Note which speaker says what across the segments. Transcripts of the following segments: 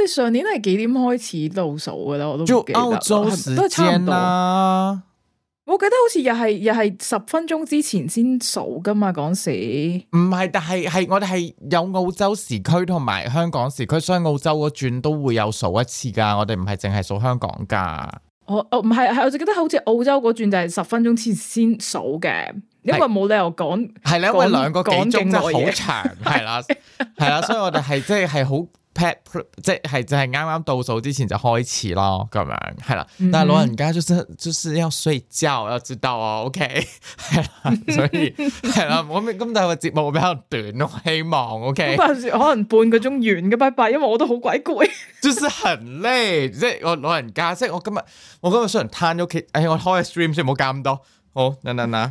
Speaker 1: 你上年係幾點開始倒數噶啦？我都唔記得，澳洲時啦都係差唔多。我記得好似又係又係十分鐘之前先數噶嘛。嗰時唔
Speaker 2: 係，但係係我哋係有澳洲時區同埋香港時區，所以澳洲嗰轉都會有數一次噶。我哋唔係淨係數香港噶。
Speaker 1: 我哦唔係，係、哦、我只記得好似澳洲嗰轉就係十分鐘前先數嘅。因為冇理由講係咧，因為兩個幾鐘說真係好長，係啦
Speaker 2: 係啦，所以我哋係即係係好。就是 即係，就係啱啱倒數之前就開始咯，咁樣係啦。但係老人家就是、嗯、就是要睡覺，要知道哦。O K，係啦，所以係啦。咁但係個節目會比較短咯，希望 O K。可能
Speaker 1: 半個鐘完嘅拜拜，因為我都好鬼攰。
Speaker 2: 就是很累，即係我老人家，即係我今日我今日雖然攤咗屋企，哎，我開下 stream 先，唔好搞咁多。好，等等嗱。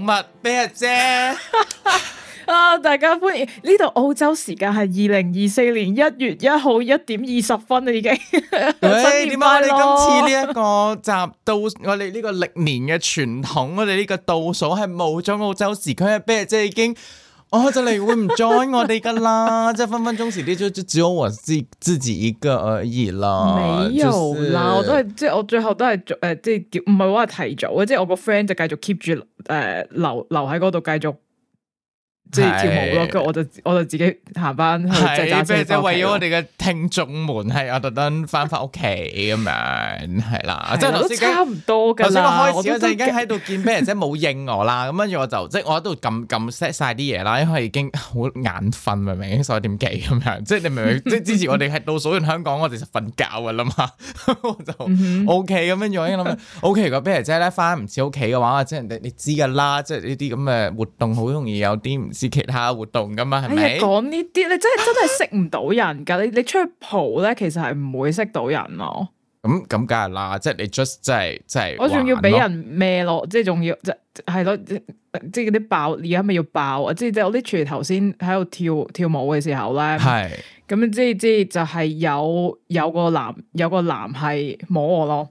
Speaker 1: 物咩啫？啊！ 大家歡迎，呢度澳洲時間係二零二四年一月一號一點二十分已經。 新年快
Speaker 2: 樂！點解我哋今次呢一個集到我哋呢個歷年嘅傳統，我哋呢個倒數係冇咗澳洲時區一啤，即係已經。哦，就嚟會唔 join 我哋噶啦？即係分分鐘時啲，就就只有我自自己一個而已啦。沒有啦，我都
Speaker 1: 係最我最後都係誒，即係叫唔係話提早，即係我個 friend 就繼續 keep 住誒留留喺嗰度繼續。即係跳舞咯，咁我就我就自己下班，係即係即係為咗我哋
Speaker 2: 嘅聽眾們，係我特登翻翻屋企咁樣，係啦。即係我都差唔多噶。我先開始嗰陣間喺度見 bear 姐冇應我啦，咁跟住我就即係我喺度撳撳 set 晒啲嘢啦，因為已經好眼瞓，明明唔明？十一點幾咁樣，即係你明？明？即係之前我哋係倒數完香港，我哋就瞓覺噶啦嘛，我就 OK 咁跟住我諗 OK。如果 bear 姐咧返唔切屋企嘅話，即係人哋你知噶啦，即係呢啲咁嘅活動好容易有啲唔。是其他活動噶嘛，係咪呀？講
Speaker 1: 呢啲你真係真係識唔到人噶，你 你出去蒲咧，其實係唔會識到人、嗯、just,
Speaker 2: 要要人咯。咁咁梗係啦，即係你 just 即係即係。我仲要俾人
Speaker 1: 咩咯？即係仲要即係咯，即係嗰啲爆而家咪要爆啊！即係即係我啲，廚頭先喺度跳跳舞嘅時候咧，係咁即係即係就係、是、有有個男有個男係摸我咯。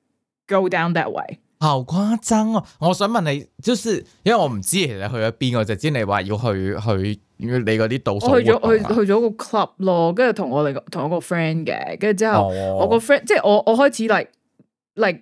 Speaker 1: Go down that way，
Speaker 2: 好誇張啊！我想問你，就是因為我唔知其實去咗邊個，我就知你話要去去你嗰啲倒數，去咗去、啊、
Speaker 1: 去咗個 club 咯，跟住同我哋同一個 friend 嘅，跟住之後、哦、我個 friend 即係我我開始 like like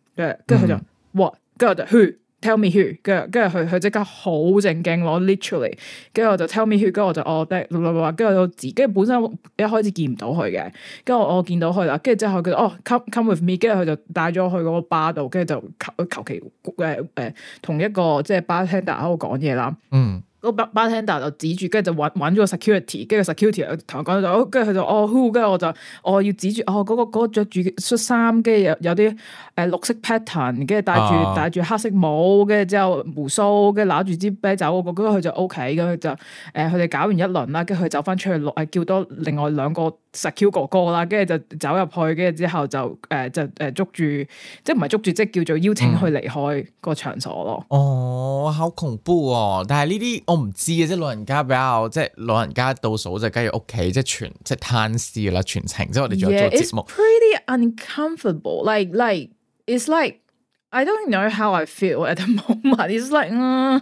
Speaker 1: 跟住佢就哇跟住我就 who，tell me who？跟住跟住佢佢即刻好正經咯，literally。跟住我就 tell me who？跟住我就哦得，跟住我自己本身一開始見唔到佢嘅，跟住我見到佢啦，跟住之後佢哦 come come with me，跟住佢就帶咗去嗰個吧度，跟住就求求其誒誒同一個即係吧廳度喺度講嘢啦，嗯。嗰個 bartender 就指住，跟住就揾揾咗個 security，跟住 security 同我講咗，跟住佢就哦 who，跟住我就哦，要指住，哦嗰個嗰個著住恤衫，跟住有有啲誒綠色 pattern，跟住戴住戴住黑色帽，跟住之後鬍鬚，跟住攞住支啤酒，嗰個嗰個佢就 OK，咁佢就誒，佢哋搞完一輪啦，跟住佢走翻出去攞，誒叫多另外兩個。實 Q 哥哥啦，跟住就走入去，跟住之後就誒、呃、就誒、呃、捉住，即係唔係捉住，即係叫做邀請佢離開、嗯、個場所咯。哦，好恐
Speaker 2: 怖喎、哦！但係呢啲我唔知啊，即係老人家比較即係老人家倒數就梗住屋企即係全即係攤屍啦，全程即係我哋仲要做節目。Yeah,
Speaker 1: it's pretty uncomfortable. Like, like, it's like I don't know how I feel at the moment. It's like,、uh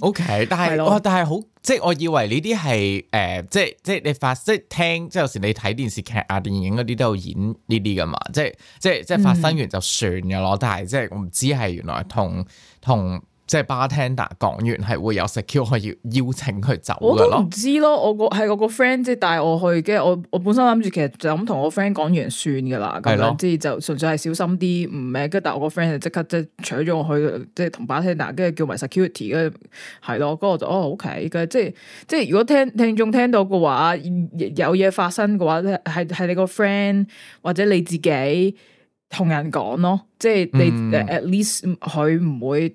Speaker 2: OK，但係哇，但係好，即係我以為呢啲係誒，即係即係你發，即係聽，即係有時你睇電視劇啊、電影嗰啲都有演呢啲噶嘛，即係即係即係發生完就算㗎咯。嗯、但係即係我唔知係原來同同。即係 bartender 講完係會有 security 去邀請佢走，我都唔
Speaker 1: 知咯。我個係我個 friend 即係帶我去，跟住我我本身諗住其實就咁同我 friend 講完算噶啦，咁樣是咯 即係就純粹係小心啲唔咩。跟住但我個 friend 就即刻即係取咗我去，即係同 bartender 跟住叫埋 security。跟住係咯，嗰個就哦 OK 嘅，即係即係如果聽聽眾聽到嘅話，有嘢發生嘅話，咧係係你個 friend 或者你自己同人講咯。即係你、嗯、at least 佢唔會。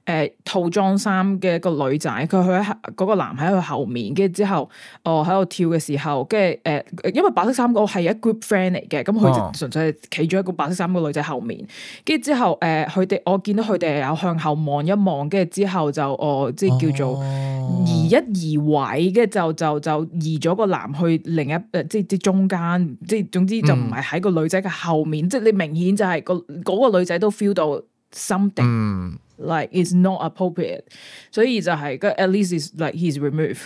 Speaker 1: 誒、呃，套裝衫嘅一個女仔，佢去喺嗰個男喺佢後面，跟住之後，哦，喺度跳嘅時候，跟住誒，因為白色衫嗰個係一 group friend 嚟嘅，咁佢就純粹係企咗一個白色衫個女仔後面，跟住之後，誒、呃，佢哋我見到佢哋有向後望一望，跟住之後就哦，即係叫做、哦、移一移位，跟住就就就移咗個男去另一誒、呃，即係即中間，即係總之就唔係喺個女仔嘅後面，嗯、即係你明顯就係個嗰個女仔都 feel 到。Something like it's not appropriate，所以就係個 at least it's like he's removed。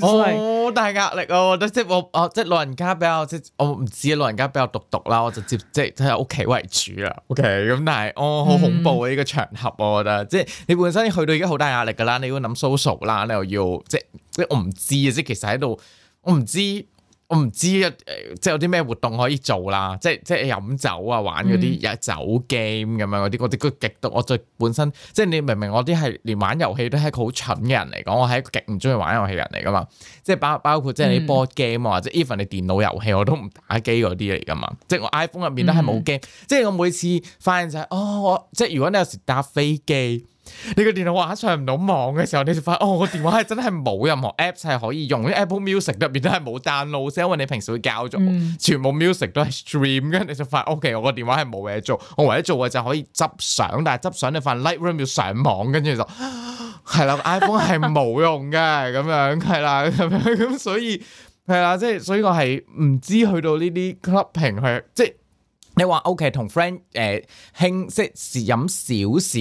Speaker 1: 哦，好
Speaker 2: 大壓力啊，我覺得即係我啊，即係老人家比較即係我唔知啊，老人家比較獨獨啦，我就直接即係喺屋企為主啦。OK，咁但係哦，好恐怖啊。呢、mm hmm. 個場合、啊，我覺得即係你本身去到已經好大壓力噶啦，你要諗 social 啦，你又要即係我唔知啊，即係其實喺度我唔知。我唔知啊，即係有啲咩活動可以做啦，即係即係飲酒啊，玩嗰啲、嗯、酒 game 咁樣嗰啲，嗰啲極度我最本身，即係你明唔明我？我啲係連玩遊戲都係一個好蠢嘅人嚟講，我係一個極唔中意玩遊戲嘅人嚟噶嘛。即係包包括即係你 board game 或者 even 你電腦遊戲我都唔打機嗰啲嚟噶嘛。即係我 iPhone 入面都係冇 game、嗯。即係我每次發現就係、是、哦，我即係如果你有時搭飛機。你個電腦話上唔到網嘅時候，你就發哦，我個電話係真係冇任何 Apps 係可以用，Apple Music 入邊都係冇 download，因為你平時會教咗，嗯、全部 music 都係 stream，跟住你就發、哦、OK，我個電話係冇嘢做，我唯一做嘅就可以執相，但係執相你發 Lightroom 要上網，跟住就係啦、啊、iPhone 係冇用嘅，咁 樣係啦，咁樣咁所以係啦，即係所以我係唔知去到呢啲 Clipping 去即係。你話 OK 同 friend 誒傾即係飲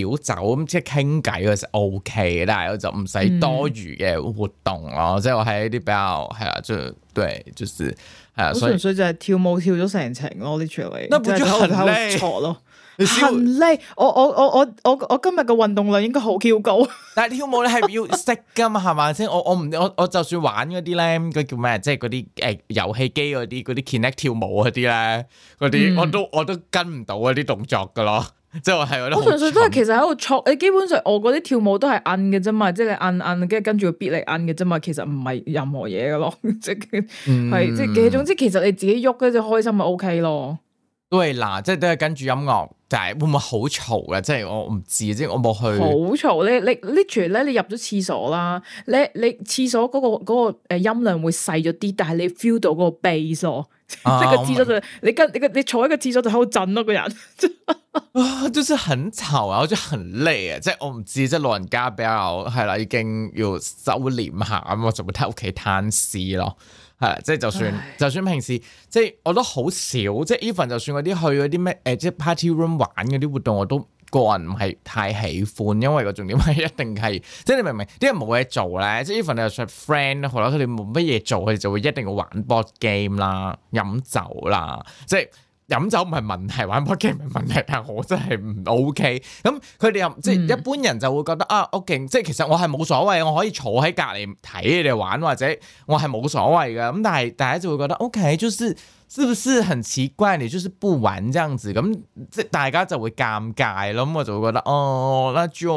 Speaker 2: 少少酒咁即係傾偈嗰時 O、OK, K，但係我就唔使多餘嘅活動咯，嗯、即係我喺呢啲比較係啊，就對，就是，是啊，純粹
Speaker 1: 就係跳舞跳咗成程咯 literally 咯？行力，我我我我我我今日個運動量應該好跳高。但係跳舞咧係要
Speaker 2: 識噶嘛，係嘛先？我我唔我我就算玩嗰啲咧，嗰叫咩？即係嗰啲誒遊戲機嗰啲，嗰、欸、啲 connect 跳舞嗰啲咧，嗰啲、嗯、我都我都跟唔到嗰啲動作噶咯。即係我係我純粹都係
Speaker 1: 其實喺度錯。你基本上我嗰啲跳舞都係摁嘅啫嘛，即係摁摁跟住跟住個 beat 摁嘅啫嘛。其實唔係任何嘢噶咯，即係係、嗯、即係總之，其實你自己喐嗰只開心咪 OK 咯。
Speaker 2: 對，嗱，即係都係跟住音樂。但係會唔會好嘈呀？即係我唔知，即係我冇去。好
Speaker 1: 嘈咧！你 literally 咧，你入咗廁所啦，你你廁所嗰個、嗰個誒音量會細咗啲，但係你 feel 到嗰個 base、啊、即係個廁所就不你跟你你，你坐喺個廁所就喺度震咯個人。
Speaker 2: 啊，就是很吵啊！我覺得很累啊！即係我唔知，即係老人家比較係啦，已經要收斂下咁，我就會喺屋企攤屍咯。即係就算，就算平時，即係我都好少，即係 even 就算我啲去嗰啲咩，誒即係 party room 玩嗰啲活動，我都個人唔係太喜歡，因為個重點係一定係，即係你明唔明？啲人冇嘢做咧，即係 even 你又識 friend，可能佢哋冇乜嘢做，佢哋就會一定要玩 Board Game 啦、飲酒啦，即係。飲酒唔係問題，玩機唔係問題，但係我真係唔 OK。咁佢哋又即係一般人就會覺得、嗯、啊，OK，即係其實我係冇所謂，我可以坐喺隔離睇你哋玩，或者我係冇所謂㗎。咁但係大家就會覺得 OK，就是。是不是很奇怪？你就是不玩這樣子咁，即大家就會尷尬咯。咁我就會覺得，哦，那就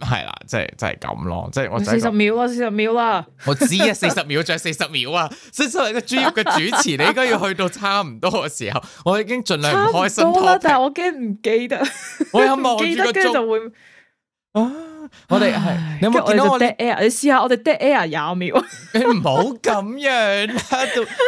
Speaker 2: 係、嗯、啦，即係即係咁咯。即、就、係、是就是、我四十
Speaker 1: 秒啊，四十秒啊！我知啊，四
Speaker 2: 十秒仲有四十秒啊！所以作為一個專業嘅主持，你應該要去到差唔多嘅時候。我已經盡量唔開心太平，差唔多啦，
Speaker 1: 但係我驚唔記得。我有望住個鐘。就會啊！我哋係，你有冇見到我哋 air？你試下我哋 dead air 廿秒，你唔好咁樣啦，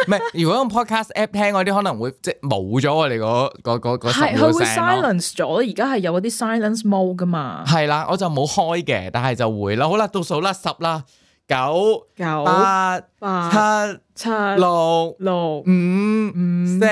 Speaker 1: 唔
Speaker 2: 係 如果用 podcast app 聽，我啲可能會即係冇咗我哋、那個、那個、那個係，佢會 silence
Speaker 1: 咗。而家係有嗰啲 silence mode 噶嘛，
Speaker 2: 係啦，我就冇開嘅，但係就會啦。啦好啦，倒數啦，十啦，九。九
Speaker 1: 八七七
Speaker 2: 六六五五
Speaker 1: 四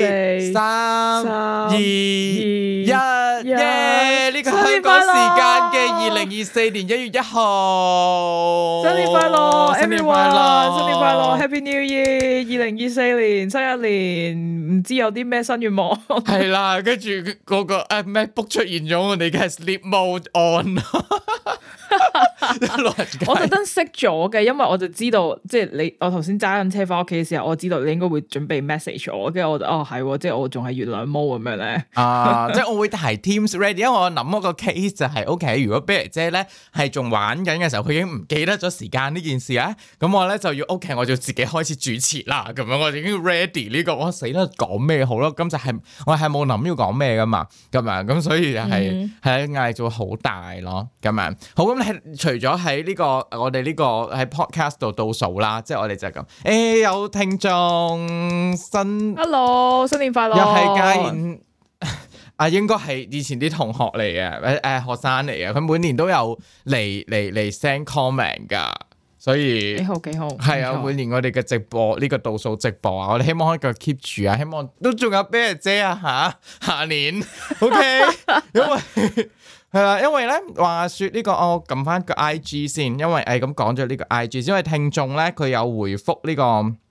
Speaker 1: 四三二
Speaker 2: 一耶！呢個香港時間嘅二零二四年一月一號，yeah, 新年快樂，everyone 啦新年快樂
Speaker 1: ，Happy New Year！二零二四年新一年，唔知有啲咩新願望？係啦，跟住嗰個誒 MacBook 出現咗我哋嘅 Sleep Mode on 我特登熄咗嘅，因為。我就知道，即係你我頭先揸緊車翻屋企嘅時候，我知道你應該會準備 message 我，跟住我哦係、哦，即係我仲係月亮毛咁樣咧。啊，uh,
Speaker 2: 即係我會提 Teams ready，因為我諗嗰個 case 就係、是、O.K.，如果 Bear 姐咧係仲玩緊嘅時候，佢已經唔記得咗時間呢件事啊。咁我咧就要 O.K.，我就自己開始主持啦。咁樣我就已經 ready 呢個，我死都講咩好咯。咁就係我係冇諗要講咩㗎嘛。咁啊，咁所以就係係嗌做好大咯。咁啊，好咁除咗喺呢個我哋呢個喺度倒數啦，即係我哋就係咁，誒、欸、有聽眾新
Speaker 1: ，Hello 新年快樂，又係嘉妍，
Speaker 2: 啊應該係以前啲同學嚟嘅，誒、呃、誒學生嚟嘅，佢每年都有嚟嚟嚟 send comment 噶，所以
Speaker 1: 幾好幾好，係啊，好每
Speaker 2: 年我哋嘅直播呢、這個倒數直播啊，我哋希望可以 keep 住啊，希望都仲有咩姐啊吓，下年 ，OK，因為。 係啦，因為呢，話說呢個我撳翻個 I G 先，因為誒咁講咗呢個 I G，因為聽眾呢，佢有回復呢個。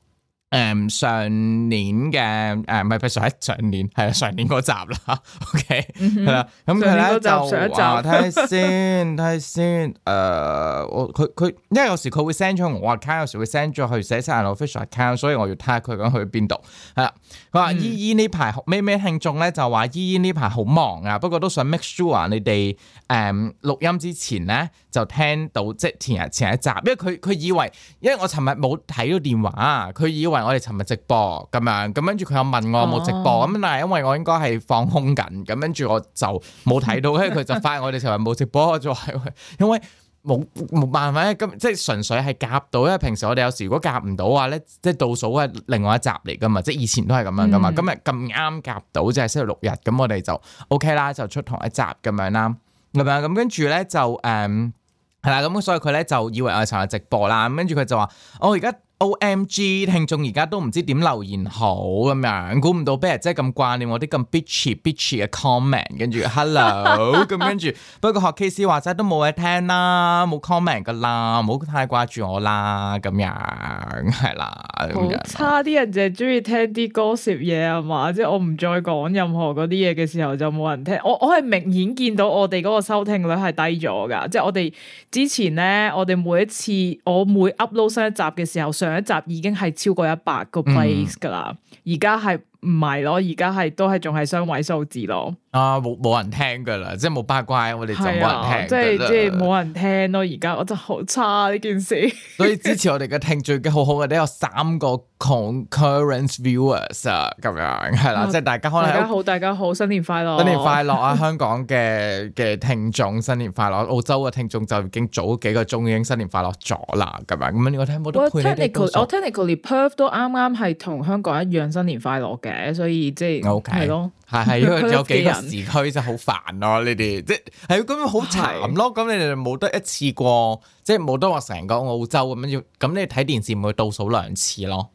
Speaker 2: 誒、um, 啊，上年嘅誒，唔係唔係上上年係、okay? 嗯、哼 上年嗰集啦，OK
Speaker 3: 係啦，咁佢咧就睇下 先，睇
Speaker 2: 下先，誒、呃，我佢佢，因為有時佢會 send 咗我 account，有時會 send 咗去寫晒嚟我 official account，所以我要睇下佢講去邊度。係啦、啊，佢話、嗯、依依呢排咩咩聽眾咧，微微就話依依呢排好忙啊，不過都想 make sure 你哋誒錄音之前咧。就聽到即前日前一集，因為佢佢以為，因為我尋日冇睇到電話，佢以為我哋尋日直播咁樣，咁跟住佢又問我有冇直播，咁、啊、但係因為我應該係放空緊，咁跟住我就冇睇到，因為佢就發現我哋尋日冇直播，就係 因為冇冇辦法，咁即係純粹係夾到，因為平時我哋有時如果夾唔到話咧，即係倒數係另外一集嚟噶嘛，即係以前都係咁樣噶嘛，嗯、今日咁啱夾到就係星期六日，咁我哋就 OK 啦，就出同一集咁樣啦，咁樣咁跟住咧就誒。嗯係啦，咁、嗯、所以佢咧就以為，我尋日直播啦，咁跟住佢就話，我而家。O.M.G. 聽眾而家都唔知點留言好咁樣，估唔到邊日真係咁掛念我啲咁 bitchy bitchy 嘅 comment，跟住 hello，咁 跟住不過學 K.C. 話齋都冇嘢聽啦，冇 comment 噶啦，唔好太掛住我啦，咁樣係啦。好
Speaker 1: 樣差啲人就係中意聽啲 gossip 嘢啊嘛，即係我唔再講任何嗰啲嘢嘅時候就冇人聽。我我係明顯見到我哋嗰個收聽率係低咗㗎，即係我哋之前咧，我哋每一次我每 upload 新一集嘅時候上一集已經係超過一百個 place 噶啦，而家係。唔係咯，而家係都係仲係雙位數字咯。
Speaker 2: 啊，冇冇人聽噶啦，即係冇八卦，我哋就冇人聽。即係即係
Speaker 1: 冇人聽咯。而家我就好差呢件事。所以支
Speaker 2: 持我哋嘅聽眾嘅好好嘅都有三個 concurrent viewers 啊，咁樣係啦，即係大家好，
Speaker 1: 大家好，新年快樂，新年快
Speaker 2: 樂啊！香港嘅嘅聽眾新年快樂，澳洲嘅聽眾就已經早幾個鐘已經新年快樂咗啦，係咪？咁樣我聽冇都。Technically，technically，Perth
Speaker 1: 都啱啱係同香港一樣新年快樂嘅。誒，所以即係，係咯 Okay. 的，係係，因為有幾個時
Speaker 2: 區真係好煩咯， 你哋即係咁樣好慘咯，咁的你哋冇得一次過，即係冇得話成個澳洲咁樣要，咁你睇電視咪會倒數兩次咯，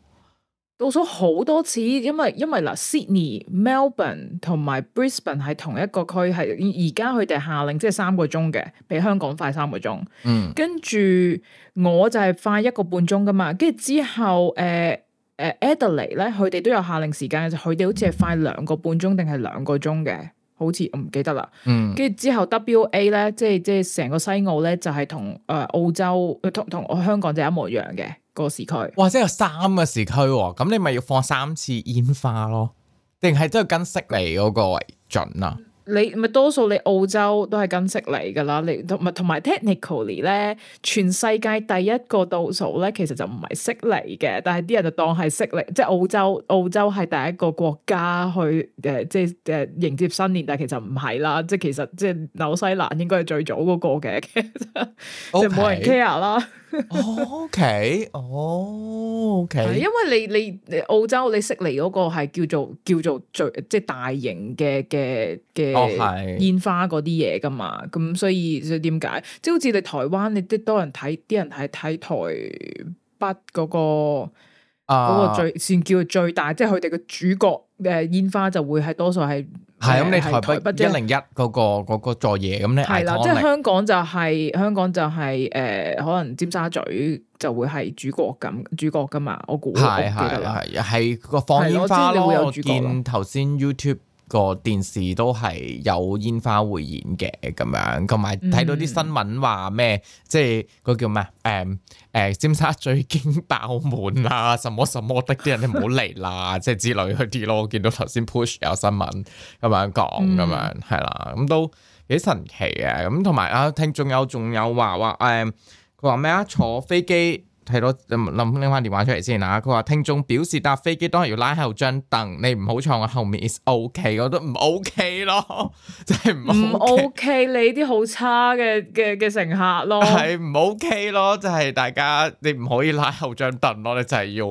Speaker 1: 倒數好多次，因為因為嗱 Sydney、Melbourne 同埋 Brisbane 係同一個區，係而家佢哋下令即係三個鐘嘅，比香港快三個鐘，嗯，跟住我就係快一個半鐘㗎嘛，跟住之後誒。呃誒，Adelaide 咧，佢哋、uh, 都有夏令時間嘅，佢哋好似係快兩個半鐘定係兩個鐘嘅，好似我唔記得啦。嗯，跟住之後 WA 咧，即係即係成個西澳咧，就係同誒澳洲同同我香港就一模一樣嘅嗰個時區。
Speaker 2: 哇，即係有三個時區，哦，咁你咪要放三次煙花咯？定係都係跟悉尼嗰個為準啊？
Speaker 1: 你咪多數你澳洲都係跟悉尼噶啦，你同埋同埋 technically 咧，全世界第一個倒數咧，其實就唔係悉尼嘅，但係啲人就當係悉尼，即係澳洲澳洲係第一個國家去誒，即係誒迎接新年，但係其實唔係啦，即係其實即係紐西蘭應該係最早嗰個嘅，其實即係冇人 care 啦。 O K，哦 O K，係因為你你，你澳洲你悉尼嗰個係叫做叫做最即係、就是、大型嘅嘅嘅煙花嗰啲嘢㗎嘛，咁所以所以點解即係好似你台灣你啲多人睇啲人係睇台北嗰、那個
Speaker 2: 嗰、那個最
Speaker 1: 先、uh、叫最大，即係佢哋嘅主角。誒煙花就會係多數係係咁，你台北一零
Speaker 2: 一嗰個嗰 個作嘢咁咧，係啦的，即係香
Speaker 1: 港就係香港就係誒，可能尖沙咀就會係主角咁主角㗎嘛，我估的我記得啦，
Speaker 2: 係個放煙花咯。我，你會有主我見頭先 YouTube。個電視都係有煙花匯演嘅咁樣，同埋睇到啲新聞話咩？嗯、即係嗰個叫咩啊？誒誒尖沙咀經爆滿啦、啊，什麼什麼的啲人 你唔好嚟啦，即係之類嗰啲咯。我見到頭先 Push 有新聞咁樣講，咁、嗯、樣係啦，咁都幾神奇嘅。咁同埋啊，聽仲有仲有話話誒，佢話咩啊？坐飛機。睇到林拎翻電話出嚟先啊！佢話聽眾表示搭飛機當然要拉後張凳，你唔好坐我後面，is ok，我都唔 ok 咯，
Speaker 1: 就係、是、唔 ok, okay 你。你啲好差嘅嘅嘅乘客咯，係
Speaker 2: 唔 ok 咯，就係、是、大家你唔可以拉後張凳咯，你就係要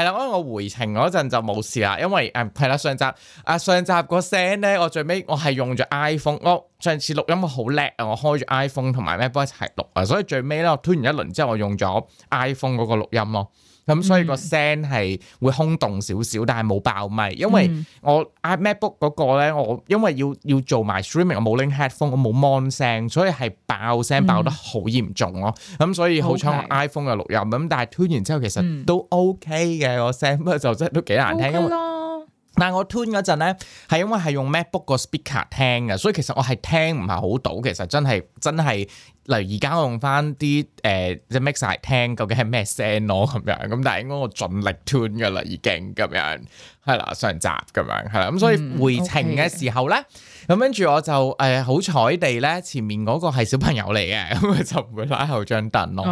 Speaker 2: 係啦。因為我回程陣就冇事啦，因為誒係啦上集啊上集個聲咧，我最尾我係用咗 iPhone，我上次錄音我好叻啊，我開住 iPhone 同埋 MacBook 一齊錄啊，所以最尾咧我推完一輪之後我用咗 iPhone 封嗰個錄音咯，咁所以個聲係會空洞少少，但係冇爆咪，因為我 MacBook 嗰個咧，我因為要要做埋 streaming，我冇拎 headphone，我冇 mon 聲，所以係爆聲，爆得好嚴重咯。咁所以好彩我 iPhone 嘅錄音，咁但係推完之後其實都 OK 嘅個聲，不過就真係都幾難聽。但係我 tune 嗰陣咧，係因為係用 MacBook 個 speaker 聽嘅，所以其實我係聽唔係好到，其實真係真係，例如而家我用翻啲誒即係 Mac 曬聽，究竟係咩聲咯咁樣，咁但係應該我盡力 tune 嘅啦，已經咁樣，係啦上集咁樣，係啦，咁所以回程嘅時候咧。嗯 okay. 呢咁跟住我就誒好彩地咧，前面嗰個係小朋友嚟嘅，咁 佢就唔會拉後張凳咯。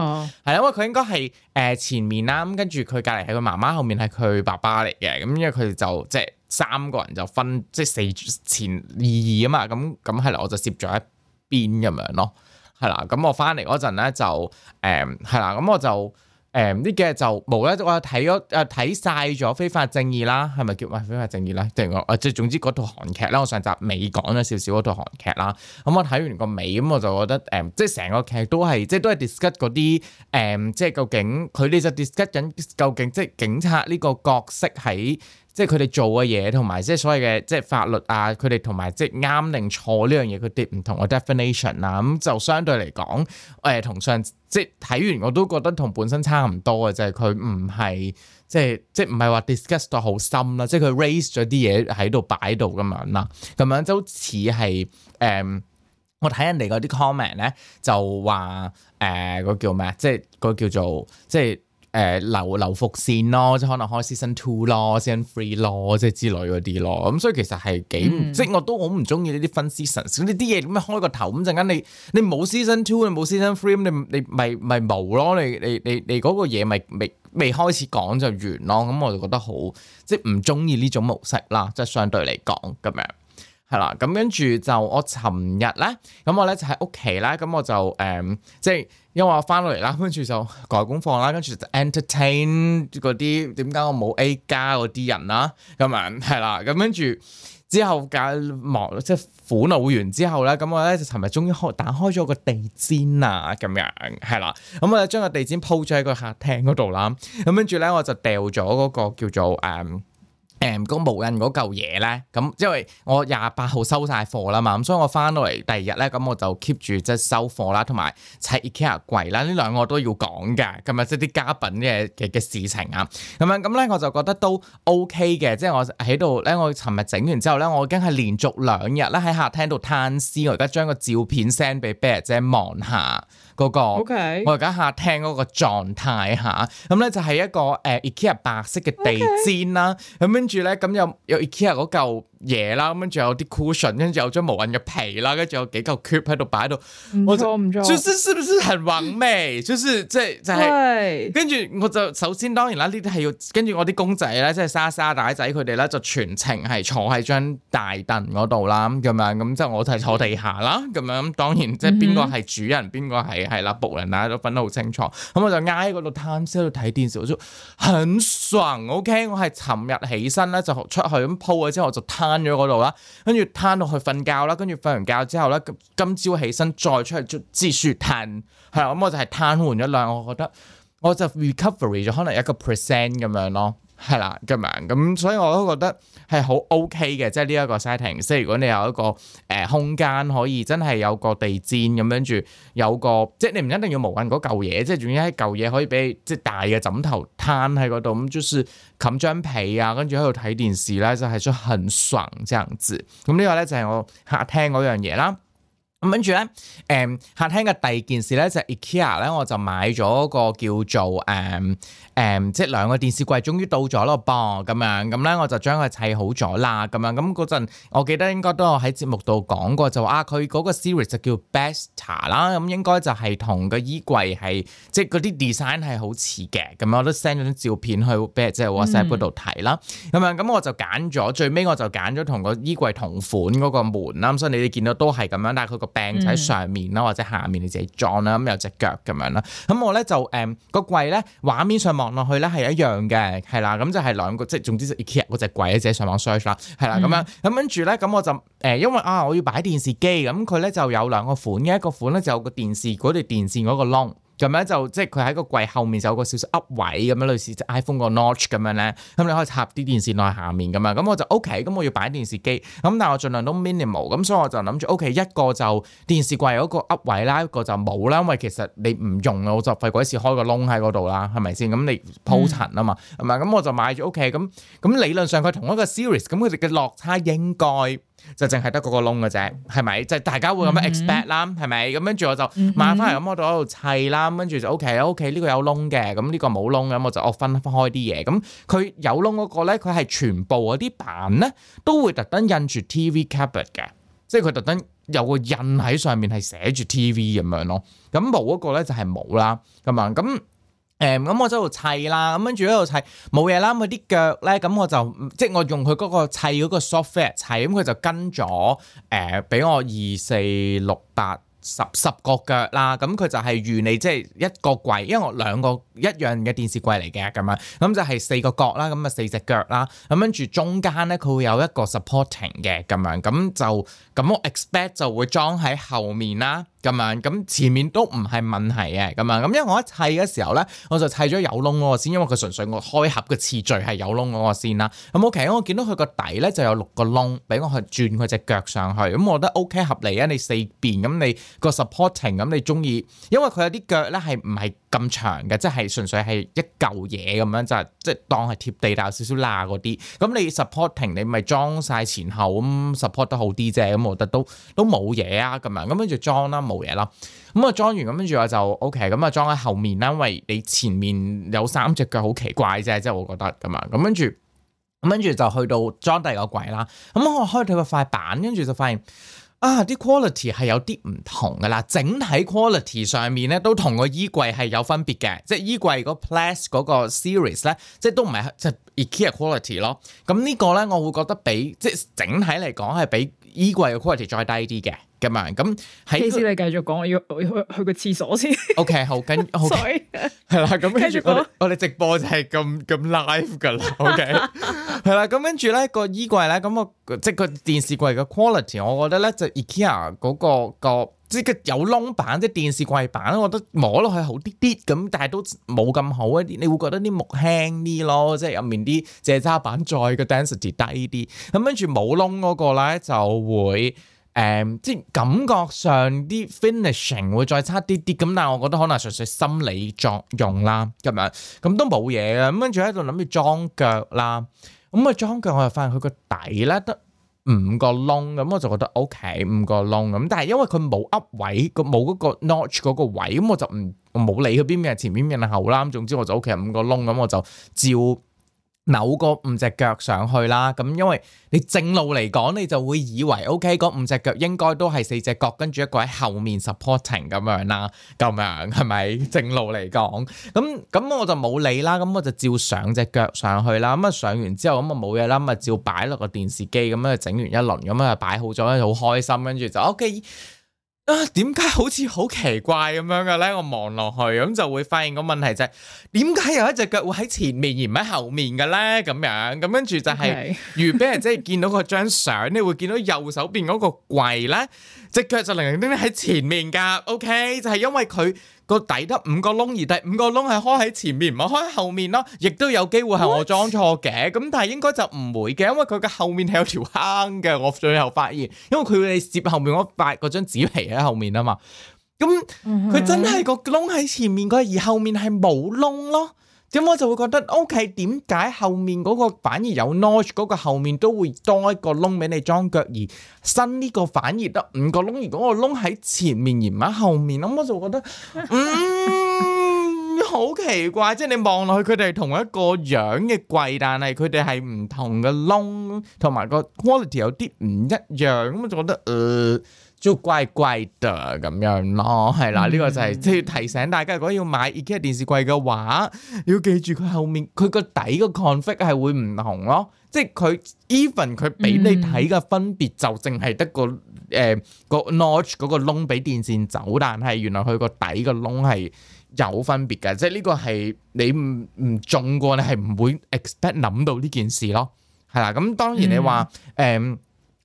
Speaker 2: 係、哦、因為佢應該係誒前面啦，咁跟住佢隔離係佢媽媽，後面係佢爸爸嚟嘅。咁因為佢哋就即係三個人就分即係四前二二啊嘛。咁咁係啦，我就攝咗一邊咁樣咯。係啦，咁我翻嚟嗰陣咧就誒係啦，咁、嗯、我就。誒呢、嗯、幾日就冇咧，我睇咗誒睇晒咗《非法正義》啦，係咪叫《唔係非法正義》咧？定我誒即係總之嗰套韓劇啦。我上集未講咗少少嗰套韓劇啦。咁、嗯、我睇完個尾，咁我就覺得誒，即係成個劇都係即係都係 discuss 嗰啲誒，即係、嗯、究竟佢哋就 discuss 緊究竟即係警察呢個角色喺。即係佢哋做嘅嘢，同埋即係所謂嘅即係法律啊，佢哋同埋即係啱定錯呢樣嘢佢啲唔同嘅 definition 啦。咁、嗯、就相對嚟講，誒、呃、同上即係睇完我都覺得同本身差唔多嘅、嗯，就係佢唔係即係即係唔係話 discuss 到好深啦，即係佢 raise 咗啲嘢喺度擺度咁樣啦，咁樣就好似係誒，我睇人哋嗰啲 comment 咧，就話誒嗰叫咩啊，即係嗰叫做即係。誒、呃、留留伏線咯，即係可能開 season two 咯，season three 咯，即係之類嗰啲咯。咁所以其實係幾，嗯、即係我都好唔中意呢啲分 season。少呢啲嘢咁樣開個頭，咁陣間你你冇 season two，你冇 season three，咁你你咪咪冇咯。你你你你嗰個嘢咪未未開始講就完咯。咁我就覺得好，即係唔中意呢種模式啦。即係相對嚟講咁樣。係啦，咁跟住就我尋日咧，咁我咧就喺屋企啦，咁我就誒、嗯，即係因為我翻到嚟啦，跟住就改功課啦，跟住 entertain 嗰啲點解我冇 A 加嗰啲人啦，咁樣係啦，咁跟住之後搞忙即係苦惱完之後咧，咁我咧就尋日終於開打開咗個地氈啊，咁樣係啦，咁、嗯、我就將個地氈鋪咗喺個客廳嗰度啦，咁跟住咧我就掉咗嗰個叫做誒。嗯誒個無印嗰嚿嘢咧，咁因為我廿八號收晒貨啦嘛，咁所以我翻到嚟第二日咧，咁我就 keep 住即係收貨啦，同埋砌 IKEA 櫃啦，呢兩個都要講噶，今日即係啲家品嘅嘅嘅事情啊，咁樣咁咧我就覺得都 OK 嘅，即係我喺度咧，我尋日整完之後咧，我已經係連續兩日咧喺客廳度攤屍，我而家將個照片 send 俾 Bear 姐望下。嗰、那個，Okay. 我而家客廳嗰個狀態下，咁、嗯、咧、嗯、就係、是、一個誒、呃、，IKEA 白色嘅地毯啦，咁跟住咧，咁、嗯、有又 IKEA 嗰嚿嘢啦，咁跟住有啲 cushion，跟住有張無印嘅皮啦，跟住有幾嚿 cup 喺度擺喺度，唔錯唔錯，就是是不是很完美、 就是？就是即係就係、是、對跟住我就首先當然啦，呢啲係要跟住我啲公仔咧，即係沙沙帶仔佢哋咧就全程係坐喺張大凳嗰度啦，咁樣咁即係我就係坐地下啦，咁樣咁當然即係邊個係主人，邊個係係喇，僕人，大家都分得好清楚，咁我就挨喺嗰度攤息喺度睇電視，我就很爽。OK，我係尋日起身咧就出去咁鋪咗之後我就攤。攤咗嗰度啦，跟住攤落去瞓覺啦，跟住瞓完覺之後咧，今朝起身再出去出支雪炭，係咁、嗯、我就係攤緩一兩，我覺得我就 recovery 咗可能一個 percent 咁樣咯。係啦，咁樣咁，所以我都覺得係好 O K 嘅，即係呢一個 setting。即係如果你有一個誒、呃、空間可以真係有個地氈咁樣住，有個即係你唔一定要冇印嗰嚿嘢，即係仲有喺嚿嘢可以俾即係大嘅枕頭攤喺嗰度咁，就算冚張被啊，跟住喺度睇電視咧，就係出很爽，這樣子。咁呢個咧就係、是、我客廳嗰樣嘢啦。咁跟住咧，誒客廳嘅第二件事咧就係 IKEA 咧，我就買咗個叫做誒誒即係兩個電視櫃終於到咗咯噃，咁樣咁咧我就將佢砌好咗啦，咁樣咁陣我記得應該都我喺節目度講過就啊佢個 series 就叫 Besta 啦，咁應該就係同個衣櫃係即係啲 design 係好似嘅，咁我都 send 咗張照片去即係 WhatsApp 度睇啦，咁、嗯、樣咁我就揀咗最尾我就揀咗同個衣櫃同款個門門啦，所以你哋見到都係咁樣，但係佢個。病喺、嗯、上面啦，或者下面你自己裝啦，咁有隻腳咁樣啦。咁我咧就誒個、嗯、櫃咧畫面上望落去咧係一樣嘅，係啦，咁就係兩個即係總之隻櫃，就 IKEA 嗰隻櫃自己上網 search 啦，係啦咁樣。咁跟住咧，咁我就誒、呃、因為啊，我要擺電視機，咁佢咧就有兩個款嘅，一個款咧就有個電視嗰條電線嗰個窿。咁咧、嗯、就即係佢喺個櫃後面就有個少少凹位咁樣，類似 iPhone 個 notch 咁樣咧，咁你可以插啲電視落下面咁啊。咁我就 OK，咁我要擺電視機，咁但係我盡量都 minimal，咁所以我就諗住 OK，一個就電視櫃有一個凹位啦，一個就冇啦，因為其實你唔用我就費鬼事開個窿喺嗰度啦，係咪先？咁你鋪塵啊嘛，係咪、嗯？咁我就買咗 OK，咁咁理論上佢同一個 series，咁佢哋嘅落差應該。就淨係得嗰個窿嘅啫，係咪？就大家會咁樣 expect 啦、mm，係、hmm. 咪？咁跟住我就買翻嚟咁，我喺度砌啦。跟住就 OK, OK，呢個有窿嘅，咁呢個冇窿，咁我就我分開啲嘢。咁佢有窿嗰個咧，佢係全部嗰啲板咧都會特登印住 TV cupboard 嘅，即係佢特登有個印喺上面係寫住 TV 咁樣咯。咁冇嗰個咧就係冇啦，咁啊咁。誒咁我喺度砌啦，咁跟住喺度砌冇嘢啦。佢啲腳咧，咁我就，我就即係我用佢嗰個砌嗰個 software 砌，咁佢就跟咗誒俾我二四六八十十個腳啦。咁佢就係原嚟即係一個櫃，因為我兩個一樣嘅電視櫃嚟嘅咁樣，咁就係四個角啦，咁啊四隻腳啦。咁跟住中間咧，佢會有一個 supporting 嘅咁樣，咁就咁我 expect 就會裝喺後面啦。咁樣，咁前面都唔係問題嘅，咁樣，咁因為我一砌嘅時候咧，我就砌咗有窿嗰個先，因為佢純粹我開盒嘅次序係有窿嗰個先啦，咁 OK，我見到佢個底咧就有六個窿，俾我去轉佢隻腳上去，咁我覺得 OK，合理啊，你四邊咁你個 supporting 咁你中意，因為佢有啲腳咧係唔係？咁長嘅，即係純粹係一嚿嘢咁樣就，即係當係貼地帶少少罅嗰啲。咁你 supporting 你咪裝晒前後咁 support 得好啲啫。咁我覺得都都冇嘢啊，咁樣咁跟住裝啦，冇嘢啦。咁啊裝完咁跟住我就 OK，咁啊裝喺後面啦，因為你前面有三隻腳好奇怪啫，即係我覺得咁樣。咁跟住，咁跟住就去到裝第二個櫃啦。咁我開佢個塊板，跟住就發現。啊！啲 quality 係有啲唔同噶啦，整體 quality 上面咧都同個衣櫃係有分別嘅，即係衣櫃嗰 Plus 嗰個 series 咧，即係都唔係即係 IKEA quality 咯。咁、嗯這個、呢個咧，我會覺得比即係整體嚟講係比衣櫃嘅 quality 再低啲嘅。咁嘛，咁喺，其次、嗯這個
Speaker 1: 嗯、你繼續講，我要去去個廁所先。O K，好跟
Speaker 2: 好 K，係啦，咁跟住我哋直播就係咁咁 live 噶啦。O K，係啦，咁跟住咧個衣櫃咧，咁個即係個電視櫃嘅 quality，我覺得咧 就 IKEA 嗰、那個個即係有窿板，即係電視櫃板，我覺得摸落去好啲啲咁，但係都冇咁好一啲， anyway, 你會覺得啲木輕啲咯，即係入面啲蔗渣板再個 density 低啲，咁跟住冇窿嗰個咧就會。 誒，um, 即係感覺上啲 finishing 會再差啲啲，咁但係我覺得可能純粹心理作用啦，咁樣咁都冇嘢啦。咁跟住喺度諗住裝腳啦，咁、嗯、啊裝腳我就發現佢個底咧得五個窿，咁、嗯、我就覺得 OK，五個窿咁。但係因為佢冇 Up 位，個冇嗰個 notch 嗰個位，咁、嗯、我就唔冇理佢邊邊係前邊邊係後啦。咁總之我就 OK，五個窿咁、嗯、我就照。扭個五隻腳上去啦，咁因為你正路嚟講，你就會以為 OK 嗰五隻腳應該都係四隻腳，跟住一個喺後面 supporting 咁樣啦，咁樣係咪正路嚟講？咁咁我就冇理啦，咁我就照上隻腳上去啦，咁、嗯、啊上完之後咁啊冇嘢啦，咁、嗯、啊、嗯、照擺落個電視機咁啊整完一輪咁就擺好咗，好開心，跟住就 OK。Okay, 啊！點解好似好奇怪咁樣嘅咧？我望落去咁就會發現個問題就係點解有一隻腳會喺前面而唔喺後面嘅咧？咁樣咁跟住就係、是，Okay. 如畀人即係見到個張相，你會見到右手邊嗰個櫃咧。隻腳就零零丁喺前面噶，OK，就係因為佢個底得五個窿而第五個窿係開喺前面，唔係開喺後面咯，亦都有機會係我裝錯嘅，咁 What? 但係應該就唔會嘅，因為佢嘅後面係有條坑嘅，我最後發現，因為佢哋接後面嗰塊嗰張紙皮喺後面啊嘛，咁、嗯、佢真係個窿喺前面，佢而後面係冇窿咯。咁我就會覺得，OK，點解後面嗰個反而有 notch，嗰個後面都會多一個窿俾你裝腳而新呢個反而得五個窿，而嗰個窿喺前面而唔喺後面，咁我就覺得，嗯， 好奇怪，即係你望落去佢哋係同一個樣嘅櫃，但係佢哋係唔同嘅窿，同埋個 quality 有啲唔一樣，咁我就覺得，呃。即係怪怪的咁樣咯，係啦，呢個就係即係提醒大家，如果要買 IKEA 電視櫃嘅話，要記住佢後面佢個底個 config 係會唔同咯。即係佢 even 佢俾你睇嘅分別就淨係得個誒個 notch 嗰個窿俾電線走，但係原來佢個底個窿係有分別嘅。即係呢個係你唔唔中過你係唔會 expect 諗到呢件事咯。係啦，咁當然你話誒。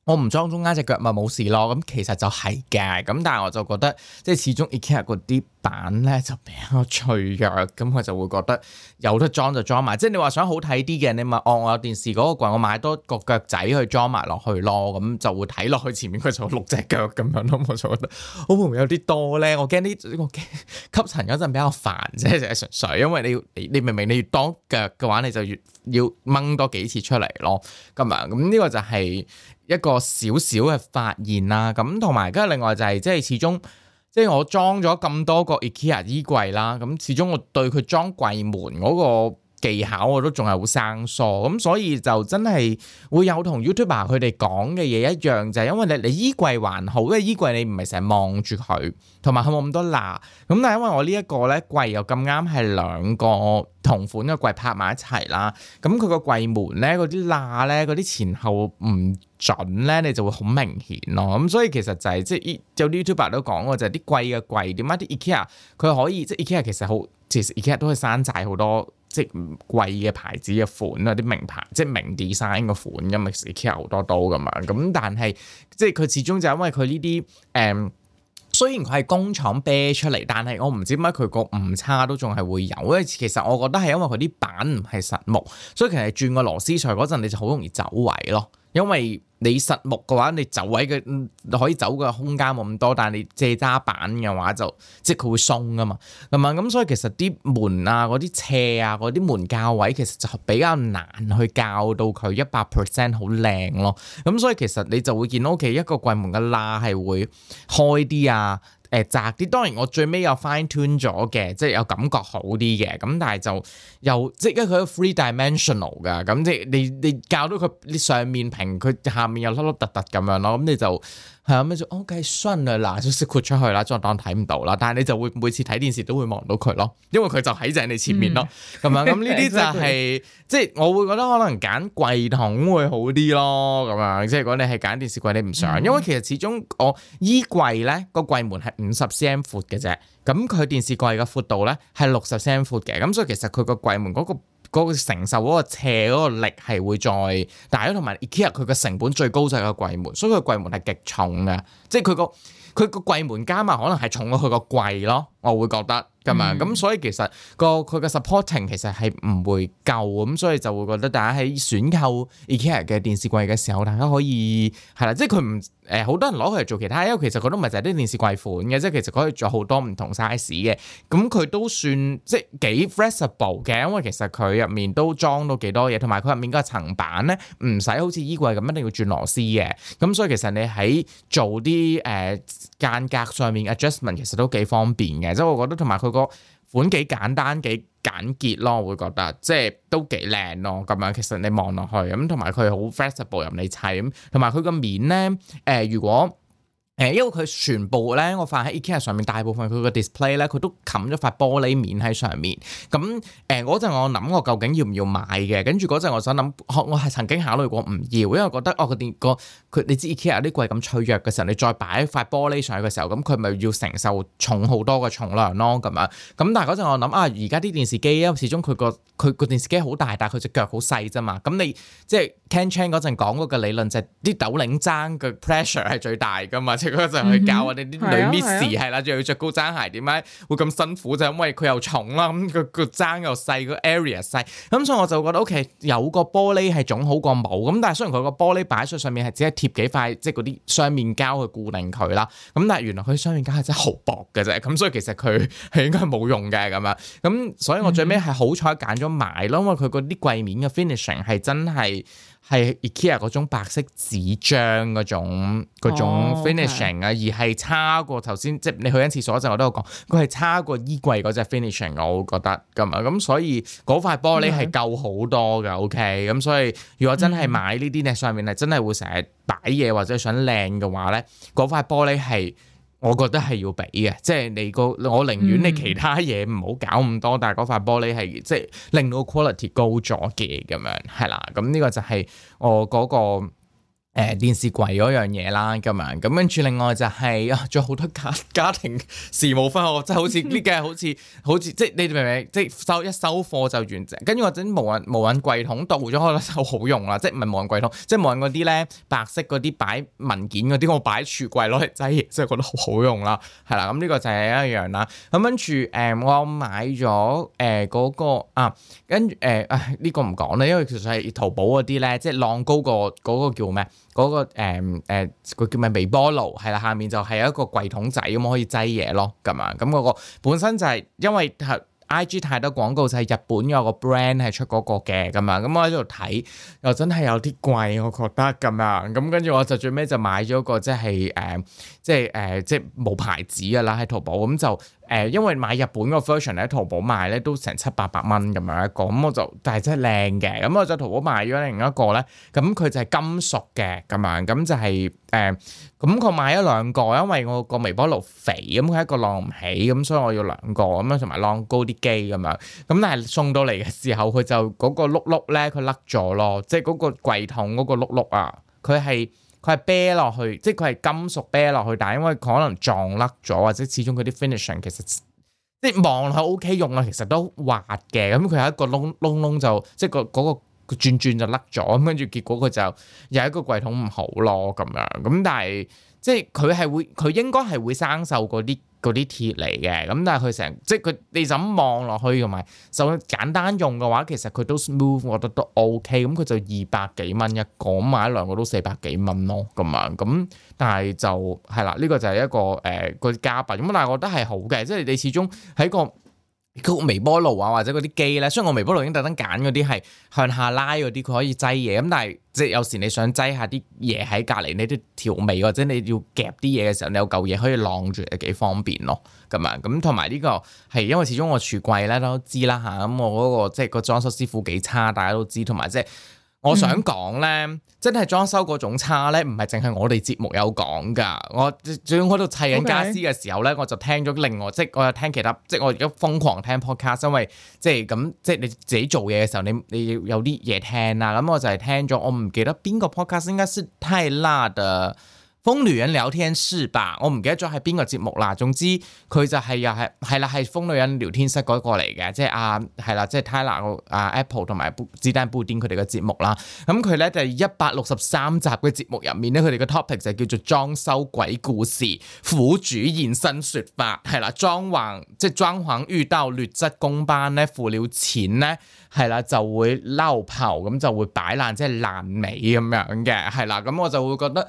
Speaker 2: 我唔裝中間隻腳咪冇事咯，咁其實就係嘅，咁但係我就覺得即係始終 IKEA 啲板咧就比較脆弱，咁我就會覺得有得裝就裝埋，即係你話想好睇啲嘅，你咪按、哦、我有電視嗰個櫃，我買多個腳仔去裝埋落去咯，咁就會睇落去前面佢就六隻腳咁樣咯，我就覺得會唔會有啲多咧？我驚呢我，我，我吸塵嗰陣比較煩啫，就係純粹，因為你你你明明你越多腳嘅話，你就越要掹多幾次出嚟咯，咁啊，咁呢個就係、是。一個小小嘅發現啦，咁同埋跟住另外就係即係始終即係我裝咗咁多個 IKEA 衣櫃啦，咁始終我對佢裝櫃門嗰個技巧我都仲係好生疏，咁所以就真係會有同 YouTuber 佢哋講嘅嘢一樣，就係因為你你衣櫃還好，因為衣櫃你唔係成日望住佢，同埋佢冇咁多罅。咁但係因為我呢一個咧櫃又咁啱係兩個同款嘅櫃拍埋一齊啦，咁佢個櫃門咧嗰啲罅咧嗰啲前後唔～準咧，你就會好明顯咯。咁所以其實就係、是、即係有 YouTube 都講過，就係、是、啲貴嘅貴點解，啲 IKEA 佢可以即係 IKEA 其實好，其實 IKEA 都可以山寨好多即唔貴嘅牌子嘅款啊，啲名牌即係名 design 嘅款咁啊，IKEA 好多都咁樣。咁但係即係佢始終就因為佢呢啲誒，雖然佢係工廠啤出嚟，但係我唔知點解佢個誤差都仲係會有。因為其實我覺得係因為佢啲板唔係實木，所以其實轉個螺絲菜嗰陣你就好容易走位咯。因為你實木嘅話，你走位嘅可以走嘅空間冇咁多，但係你借渣板嘅話就，即係佢會鬆㗎嘛，咁啊咁，所以其實啲門啊嗰啲斜啊嗰啲門較位其實就比較難去教到佢一百 percent 好靚咯，咁所以其實你就會見到屋企一個櫃門嘅罅係會開啲啊。誒、呃、窄啲，當然我最尾有 fine tune 咗嘅，即係有感覺好啲嘅，咁但係就又即係因佢都 three dimensional 㗎，咁即係你你教到佢，你上面平，佢下面又凹凹凸凸咁樣咯，咁你就。係啊，咩、嗯、就安嗱，就識闊出去啦，裝檔睇唔到啦。但係你就會每次睇電視都會望到佢咯，因為佢就喺正你前面咯。咁啊、嗯，咁呢啲就係、是、 即係，我會覺得可能揀櫃筒會好啲咯。咁樣即係如果你係揀電視櫃，你唔想，嗯、因為其實始終我衣櫃咧個櫃門係五十 cm 闊嘅啫，咁佢電視櫃嘅闊度咧係六十 cm 闊嘅，咁所以其實佢、個櫃門嗰個。嗰個承受嗰個斜嗰個力係會再大咗，同埋 IKEA 佢嘅成本最高就係個櫃門，所以佢個櫃門係極重嘅，即係佢個佢個櫃門加埋可能係重過佢個櫃咯。我會覺得咁樣，咁、嗯、所以其實個佢嘅 supporting 其實係唔會夠，咁所以就會覺得大家喺選購 IKEA 嘅電視櫃嘅時候，大家可以係啦，即係佢唔誒好多人攞佢嚟做其他，因為其實佢都唔係就係啲電視櫃款嘅，即係其實佢可以做好多唔同 size 嘅，咁佢都算即係幾 flexible 嘅，因為其實佢入面都裝到幾多嘢，同埋佢入面個層板咧唔使好似衣櫃咁一,一定要轉螺絲嘅，咁所以其實你喺做啲誒、呃、間隔上面 adjustment 其實都幾方便嘅。即係我覺得同埋佢個款幾簡單、幾簡潔咯，我會覺得即係都幾靚咯咁樣！其實你望落去咁，同埋佢好 flexible 任你砌咁，同埋佢個面咧誒、呃，如果～誒，因為佢全部咧，我放喺 IKEA 上面，大部分佢個 display 咧，佢都冚咗塊玻璃面喺上面。咁、嗯、誒，嗰陣我諗我究竟要唔要買嘅？跟住嗰陣我想諗，我係曾經考慮過唔要，因為我覺得哦、那個電個佢，你知 IKEA 啲櫃咁脆弱嘅時候，你再擺一塊玻璃上去嘅時候，咁佢咪要承受重好多嘅重量咯？咁樣。咁但係嗰陣我諗啊，而家啲電視機啊，始終佢個佢個電視機好大，但係佢隻腳好細啫嘛。咁你即係 Ken Chan 嗰陣講嗰個理論，就係啲斗零爭嘅 pressure 係最大噶嘛。佢嗰陣去搞，我哋啲女 miss 係啦，仲要着高踭鞋點解會咁辛苦啫？因為佢又重啦，咁個個踭又細，個 area 細，咁所以我就覺得 OK，有個玻璃係總好過冇。咁但係雖然佢個玻璃擺出上面係只係貼幾塊即係嗰啲雙面膠去固定佢啦，咁但係原來佢雙面膠係真係好薄嘅啫。咁所以其實佢係應該係冇用嘅咁啊。咁所以我最尾係好彩揀咗埋咯，因為佢嗰啲櫃面嘅 finishing 係真係。係 IKEA 嗰種白色紙張嗰種嗰種 finishing 啊，oh, okay. 而係差過頭先，即係你去緊廁所陣，我都有講佢係差過衣櫃嗰隻 finishing，我會覺得噶嘛，咁所以嗰塊玻璃係夠好多㗎，OK，咁所以如果真係買呢啲咧，mm hmm. 上面咧真係會成日擺嘢或者想靚嘅話咧，嗰塊玻璃係。我覺得係要俾嘅，即係你、個我寧願你其他嘢唔好搞咁多，嗯、但係嗰塊玻璃係即係令到 quality 高咗嘅咁樣，係啦，咁呢個就係我嗰、個。誒、呃、電視櫃嗰樣嘢啦，咁樣咁跟住另外就係、是、啊，仲有好多家家庭事務分開，即係好似呢嘅好似好似即係你明唔明？即係收一收貨就完整。跟住或者無印無印櫃桶，我覺得好用啦，即係唔係無印櫃桶，即係無印嗰啲咧白色嗰啲擺文件嗰啲，我擺喺櫥櫃攞嚟擠嘢，即係覺得好用啦，係啦，咁呢個就係一樣啦。咁跟住誒、呃，我買咗誒嗰個啊，跟住誒，唉呢個唔講咧，因為其實係淘寶嗰啲咧，即係浪高個嗰、那個叫咩？嗰個誒誒，佢叫咩微波爐？係啦，下面就係有一個櫃桶仔咁可以擠嘢咯，咁樣，咁嗰個本身就係因為 IG 太多廣告，就係日本有個 brand 係出嗰個嘅，咁樣，咁我喺度睇又真係有啲貴，我覺得咁樣，咁跟住我就最尾就買咗個即係誒，即係誒，即係冇牌子嘅啦，喺淘寶咁就。誒，因為買日本個 version 喺淘寶買咧，都成七八百蚊咁樣一個，咁我就但係真係靚嘅。咁我就淘寶買咗另一個咧，咁佢就係金屬嘅咁樣，咁就係、是、誒，咁、呃、我買咗兩個，因為我個微波爐肥，咁佢一個晾唔起，咁所以我要兩個咁樣，同埋晾高啲機咁樣。咁但係送到嚟嘅時候，佢就嗰個碌碌咧，佢甩咗咯，即係嗰個櫃桶嗰個碌碌啊，佢係。佢係啤落去，即係佢係金屬啤落去，但係因為佢可能撞甩咗，或者始終佢啲 finishing 其實即係望落去 OK 用啦，其實都滑嘅。咁、嗯、佢有一個窿窿窿就即係個嗰個轉轉就甩咗，咁跟住結果佢就有一個櫃桶唔好咯咁樣。咁、嗯、但係即係佢係會，佢應該係會生鏽嗰啲。嗰啲鐵嚟嘅，咁但係佢成，即係佢你就咁望落去同埋就簡單用嘅話，其實佢都 smooth，我覺得都 OK。咁佢就二百幾蚊一個，咁買一兩個都四百幾蚊咯，咁啊咁，但係就係啦，呢、這個就係一個誒個、呃、加幣。咁但係我覺得係好嘅，即係你始終喺個。嗰個微波爐啊，或者嗰啲機咧，雖然我微波爐已經特登揀嗰啲係向下拉嗰啲，佢可以擠嘢。咁但係即係有時你想擠下啲嘢喺隔離，你都調味或者你要夾啲嘢嘅時候，你有嚿嘢可以晾住，幾方便咯。咁啊，咁同埋呢個係因為始終我櫥櫃咧都知啦嚇，咁、嗯、我嗰、嗰個即係個裝修師傅幾差，大家都知，同埋即係。 我想講咧，真係裝修嗰種差咧，唔係淨係我哋節目有講㗎。我仲喺度砌緊傢俬嘅時候咧，Okay. 我就聽咗另外，即我有聽其他，即我而家瘋狂聽 podcast，因為即係咁，即係你自己做嘢嘅時候，你你要有啲嘢聽啦。咁、嗯、我就係聽咗，我唔記得邊個 podcast，應該是太辣的。瘋女人聊天室吧，我唔記得咗係邊個節目啦。總之佢就係又係係啦，係瘋女人聊天室嗰個嚟嘅，即係啊係啦，即係 Tyler 啊 Apple 同埋子彈布丁佢哋嘅節目啦。咁佢咧就係一百六十三集嘅節目入面咧，佢哋嘅 topic 就叫做裝修鬼故事，苦主現身說法係啦。裝潢即係裝潢遇到劣質工班咧，付了錢咧係啦，就會落跑咁就會擺爛，即係爛尾咁樣嘅係啦。咁我就會覺得。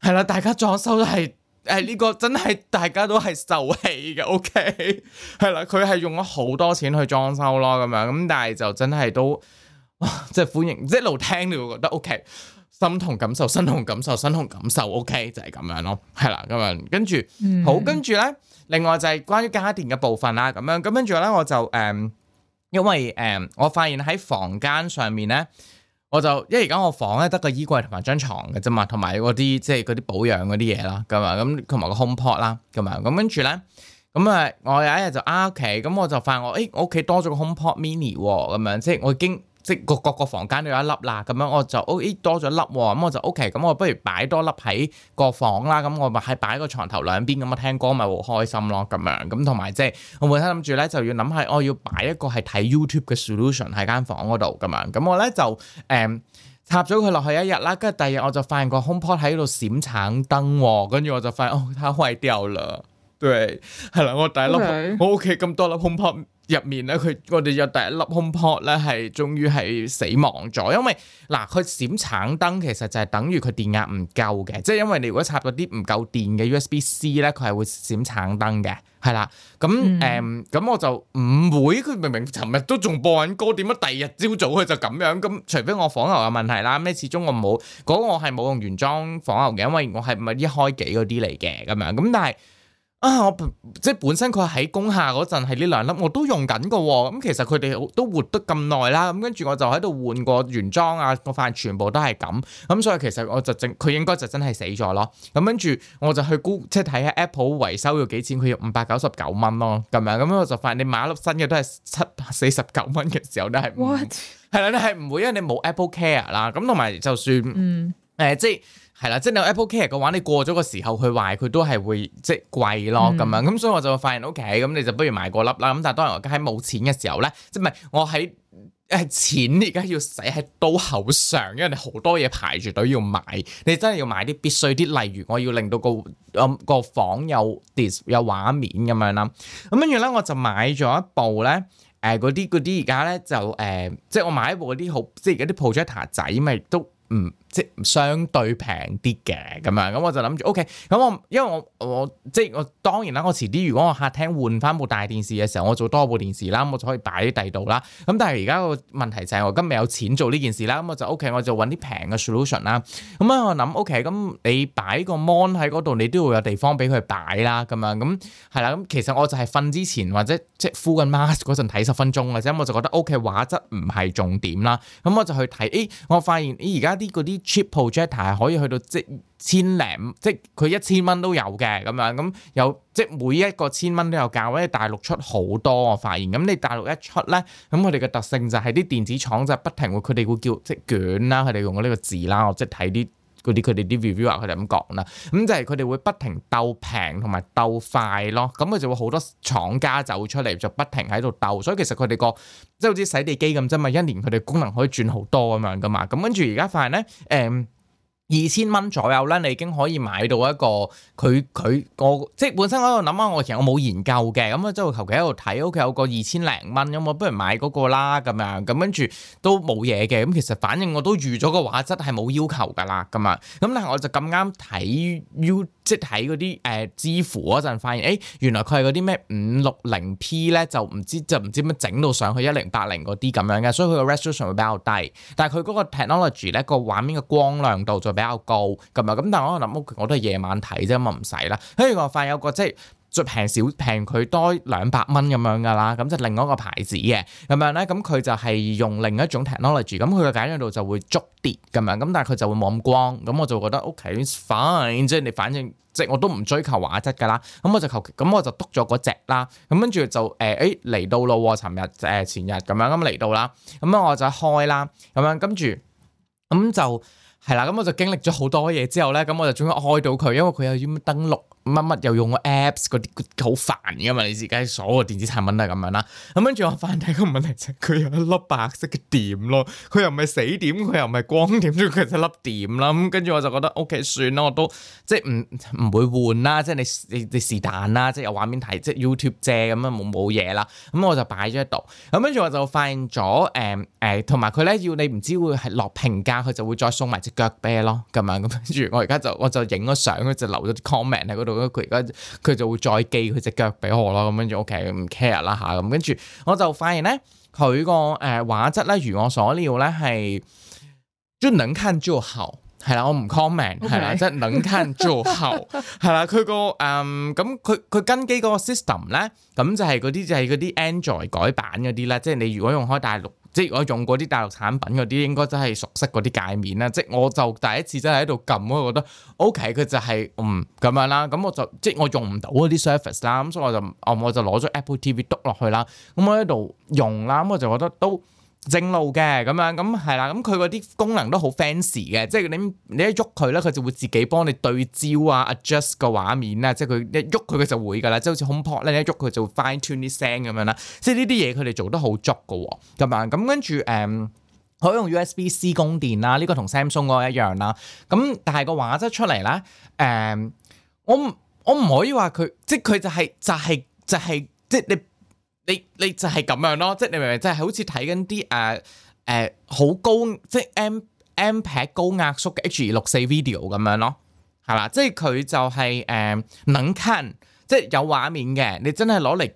Speaker 2: 係啦，大家裝修都係，誒呢、這個真係大家都係受氣嘅，OK，係 啦，佢係用咗好多錢去裝修咯，咁樣，咁但係就真係都，即係歡迎，一路聽你會覺得 OK，心同感受，心同感受，心同感受，OK 就係咁樣咯，係啦，咁樣跟住，嗯、好，跟住咧，另外就係關於家電嘅部分啦，咁樣，咁跟住咧我就誒、嗯，因為誒、嗯、我發現喺房間上面咧。我就因為而家我房咧得個衣櫃同埋張床嘅啫嘛，同埋嗰啲即係嗰啲保養嗰啲嘢啦，咁啊咁，同埋個 HomePod 啦，咁啊咁跟住咧，咁啊我有一日就啱屋企，咁我就發現我，哎、欸、我屋企多咗個 HomePod Mini 喎，咁樣即係我已經。即係個個個房間都有一粒啦，咁樣我就 O、哦、咦多咗粒喎，咁我就 O K，咁我不如擺多粒喺個房啦，咁我咪喺擺個床頭兩邊，咁我聽歌咪會開心咯。咁樣咁同埋即係我本身諗住咧，就要諗係我要擺一個係睇 YouTube 嘅 solution 喺間房嗰度咁樣，咁我咧就誒、嗯、插咗佢落去一日啦，跟住第二日我就發現個 HomePod 喺度閃橙燈喎，跟住我就發現哦，佢壞咗啦，對，係啦，我第一粒 Okay. 我屋企咁多粒 HomePod。入面咧，佢我哋有第一粒 HomePod 咧，係終於係死亡咗，因為嗱，佢閃橙燈其實就係等於佢電壓唔夠嘅，即係因為你如果插咗啲唔夠電嘅 USB-C 咧，佢係會閃橙燈嘅，係啦。咁誒，咁、嗯呃、我就唔會，佢明明尋日都仲播緊歌，點解第二日朝早佢就咁樣？咁、嗯、除非我火牛有問題啦，咩？始終我冇嗰，那個、我係冇用原裝火牛嘅，因為我係咪一開幾嗰啲嚟嘅咁樣，咁但係。啊！我即係本身佢喺工下嗰陣係呢兩粒，我都用緊㗎喎。咁其實佢哋都活得咁耐啦。咁跟住我就喺度換過原裝啊，我發現全部都係咁。咁、嗯、所以其實我就正，佢應該就真係死咗咯。咁跟住我就去估，即係睇下 Apple 維修要幾錢，佢要五百九十九蚊咯，咁樣咁樣我就發現你買一粒新嘅都係七百四十九蚊嘅時候都係，係啦 What?，都係唔會，因為你冇 Apple Care 啦。咁同埋就算，誒、嗯呃，即係。係啦，即係你 AppleCare 嘅話，你過咗個時候去買，佢都係會即係貴咯咁樣。咁、嗯嗯、所以我就發現 O.K. 咁你就不如買個粒啦。咁但係當然我喺冇錢嘅時候咧，即係唔係我喺誒錢，而家要使喺刀口上，因為你好多嘢排住隊要買，你真係要買啲必須啲，例如我要令到個、嗯、個房有 dis 有畫面咁樣啦。咁跟住咧，我就買咗一部咧，誒嗰啲嗰啲而家咧就誒、呃，即係我買一部嗰啲好，即係而家啲 projector 仔咪都唔。嗯即相對平啲嘅咁樣，咁我就諗住 OK，咁我因為我我即係我當然啦，我遲啲如果我客廳換翻部大電視嘅時候，我做多部電視啦，我就可以擺喺第度啦。咁但係而家個問題就係我今日有錢做呢件事啦，咁我就 OK，我就揾啲平嘅 solution 啦。咁啊，我諗 OK，咁你擺個 mon 喺嗰度，你都會有地方俾佢擺啦。咁樣咁係啦，咁其實我就係瞓之前或者即係敷緊 mask 嗰陣睇十分鐘嘅啫，咁我就覺得 OK 畫質唔係重點啦。咁我就去睇，誒、欸、我發現而家啲嗰啲。欸 cheap projector、er, 係可以去到即千零，即佢一千蚊都有嘅咁樣，咁有即每一個千蚊都有價位。大陸出好多，我發現咁你大陸一出咧，咁佢哋嘅特性就係啲電子廠就不停會，佢哋會叫即卷啦，佢哋用呢個字啦，我即睇啲。啲佢哋啲 reviewer 佢哋咁講啦，咁就係佢哋會不停鬥平同埋鬥快咯，咁佢就會好多廠家走出嚟就不停喺度鬥，所以其實佢哋個即係好似洗地機咁啫嘛，一年佢哋功能可以轉好多咁樣噶嘛，咁跟住而家發現咧，誒、嗯。二千蚊左右咧，你已經可以買到一個佢，佢我即係本身我喺度諗啊，我其實我冇研究嘅，咁啊即係我求其喺度睇，屋企有個二千零蚊，咁我不如買嗰個啦咁樣，咁跟住都冇嘢嘅，咁其實反正我都預咗個畫質係冇要求噶啦，咁啊，咁但係我就咁啱睇 U。即係喺嗰啲誒支付嗰陣發現，欸、原來佢係嗰啲咩五六零 P 咧，就唔知就唔知點樣整到上去一零八零嗰啲咁樣嘅，所以佢個 resolution 會比較低。但係佢嗰個 technology 咧，個畫面嘅光亮度就比較高咁啊。咁但係我諗，我我都係夜晚睇啫咁嘛，唔使啦。跟住我發現有個即係。最平少平佢多兩百蚊咁樣噶啦，咁就另外一個牌子嘅咁樣咧，咁佢就係用另一種 technology，咁佢嘅解像度就會捉啲咁樣，咁但係佢就會冇咁光，咁我就覺得 OK，it's、okay, fine 啫，你反正即係我都唔追求畫質噶啦，咁我就求其，咁我就篤咗嗰隻啦，咁跟住就誒，誒、哎、嚟到啦喎、啊，尋日誒前日咁樣咁嚟到啦，咁我就開啦，咁樣跟住咁就。係啦，咁、嗯、我就經歷咗好多嘢之後咧，咁、嗯、我就終於開到佢，因為佢有啲乜登錄乜乜，乜乜又用 Apps 嗰啲好煩噶嘛，你自己所有電子產品都係咁樣啦。咁跟住我發現一個問題就係、是、佢有一粒白色嘅點咯，佢又唔係死點，佢又唔係光點，即係佢就係粒點啦。咁跟住我就覺得 OK 算啦，我都即係唔唔會換啦，即係你你你是但啦，即係有畫面睇，即係 YouTube 啫咁樣冇冇嘢啦。咁、嗯、我就擺咗喺度。咁跟住我就發現咗誒誒，同埋佢咧要你唔知會係落評價，佢就會再送埋腳啤咯，咁樣，咁跟住我而家就我就影咗相，就留咗啲 comment 喺嗰度。佢而家佢就會再寄佢隻腳俾我咯，咁樣就 OK，唔 care 啦吓，咁跟住我就發現咧，佢個誒畫質咧，如我所料咧係 running too 厚，係啦、嗯，我唔 comment 係啦，即係 running too 厚，係、嗯、啦，佢個誒咁佢佢根基嗰個 system 咧，咁就係嗰啲就係、是、嗰啲 Android 改版嗰啲啦，即、就、係、是、你如果用開大陸。即係我用過啲大陸產品嗰啲，應該真係熟悉嗰啲界面啦。即係我就第一次真係喺度撳，我覺得 OK，佢就係，嗯咁樣啦。咁我就即係我用唔到嗰啲 Surface 啦。咁所以我就我我就攞咗 Apple TV 篤落去啦。咁我喺度用啦。咁我就覺得都。正路嘅咁樣咁係啦，咁佢嗰啲功能都好 fancy 嘅，即係你你一喐佢咧，佢就會自己幫你對焦啊，adjust 個畫面啦，即係佢一喐佢佢就會噶啦，即係好似 HomePod 咧，你一喐佢就會 fine tune 啲聲咁樣啦，即係呢啲嘢佢哋做得好足噶咁啊，咁、嗯、跟住誒、嗯、可以用 USB C 供電啦，呢、這個同 Samsung 嗰個一樣啦，咁、嗯、但係個畫質出嚟咧，誒、嗯、我我唔可以話佢，即係佢就係、是、就係、是、就係、是、即係你。你你就係咁樣咯，即係你明唔明、就是啊啊？即係好似睇緊啲誒誒好高即係 M M 撇高壓縮嘅 H 二六四 Video 咁樣咯，係嘛？即係佢就係、是、c、呃、冷親，即係有畫面嘅。你真係攞嚟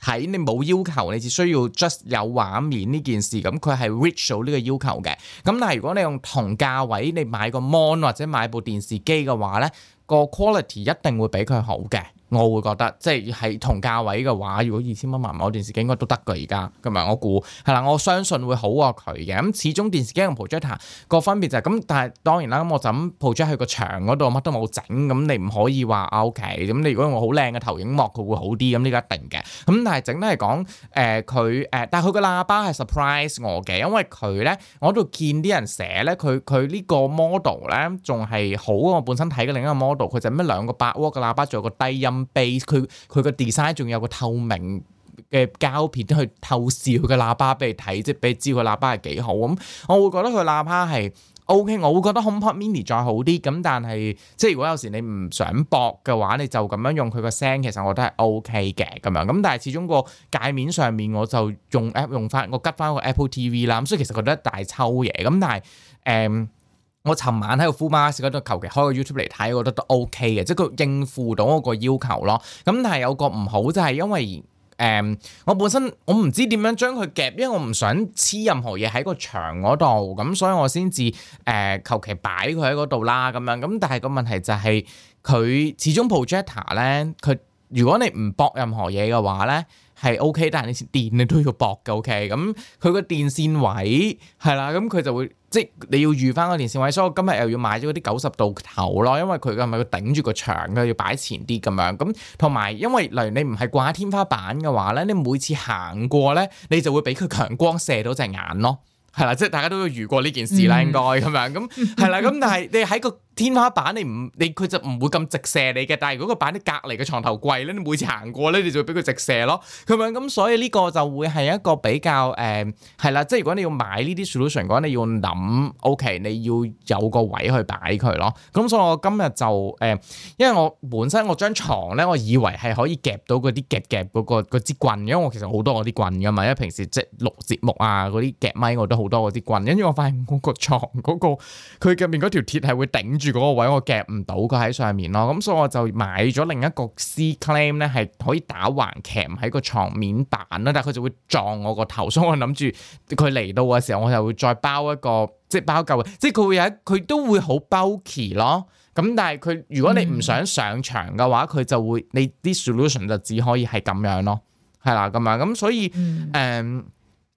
Speaker 2: 睇，你冇要求，你只需要 just 有畫面呢件事。咁佢係 reach 到呢個要求嘅。咁但係如果你用同價位，你買個 Mon 或者買部電視機嘅話咧，個 quality 一定會比佢好嘅。我會覺得即係同價位嘅話，如果二千蚊買買部電視機應該都得嘅。而家咁埋我估係啦，我相信會好過佢嘅。咁始終電視機同 projector 個分別就係、是、咁。但係當然啦，咁我就咁 project 去個牆嗰度，乜都冇整。咁你唔可以話 OK。咁你如果用好靚嘅投影幕佢會好啲。咁呢個一定嘅。咁但係整體嚟講誒佢誒，但係佢個喇叭係 surprise 我嘅，因為佢咧我度見啲人寫咧，佢佢呢個 model 咧仲係好過我本身睇嘅另一個 model。佢就咩兩個八瓦嘅喇叭，仲有個低音。俾佢佢個 design 仲有個透明嘅膠片去透視佢個喇叭俾你睇，即係俾知佢喇叭係幾好咁。我會覺得佢喇叭係 OK，我會覺得 HomePod Mini 再好啲。咁但係即係如果有時你唔想搏嘅話，你就咁樣用佢個聲，其實我覺得係 OK 嘅咁樣。咁但係始終個界面上面我就用 app 用翻我吉翻個 Apple TV 啦。咁所以其實覺得大抽嘢咁，但係誒。嗯我尋晚喺個 full mask 嗰度求其開個 YouTube 嚟睇，我覺得都 OK 嘅，即係佢應付到我個要求咯。咁但係有個唔好就係、是、因為誒、呃，我本身我唔知點樣將佢夾，因為我唔想黐任何嘢喺個牆嗰度，咁所以我先至誒求其擺佢喺嗰度啦咁樣。咁但係個問題就係、是、佢始終 projector 咧，佢如果你唔搏任何嘢嘅話咧。係 OK，但係你電你都要駁嘅 OK。咁佢個電線位係啦，咁佢就會即係你要預翻個電線位，所以我今日又要買咗嗰啲九十度頭咯，因為佢嘅咪要頂住個牆嘅，要擺前啲咁樣。咁同埋因為例如你唔係掛天花板嘅話咧，你每次行過咧，你就會俾佢強光射到隻眼咯，係啦，即係大家都要遇過呢件事啦，應該咁樣咁係啦。咁、嗯、 但係你喺個。天花板你唔你佢就唔會咁直射你嘅，但係如果佢擺喺隔離嘅床頭櫃咧，你每次行過咧，你就會俾佢直射咯。咁樣，咁，所以呢個就會係一個比較誒，係、嗯、啦，即係如果你要買呢啲 solution 嘅話，你要諗 OK，你要有個位去擺佢咯。咁所以我今日就誒、嗯，因為我本身我張床咧，我以為係可以夾到嗰啲夾夾嗰個嗰支棍，因為我其實好多我啲棍噶嘛，因為平時即係錄節目啊嗰啲夾咪我都好多我啲棍，跟住我發現我床、嗰個牀嗰個佢入面嗰條鐵係會頂。住嗰個位，我夾唔到佢喺上面咯，咁所以我就買咗另一個 C clamp i 咧，係可以打橫鉗喺個床面板啦，但係佢就會撞我個頭，所以我諗住佢嚟到嘅時候，我就會再包一個，即係包夠，即係佢會有佢都會好 bulky 咯。咁但係佢如果你唔想上場嘅話，佢就會你啲 solution 就只可以係咁樣咯，係啦咁樣咁，所以誒、嗯呃、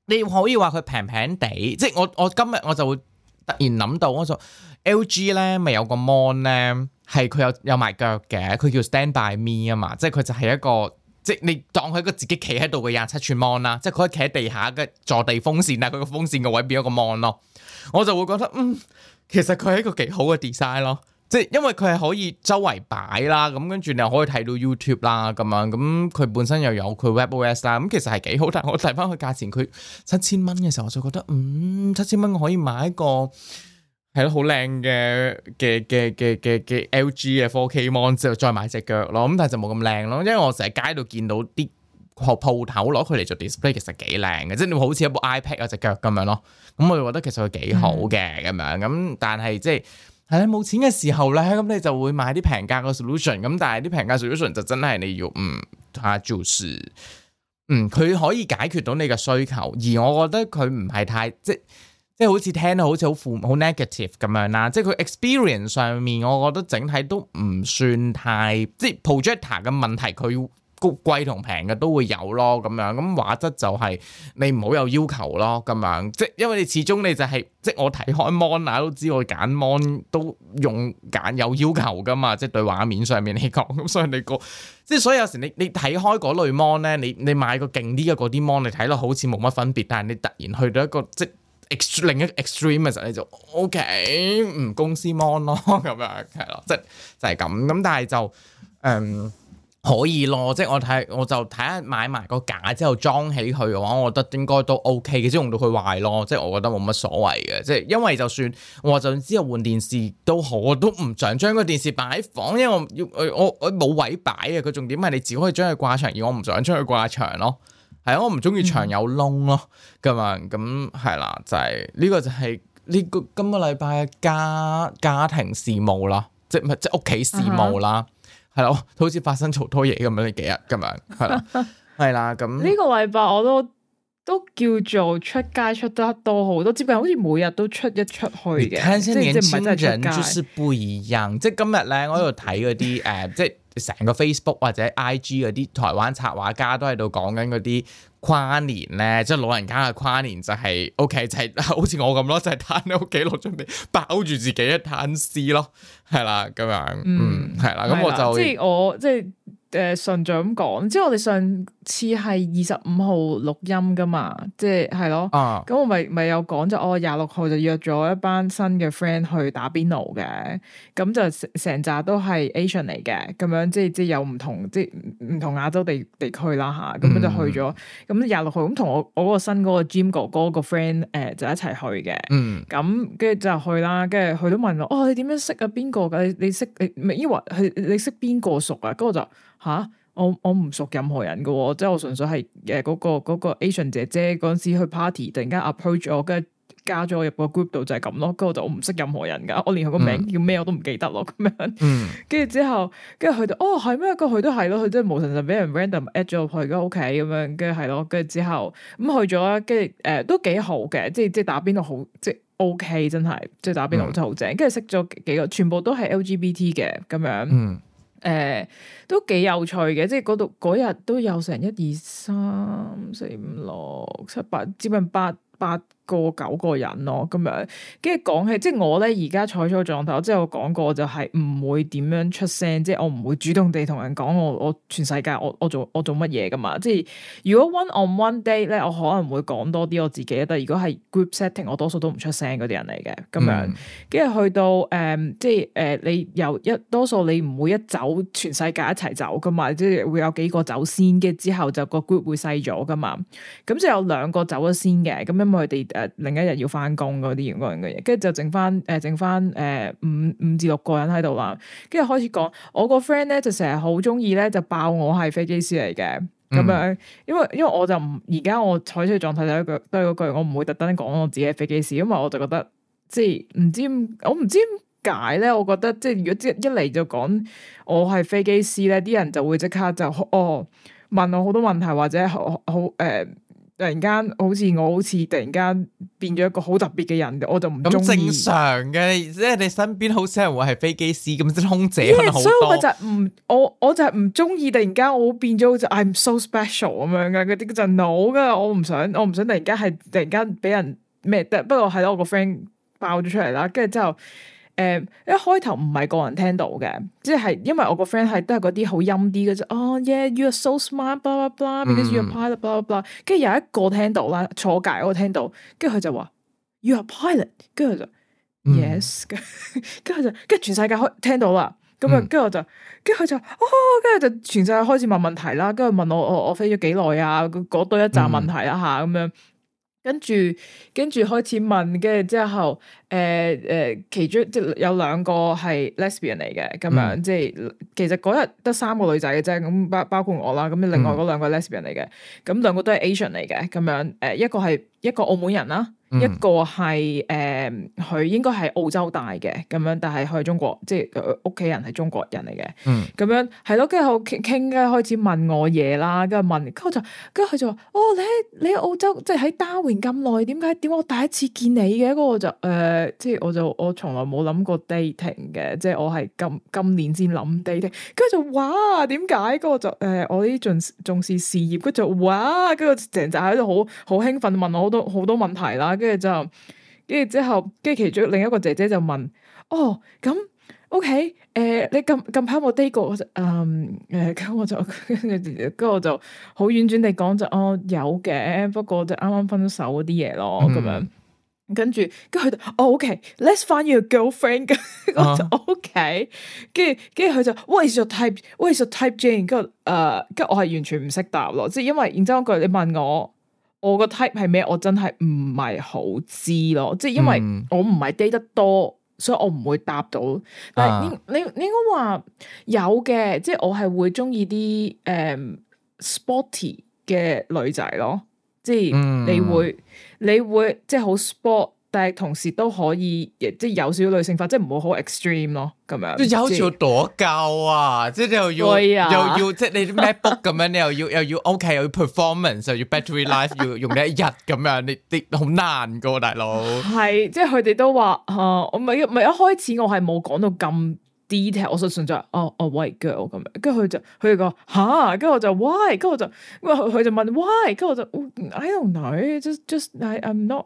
Speaker 2: 你可以話佢平平地，即係我我今日我就會突然諗到，我就。LG 咧咪有個 mon 咧，係佢有有埋腳嘅，佢叫 Stand by Me 啊嘛，即係佢就係一個，即係你當佢一個自己企喺度嘅廿七寸 mon 啦，即係佢可以企喺地下嘅坐地風扇啦，佢個風扇位個位變咗個 mon 咯，我就會覺得，嗯，其實佢係一個幾好嘅 design 咯，即係因為佢係可以周圍擺啦，咁跟住你又可以睇到 YouTube 啦，咁樣咁佢本身又有佢 webOS 啦，咁其實係幾好，但係我睇翻佢價錢，佢七千蚊嘅時候，我就覺得，嗯，七千蚊可以買一個。係咯，好靚嘅嘅嘅嘅嘅嘅 LG 啊 4K Mon 之後再買隻腳咯，咁但係就冇咁靚咯，因為我成日街度見到啲鋪鋪頭攞佢嚟做 display，其實幾靚嘅，即係你好似有部 iPad 嗰隻腳咁樣咯。咁我哋覺得其實佢幾好嘅咁、嗯、樣，咁但係即係係啦，冇、哎、錢嘅時候咧，咁你就會買啲平價嘅 solution。咁但係啲平價 solution 就真係你要嗯睇下 juice 嗯佢可以解決到你嘅需求，而我覺得佢唔係太即即係好似聽到好似好負好 negative 咁樣啦，即係佢 experience 上面，我覺得整體都唔算太即係 projector 嘅問題，佢高貴同平嘅都會有咯咁樣。咁畫質就係你唔好有要求咯咁樣，即係因為你始終你就係、是、即係我睇開 mon 啊，都知我揀 mon 都用揀有要求噶嘛，即係對畫面上面嚟講咁，所以你、那個即係所以有時你你睇開嗰類 mon 咧，你呢你，你買個勁啲嘅嗰啲 mon 你睇落好似冇乜分別，但係你突然去到一個即另一 extreme 嘅時候你就 OK，唔公司 mon 咯咁樣，係咯、即係嗯，即係就係咁咁，但係就誒可以咯，即係我睇我就睇下買埋個架之後裝起佢嘅話，我覺得應該都 OK 嘅，即用到佢壞咯，即係我覺得冇乜所謂嘅，即係因為就算我就算之後換電視都好，我都唔想將個電視擺喺房，因為要我我冇位擺嘅，佢重點係你只可以將佢掛牆，而我唔想將佢掛牆咯。係啊，我唔中意牆有窿咯，咁樣，咁係啦，就係、是、呢個就係呢個今個禮拜嘅家家庭事務啦，即係咪即屋企事務啦，係咯、uh huh.，好似發生好多嘢咁樣呢幾日咁樣，係啦，係啦、
Speaker 1: 啊，咁呢、 啊、個禮拜我都。都叫做出街出得多，多好，都接近好似每日都出一出去嘅。即係唔係出街。年輕人就是
Speaker 2: 不一樣，即係今日咧，我喺度睇嗰啲誒，即係成個 Facebook 或者 IG 嗰啲台灣策畫家都喺度講緊嗰啲跨年咧，即係老人家嘅跨年就係 OK，就係好似我咁咯，就係攤喺屋企攞張被包住自己一攤屍咯，係啦咁樣，嗯，係、嗯、啦，咁我就即係
Speaker 1: 我即係誒，順著咁講，即係我哋、呃、上。似係二十五號錄音噶嘛，即係係咯，咁、啊、我咪咪有講就我廿六號就約咗一班新嘅 friend 去打邊爐嘅，咁就成成扎都係 Asian 嚟嘅，咁樣即係即係有唔同即係唔同亞洲地地區啦吓，咁、啊、樣就去咗，咁廿六號咁同我我個新嗰個 Jim 哥哥個 friend 誒就一齊去嘅，咁跟住就去啦，跟住佢都問我，哦，你點樣識啊邊個噶？你你識你抑或係你識邊個熟啊？咁我就吓。我我唔熟任何人噶、哦，即係我純粹係誒嗰個嗰、嗰個 Asian 姐姐嗰陣時去 party 突然間 approach 我，跟住加咗我入個 group 度就係咁咯。跟住我就我唔識任何人噶，我連佢個名叫咩我都唔記得咯咁、嗯、樣。跟住之後，跟住佢就哦係咩？佢都係咯，佢都係無神神俾人 random add 咗入去，咁屋企咁樣，跟住係咯，跟住之後咁去咗，跟住誒都幾好嘅，即係即係打邊爐好，即係 OK 真係，即係打邊爐真係好正。跟住、嗯、識咗幾個，全部都係 LGBT 嘅咁樣。嗯。誒、呃，都幾有趣嘅，即係嗰度嗰日都有成一二三四五六七八，接近八八，個九個人咯，咁樣跟住講起，即係我咧而家採取嘅狀態，我即係我講過就係唔會點樣出聲，即係我唔會主動地同人講我我全世界我我做我做乜嘢噶嘛。即係如果 one on one day 咧，我可能會講多啲我自己，但係如果係 group setting，我多數都唔出聲嗰啲人嚟嘅，咁樣跟住、嗯、去到誒、嗯、即係誒、呃、你由一多數你唔會一走全世界一齊走噶嘛，即係會有幾個走先，跟住之後就個 group 會細咗噶嘛。咁就有兩個走咗先嘅，咁因為佢哋。誒，另一日要翻工嗰啲咁樣嘅嘢，跟住就剩翻誒、呃，剩翻誒、呃、五五至六個人喺度啦，跟住開始講，我個 friend 咧就成日好中意咧就爆我係飛機師嚟嘅。咁樣，因為因為我就唔而家我採取嘅狀態就一句，對嗰句我唔會特登講我自己係飛機師，因為我就覺得即係唔知，我唔知點解咧，我覺得即係如果一嚟就講我係飛機師咧，啲人就會即刻就哦問我好多問題或者好好誒。突然間好似我好似突然間變咗一個好特別嘅人，我就唔中意正常
Speaker 2: 嘅，即係你身邊好少人會係飛機師咁空姐可能好多，所以、yeah, so, 我就
Speaker 1: 唔我我就係唔中意突然間我變咗好似「I'm so special」咁樣嘅嗰啲就是、no 噶，我唔想我唔想突然間係突然間俾人咩，不過係咯，我個 friend 爆咗出嚟啦，跟住之後。誒，一開頭唔係個人聽到嘅，即係因為我個 friend 係都係嗰啲好陰啲嘅啫。Mm. 哦，yeah，you are so smart，blah blah blah，because blah, you are pilot，blah blah blah。跟住有一個聽到啦，坐界嗰個聽到，跟住佢就話 you are pilot，跟住佢就 yes，跟住佢就跟住全世界開聽到啦。咁啊，跟住我就，跟住就，就哦，跟住就全世界開始問問題啦。跟住問我我我飛咗幾耐啊？嗰堆一紮問題啊吓咁樣。Mm. 跟住跟住開始問，跟住之後，誒、呃、誒，其中即有兩個係 lesbian 嚟嘅，咁樣、嗯、即其實嗰日得三個女仔嘅啫，咁包包括我啦，咁另外嗰兩個 lesbian 嚟嘅，咁兩個都係 Asian 嚟嘅，咁樣誒、呃、一個係一個澳門人啦、啊。一個係誒、嗯嗯，佢應該係澳洲大嘅咁樣，但係佢係中國，即係屋企人係中國人嚟嘅。咁、嗯、樣係咯，跟住我傾傾偈，開始問我嘢啦，跟住問，跟住我就跟住佢就話：哦，你喺你喺澳洲，即係喺 Darwin 咁耐，點解？點解我第一次見你嘅？嗰我就誒，即係我就我從來冇諗過 dating 嘅，即係我係今今年先諗 dating。跟住就哇，點解？跟住我就誒，我呢盡重視事業。跟住就哇，跟住我成日喺度好好興奮，問我好多好多問題啦。跟住就，跟住之後，跟住其中另一個姐姐就問：哦，咁，O K，誒，你近近排有冇 date 過？我就，嗯、um, uh，誒，咁我就，跟住，跟住我就好婉轉地講就，哦、oh,，有嘅，不過就啱啱分手嗰啲嘢咯，咁樣。跟住、mm.，跟佢就，哦、oh,，O、okay, K，Let's find you a girlfriend。我就 O K。
Speaker 3: 跟住、
Speaker 1: uh.，跟住佢就，What is your type？What is your type，Jane？跟住，誒，跟、uh, 住我係完全唔識答咯，即係因為認真講句，你問我。我個 type 係咩？我真係唔係好知咯，即係因為我唔係 date 得多，嗯、所以我唔會答到。但係你、啊、你應該話有嘅，即係我係會中意啲誒 sporty 嘅女仔咯，即係你會、嗯、你會即係好 sport。同時都可以，即係有少少女性化，即係唔會好 extreme 咯，咁樣。有似要多
Speaker 2: 教啊，即係又要又要即係你 MacBook 咁樣，你又要又要 OK，又要 performance，又要，要 battery life，要用你一日咁樣，你啲好難噶，大佬。
Speaker 1: 係，即係佢哋都話啊，唔係唔係一開始我係冇講到咁 detail，我相純粹哦、就是，我 white girl 咁樣，跟住佢就佢就講吓？跟住我就 why，跟住我就佢就問 why，跟住我，就、why? 我就，I 就 don't know，just don't know, just, just I'm not。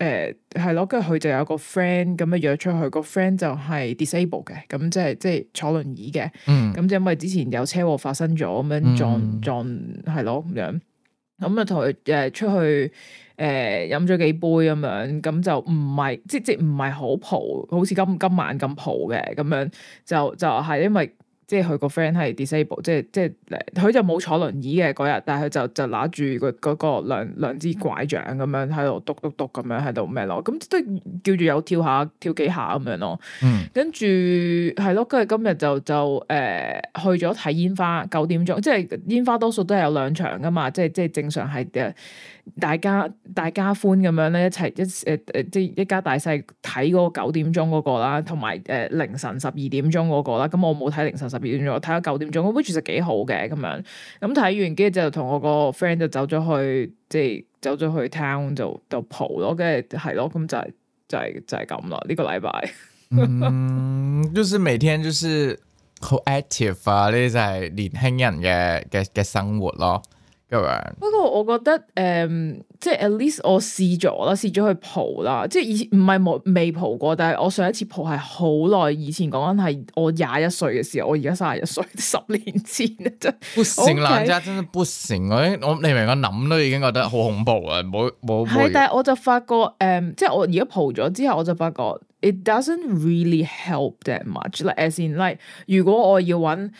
Speaker 1: 誒係咯，跟住佢就有個 friend 咁樣約出去，個 friend 就係 disable 嘅，咁即係即係坐輪椅嘅。嗯，咁就、嗯、因為之前有車禍發生咗，咁樣撞、嗯、撞係咯咁樣，咁啊同佢誒出去誒飲咗幾杯咁樣，咁就唔係即即唔係好蒲，好似今今晚咁蒲嘅咁樣，就就係、係、因為。即係佢個 friend 係 disable，即係即係，佢就冇坐輪椅嘅嗰日，但係佢就就拿住、嗰個嗰、嗰個兩兩支拐杖咁樣喺度篤篤篤咁樣喺度咩咯？咁即係叫住有跳下跳幾下咁樣咯。嗯，跟住係咯，跟住今日就就誒、呃、去咗睇煙花，九點鐘，即係煙花多數都係有兩場噶嘛，即係即係正常係嘅。呃大家大家歡咁樣咧，一齊一誒誒、呃，即係一家大細睇嗰個九點鐘嗰個啦，同埋誒凌晨十二點鐘嗰個啦。咁我冇睇凌晨十二點鐘，我睇下九點鐘，which 就幾好嘅咁樣。咁、嗯、睇完，跟住就同我個 friend 就走咗去，即係走咗去 town 度就就蒲咯。跟住係咯，咁、嗯、就是、就是、就係咁啦。呢、這個禮拜，
Speaker 2: 嗯，就是每天就是好 active 啊，呢就係年輕人嘅嘅嘅生活咯。Right.
Speaker 1: 不過我覺得誒，um，即係 at least 我試咗啦，試咗去蒲啦，即係以前唔係冇未蒲過，但係我上一次蒲係好耐以前講緊係我廿一歲嘅時候，我而家三十一歲，十年前真，不 okay，真。不行啦，真
Speaker 2: 真不行，我我你明我諗都已經覺得好恐怖啊！冇冇。係，是但係
Speaker 1: 我就發覺誒，um，即係我而家蒲咗之後，我就發覺 it doesn't really help that much。like as in like，如果我要揾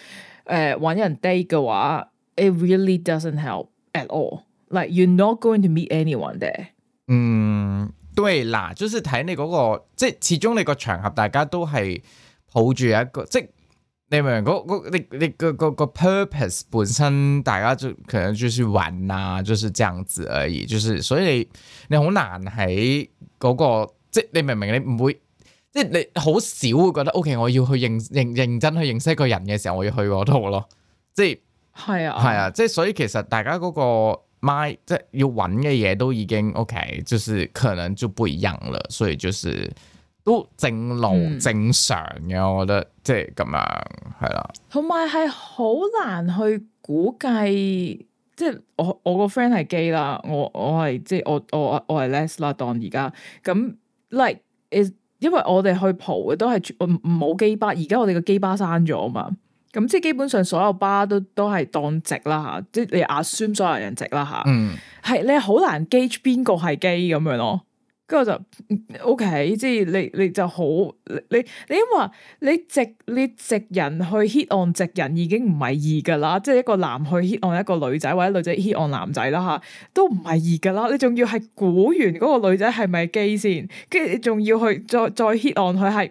Speaker 1: 誒揾人 date 嘅話。It really doesn't help at all. Like you're not going to meet anyone there。
Speaker 3: 嗯，
Speaker 2: 對啦，就是睇你嗰個，即係始終你個場合，大家都係抱住一個，即係你明唔明嗰個，你你個個個 purpose 本身，大家就其實就是玩啊，就是這樣子而已。就是所以你你好難喺嗰個，即係你明唔明？你唔會，即係你好少會覺得，OK，我要去認認認真去認識一個人嘅時候，我要去嗰度咯，即係。係啊，係啊，即係所以其實大家嗰個 mind 即係要揾嘅嘢都已經 OK，就是可能就不一樣了，所以就是都正路正常嘅，嗯、我覺得即係咁樣係啦。
Speaker 1: 同埋係好難去估計，即係我我個 friend 係 gay 啦，我我係即係我我我係 less 啦，當而家咁 like is，因為我哋去蒲嘅都係唔唔冇基巴，而家我哋個基巴刪咗啊嘛。咁即係基本上所有巴都都係當直啦吓，即係 assume 所有人直啦吓，係、嗯、你好難 gauge 邊個係基咁樣咯。跟住就、嗯、okay，即係你你就好，你你因為你直你直人去 hit on 直人已經唔係易噶啦，即係一個男去 hit on 一個女仔或者女仔 hit on 男仔啦吓，都唔係易噶啦。你仲要係估完嗰個女仔係咪基先，跟住你仲要去再再 hit on 佢係。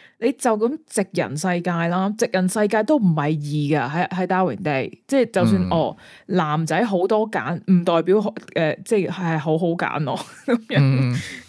Speaker 1: 你就咁直人世界啦，直人世界都唔係易噶，喺喺 Darwin Day，即係就算哦，男仔好多揀，唔代表誒，即係係好好揀咯。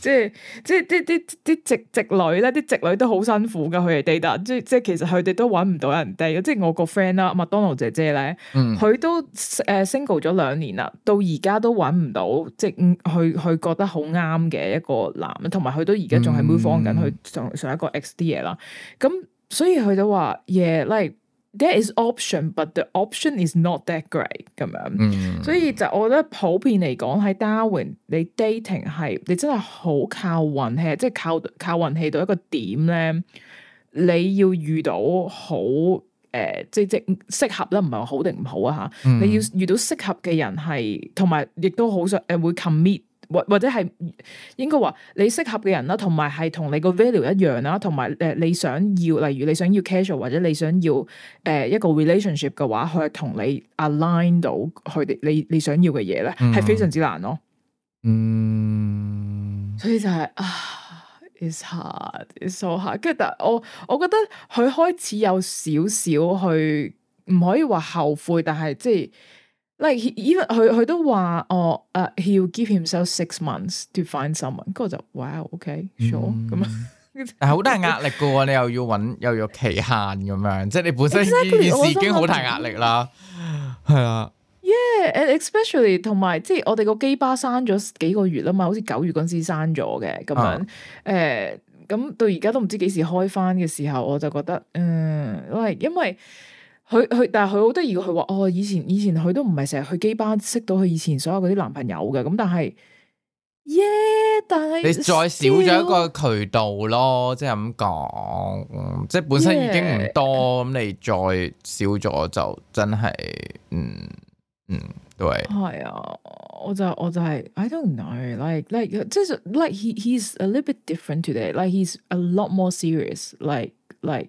Speaker 1: 即係即係啲啲啲直直女咧，啲直女都好辛苦噶，佢哋但即係即係其實佢哋都揾唔到人哋。即係我個 friend 啦，麥當勞姐姐咧，佢都誒 single 咗兩年啦，到而家都揾唔到即係去去覺得好啱嘅一個男，同埋佢都而家仲係 move on 緊佢上上一個 X 啲嘢啦。咁所以佢都話，h、yeah, like there is option，but the option is not that great 咁樣。Mm hmm. 所以就我覺得普遍嚟講喺 Darwin 你 dating 係你真係好靠運氣，即係靠靠運氣到一個點咧，你要遇到好誒、呃、即係即適合啦，唔係話好定唔好啊吓。Mm hmm. 你要遇到適合嘅人係，同埋亦都好想誒、呃、會 commit。或或者係應該話你適合嘅人啦、啊，同埋係同你個 value 一樣啦、啊，同埋誒你想要，例如你想要 casual 或者你想要誒一個 relationship 嘅話，佢係同你 align 到佢哋，你你想要嘅嘢咧，係、mm hmm. 非常之難咯。嗯、mm，hmm. 所以就係啊，it's hard, it's so hard。跟住但我我覺得佢開始有少少去唔可以話後悔，但係即係。like even 佢佢都話哦，誒，he will give himself six months to find someone。咁我就 wow，ok，sure 咁啊。
Speaker 2: 係好大壓力噶喎，你又要揾又有期限咁樣，即係你本身件事已經好大壓力啦。係 啊 yeah.
Speaker 1: yeah.Yeah，and especially 同埋即係我哋個機巴閂咗幾個月啦嘛，好似九月嗰陣時閂咗嘅咁樣。誒，咁到而家都唔知幾時開翻嘅時候，我就覺得，嗯，因、like, 因為。佢佢，但係佢好得意嘅，佢話哦，以前以前佢都唔係成日去基班識到佢以前所有嗰啲男朋友嘅，咁但係，耶，但
Speaker 3: 係你再少咗一個
Speaker 2: 渠道咯，即係咁講，即係本身已經唔多，咁你再少咗就真係，嗯嗯，對，
Speaker 1: 係啊，我就我就係，I don't know，like like，即係 like he he's a little bit different today，like he's a lot more serious，like like。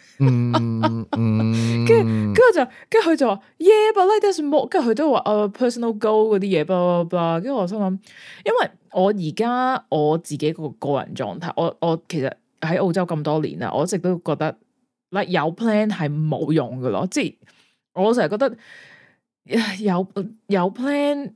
Speaker 1: 跟住，跟住 就，跟住佢就話，yeah，but like this more，跟住佢都話，啊、oh，personal goal 嗰啲嘢，吧吧吧，跟住我心諗，因為我而家我自己個個人狀態，我我其實喺澳洲咁多年啦，我一直都覺得，嗱，有 plan 係冇用噶咯，即係我成日覺得，有有 plan。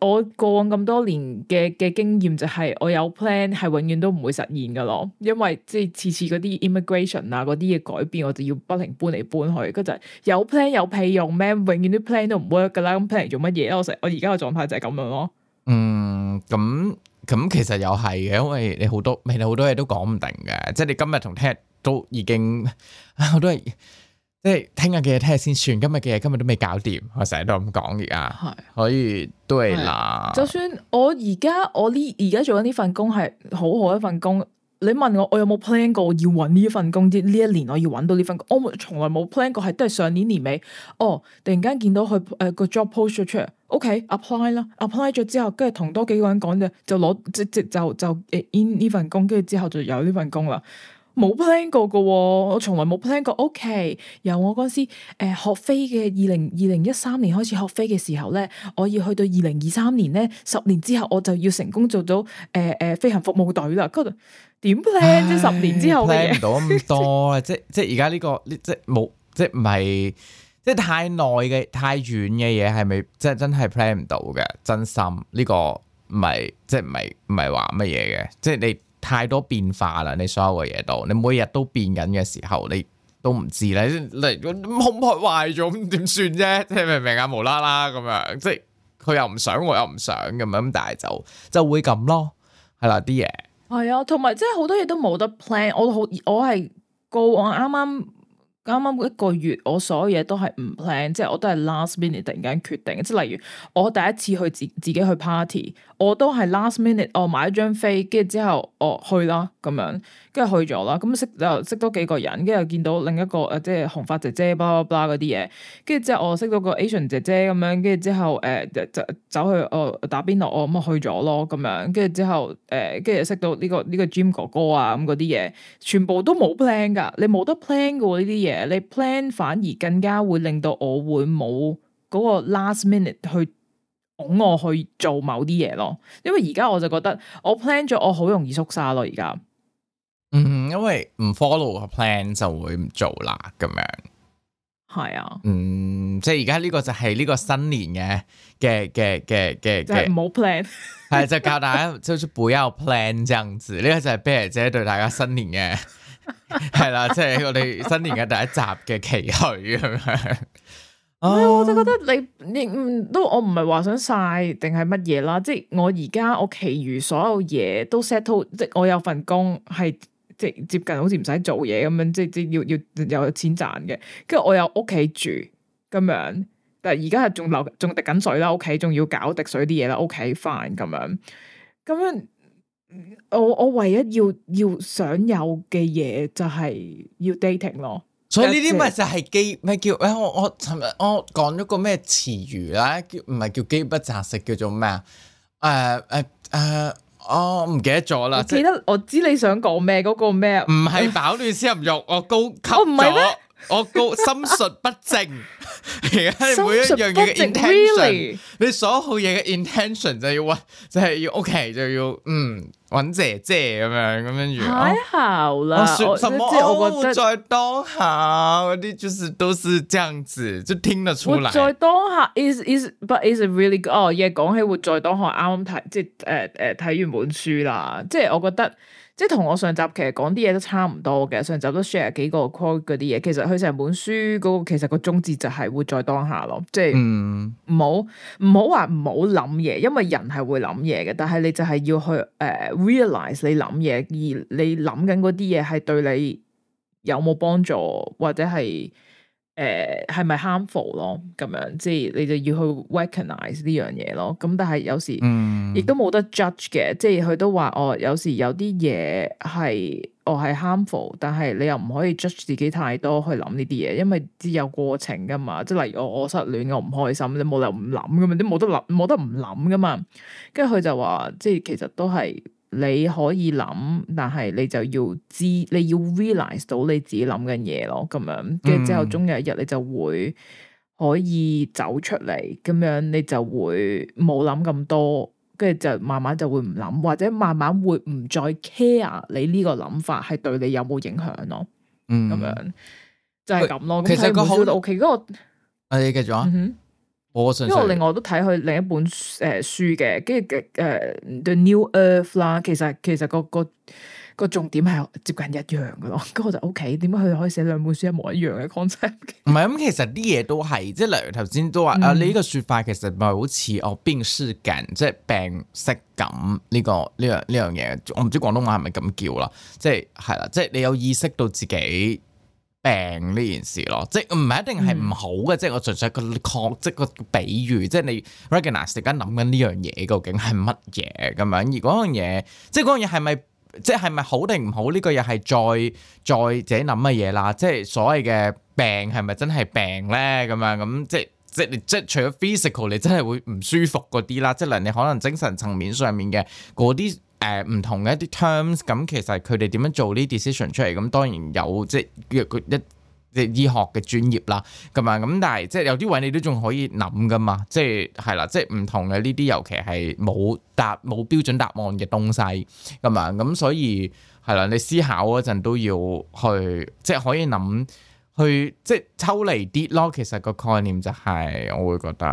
Speaker 1: 我過往咁多年嘅嘅經驗就係我有 plan 係永遠都唔會實現噶咯，因為即係次次嗰啲 immigration 啊嗰啲嘢改變，我就要不停搬嚟搬去，跟、就、住、是、有 plan 有屁用咩？永遠啲 plan 都唔 work 噶啦，咁 plan 嚟做乜嘢？我我而家嘅狀態就係咁樣咯、嗯。
Speaker 2: 嗯，咁、嗯、咁、嗯嗯嗯、其實又係嘅，因為你好多，其實好多嘢都講唔定嘅，即係你今日同聽日都已經，好多。係。即係聽日嘅嘢聽日先算，今日嘅嘢今日都未搞掂，我成日都咁講而家，是可以對啦。就
Speaker 1: 算我而家我呢而家做緊呢份工係好好一份工，你問我我有冇 plan 過要搵呢份工？即呢一年我要搵到呢份工，我冇從來冇 plan 過，係都係上年年尾哦，突然間見到佢誒、呃、個 job post 出嚟，OK apply 啦，apply 咗之後，後跟住同多幾個人講嘅，就攞即即就就,就,就 in 呢份工，跟住之後就有呢份工啦。冇 plan 過噶，我從來冇 plan 過。OK，由我嗰時誒、呃、學飛嘅二零二零一三年開始學飛嘅時候咧，我要去到二零二三年咧，十年之後我就要成功做到誒誒、呃呃、飛行服務隊啦。點 plan 即十年之後嘅 plan 唔
Speaker 2: 到咁多， 即係即係而家呢個，即係冇，即係唔係，即係太耐嘅、太遠嘅嘢，係咪即係真係 plan 唔到嘅？真心呢、這個唔係，即係唔係唔係話乜嘢嘅？即係你。太多變化啦！你所有嘅嘢都，你每日都變緊嘅時候，你都唔知咧。你如果 hole 壞咗，咁點算啫？明唔明啊？無啦啦咁樣，即係佢又唔想，我又唔想咁樣，但係就就會咁咯，係啦啲嘢。
Speaker 1: 係啊，同埋即係好多嘢都冇得 plan。我好，我係 go 我啱啱。啱啱一個月，我所有嘢都係唔 plan，即係我都係 last minute 突然間決定，即係例如我第一次去自自己去 party，我都係 last minute，我買一張飛，跟住之後我、哦、去啦咁樣。跟住去咗啦，咁、嗯、啊識又、嗯、識多幾個人，跟住又見到另一個誒，即係紅發姐姐，blah blah blah 嗰啲嘢。跟住之後我、呃呃嗯呃呃、識到、個 Asian 姐姐咁樣，跟住之後誒，就走去我打邊爐，我咪去咗咯，咁樣。跟住之後誒，跟住識到呢個呢個 Gym 哥哥啊，咁嗰啲嘢，全部都冇 plan 噶，你冇得 plan 噶呢啲嘢，你 plan 反而更加會令到我會冇嗰個 last minute 去，拱我去做某啲嘢咯。因為而家我就覺得我 plan 咗，我好容易縮沙咯，而家。
Speaker 2: 嗯，因為唔 follow 個 plan 就會唔做啦，咁樣係啊。嗯，即係而家呢個就係呢個新年嘅嘅嘅嘅嘅嘅，就係冇
Speaker 1: plan。
Speaker 2: 係就教大家，就是不要 plan 這樣子。呢、這個就係 Bear 姐對大家新年嘅係 啦，即、就、係、是、我哋新年嘅第一集嘅期許咁
Speaker 1: 樣。唔 我就覺得你你都我唔係話想晒定係乜嘢啦。即係我而家我其餘所有嘢都 set 到即我有份工係。即接近好似唔使做嘢咁樣，即即要要，要有錢賺嘅，跟住我有屋企住咁樣，但係而家係仲流仲滴緊水啦，屋企仲要搞滴水啲嘢啦，屋企 fine 咁樣，咁樣我我唯一要要想有嘅嘢就係要 dating 咯，所以呢啲咪就
Speaker 2: 係基咩姐，叫誒我我尋日我講咗個咩詞語咧，叫唔係叫飢不擇食叫做咩誒誒誒。Uh, uh, uh, 哦，唔記，記得咗啦！記
Speaker 1: 得即我知你想講咩，嗰、嗰個咩？唔係
Speaker 2: 飽暖思淫欲， 我高級咗。我我高 心術不正，而家 每一樣嘢嘅 intention，你所有嘢嘅 intention 就要揾，就係、是、要 OK，就要嗯揾姐姐咁樣，咁跟住太好了，oh, 我說什麼活在當下嗰啲，就是都是這樣子，就聽得出來。活在
Speaker 1: 當下 is is but is it really 哦，嘢講起活在當下，啱啱睇即係誒誒睇完本書啦，即係我覺得。即係同我上集其實講啲嘢都差唔多嘅，上集都 share 幾個 quote 嗰啲嘢。其實佢成本書嗰個其實個宗旨就係活在當下咯，即係、嗯、
Speaker 3: 唔
Speaker 1: 好唔好話唔好諗嘢，因為人係會諗嘢嘅。但係你就係要去誒、uh, realize 你諗嘢，而你諗緊嗰啲嘢係對你有冇幫助或者係。誒係咪 harmful 咯？咁樣即係你就要去 recognize 呢樣嘢咯。咁但係有時亦都冇得 judge 嘅。即係佢都話，我、哦、有時有啲嘢係我係 harmful，但係你又唔可以 judge 自己太多去諗呢啲嘢，因為只有過程噶嘛。即係例如我失戀，我唔開心，你冇理由唔諗噶嘛，你冇得諗，冇得唔諗噶嘛。跟住佢就話，即係其實都係。你可以諗，但係你就要知，你要 realize 到你自己諗嘅嘢咯，咁樣，跟住之後終有一日你就會可以走出嚟，咁樣你就會冇諗咁多，跟住就慢慢就會唔諗，或者慢慢會唔再 care 你呢個諗法係對你有冇影響，就是，咯，嗯，咁樣就係咁咯。其實個好 OK，嗰
Speaker 2: 個你繼續啊。嗯我因為我另
Speaker 1: 外都睇佢另一本誒書嘅，跟住誒 The New Earth 啦，其實其實個個個重點係接近一樣噶咯，咁我就 OK，點解佢可以寫兩本書一模一樣嘅 concept？唔
Speaker 2: 係咁，其實啲嘢都係，即係例如頭先都話，嗯、啊你呢個說法其實咪好似我病視感，即係病識感呢個呢樣呢樣嘢，我唔知廣東話係咪咁叫啦，即係係啦，即係你有意識到自己。病呢件事咯，即係唔係一定係唔好嘅，嗯、即係我純粹個確即個比喻，即係你 recognize 陣間諗緊呢樣嘢究竟係乜嘢咁樣？而嗰樣嘢，即係嗰樣嘢係咪，即係咪好定唔好呢，這個又係再再自己諗嘅嘢啦。即係所謂嘅病係咪真係病咧？咁樣咁即係即係即係除咗 physical 你真係會唔舒服嗰啲啦，即係你可能精神層面上面嘅嗰啲。誒唔、呃、同嘅一啲 terms，咁、嗯、其實佢哋點樣做呢 decision 出嚟，咁、嗯、當然有即係一即係醫學嘅專業啦，咁樣咁，但係即係有啲位你都仲可以諗噶嘛，即係係啦，即係唔同嘅呢啲，尤其係冇答冇標準答案嘅東西，咁樣咁，所以係啦，你思考嗰陣都要去即係可以諗。去即係抽離啲咯。其實個概念就係、是，我會覺得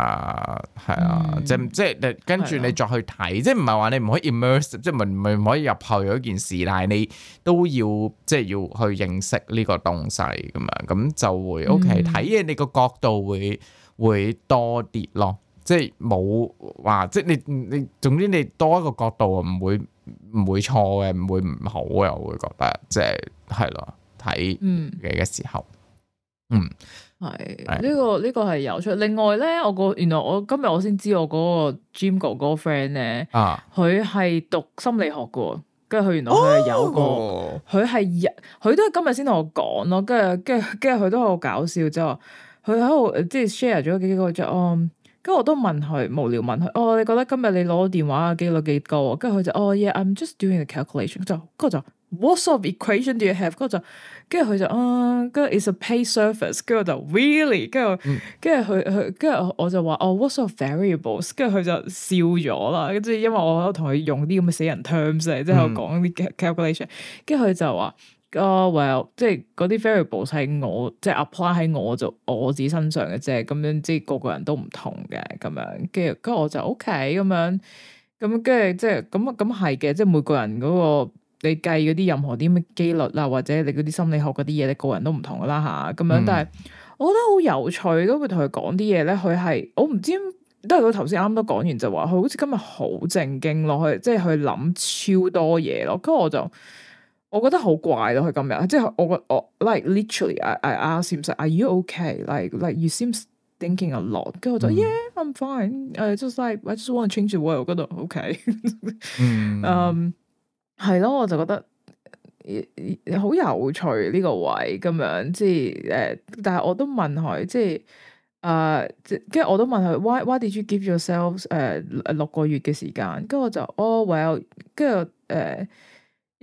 Speaker 2: 係啊，嗯、即係即係跟住你再去睇的，即係唔係話你唔可以 i m m e r s e 即係唔唔唔可以入去一件事，但係你都要即係要去認識呢個東西咁樣，咁就會 OK 睇嘢，你個角度會會多啲咯。即係冇話即係你你總之你多一個角度啊，唔會唔會錯嘅，唔會唔好嘅。我會覺得即係係咯睇嘅時候。
Speaker 1: 嗯，係呢個呢個係有出。另外咧，我個原來我今日我先知我嗰個 Jim 哥哥 friend 咧，啊，佢係讀心理學噶，跟住佢原來佢係有個，佢係日，佢都係今日先同我講咯。跟住，跟 住楽，跟住佢都好搞笑，即係話佢喺度即係 share 咗幾個，即係，嗯，跟住我都問佢無聊問佢，哦，你覺得今日你攞電話嘅幾率幾高？跟住佢就哦，yeah，I'm just doing the calculation。跟住，跟住，what sort of equation do you have？跟住。跟住佢就啊，跟住 is a pay surface，跟住我就 really，跟住跟住佢佢跟住我就話哦，what's the variables？跟住佢就笑咗啦，即係因為我同佢用啲咁嘅死人 terms，即係我講啲 calculation，跟住佢就話啊，well，即係嗰啲 variables 係我即係 apply 喺我就我自己身上嘅啫，咁樣即係個個人都唔同嘅咁樣，跟住跟住我就 ok 咁樣，咁跟住即係咁咁係嘅，即係、嗯嗯嗯、每個人嗰個。你計嗰啲任何啲咩幾率啊，或者你嗰啲心理學嗰啲嘢，你個人都唔同㗎啦吓，咁樣。但係我覺得好有趣，咁佢同佢講啲嘢咧，佢係我唔知，剛剛剛都係佢頭先啱啱都講完就話，佢好似今日好正經落去，即係佢諗超多嘢咯。跟住我就我覺得好怪咯，佢今日即係我覺我 like literally，I I, I ask him，Are you okay？Like like you seems thinking a lot。跟住我就、嗯、Yeah，I'm fine。Just like I just want to change the world。我咁就 okay 嗯。係咯， 我就覺得好有趣呢，這個位咁樣，即係誒，但係我都問佢，即係誒，跟、呃、住我都問佢，why why did you give yourself 誒誒六個月嘅時間？跟住我就，哦、oh，well，跟住誒。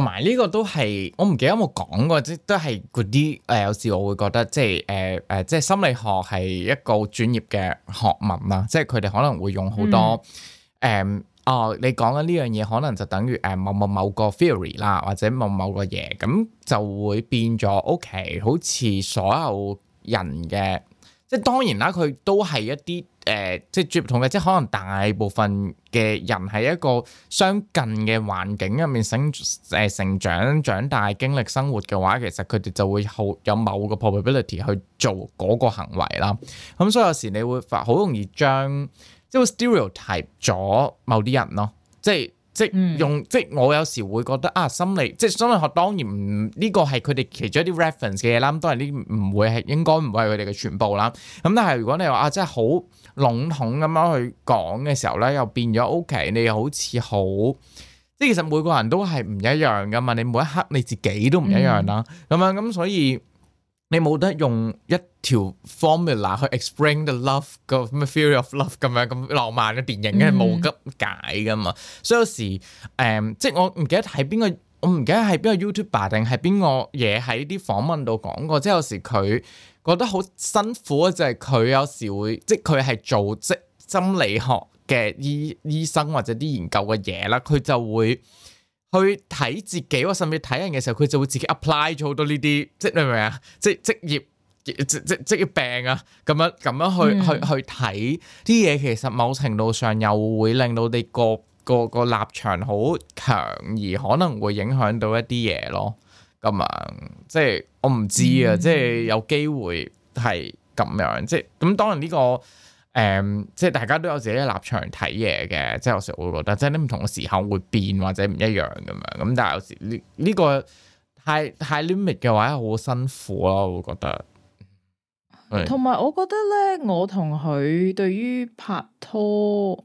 Speaker 2: 同埋呢個都係我唔記得有冇講過，即都係嗰啲誒。有時我會覺得即係誒誒，即係、呃呃、心理學係一個專業嘅學問啦。即係佢哋可能會用好多誒、嗯呃、哦，你講緊呢樣嘢可能就等於誒某、呃、某某個 theory 啦，或者某某個嘢咁就會變咗。OK，好似所有人嘅即當然啦，佢都係一啲。誒，即係截唔同嘅，即係可能大部分嘅人喺一個相近嘅環境入面成誒成長長大經歷生活嘅話，其實佢哋就會有某個 probability 去做嗰個行為啦。咁、嗯、所以有時你會發好容易將即係 stereotype 咗某啲人咯，即係即用、嗯、即係我有時會覺得啊，心理即係心理學當然唔呢、這個係佢哋其中一啲 reference 嘅嘢啦，都係啲唔會係應該唔會係佢哋嘅全部啦。咁但係如果你話啊，即係好～籠統咁樣去講嘅時候咧，又變咗 OK，你又好似好，即係其實每個人都係唔一樣噶嘛，你每一刻你自己都唔一樣啦，咁啊、mm，咁、hmm. 所以你冇得用一條 formula 去 explain the love 個咩 theory of love 咁樣咁浪漫嘅電影嘅冇、mm hmm. 得解噶嘛，所以有時誒，um, 即係我唔記得睇邊個。我唔記得係邊個 YouTuber 定係邊個嘢喺啲訪問度講過？即係有時佢覺得好辛苦啊，就係、是、佢有時會，即係佢係做即心理學嘅醫醫生或者啲研究嘅嘢啦，佢就會去睇自己或者甚至睇人嘅時候，佢就會自己 apply 咗好多呢啲，即係你明唔明啊？即係職業職職職業病啊，咁樣咁樣去、嗯、去去睇啲嘢，其實某程度上又會令到你覺。個個立場好強，而可能會影響到一啲嘢咯。咁樣即係我唔知啊，即係、嗯、有機會係咁樣。即係咁，當然呢、呢個誒、嗯，即係大家都有自己嘅立場睇嘢嘅。即係有時我會覺得，即係啲唔同嘅時候會變或者唔一樣咁樣。咁但係有時呢呢個太太 limit 嘅話，好辛苦咯，會覺得。同
Speaker 1: 埋我覺得咧，我同佢對於拍拖。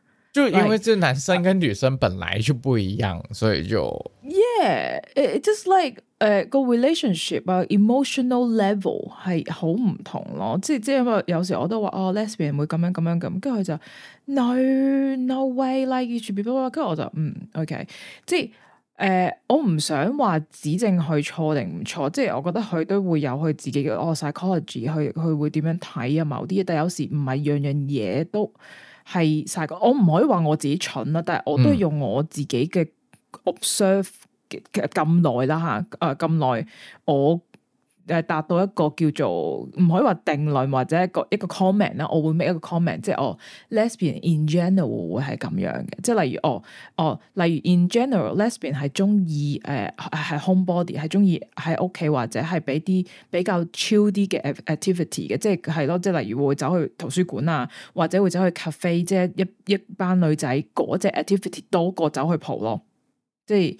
Speaker 1: 就因為這
Speaker 2: 男生跟女生本來就不一樣，所以就
Speaker 1: ，yeah，it just like 誒、uh, 個 relationship 啊、uh,，emotional level 係好唔同咯。即係即係，因為有時我都話哦、oh,，lesbian 會咁樣咁樣咁，跟住佢就 no no way like you should be 跟住我就嗯、mm,，ok，即係誒，我唔想話指正佢錯定唔錯，即係、uh, 我，我覺得佢都會有佢自己嘅哦 psychology，佢佢會點樣睇啊某啲嘢，但係有時唔係樣樣嘢都。係曬個，我唔可以話我自己蠢啦，但係我都係用我自己嘅 observe 嘅咁耐啦嚇，誒咁耐我。係達到一個叫做唔可以話定論或者一個一個 comment 啦，我會 make 一個 comment，即係哦、oh, lesbian in general 會係咁樣嘅，即係例如哦哦，oh, oh, 例如 in general lesbian 係中意誒係、呃、homebody，係中意喺屋企或者係俾啲比較 chill 啲嘅 activity 嘅，即係係咯，即係例如會走去圖書館啊，或者會走去 cafe，即係一一班女仔嗰隻、那個、activity 多過走去蒲咯，即係。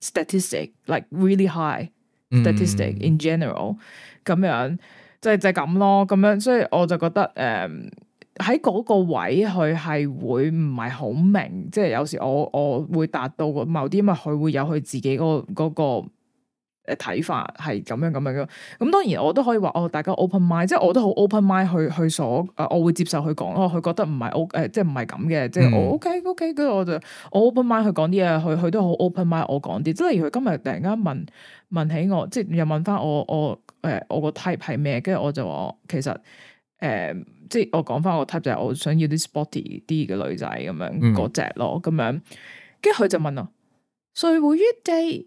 Speaker 1: Statistic like really high statistic、mm. in general 咁樣，即係就係、是、咁、就是、咯，咁樣所以我就覺得誒，喺、um, 嗰個位佢係會唔係好明，即、就、係、是、有時我我會達到某啲因為佢會有佢自己、那個嗰個。嘅睇法係咁樣咁樣嘅。咁當然我都可以話哦，大家 open mind，即係我都好 open mind 去去所，我會接受佢講咯，佢覺得唔係 O，即係唔係咁嘅，即係我 OK，OK，跟住我就我 open mind 佢講啲嘢，佢佢都好 open mind 我講啲，即係佢今日突然間問問起我，即係又問翻我我誒、呃、我個 type 係咩，跟住我就話其實誒、呃、即係我講翻我個 type 就係我想要啲 sporty 啲嘅女仔咁樣嗰隻咯咁樣，跟住佢就問啊，所以會於 day。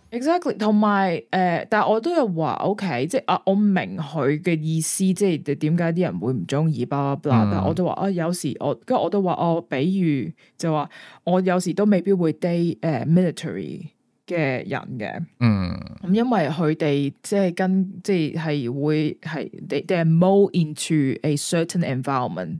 Speaker 1: exactly，同埋誒，但係我都有話 OK，即係啊，我明佢嘅意思，即係點解啲人會唔鍾意，巴拉巴拉。但係我都話啊、呃，有時我跟我都話哦、呃，比如就話我有時都未必會 day 誒、uh, military 嘅人嘅，嗯，咁因為佢哋即係跟即係係會係，they're more into a certain environment。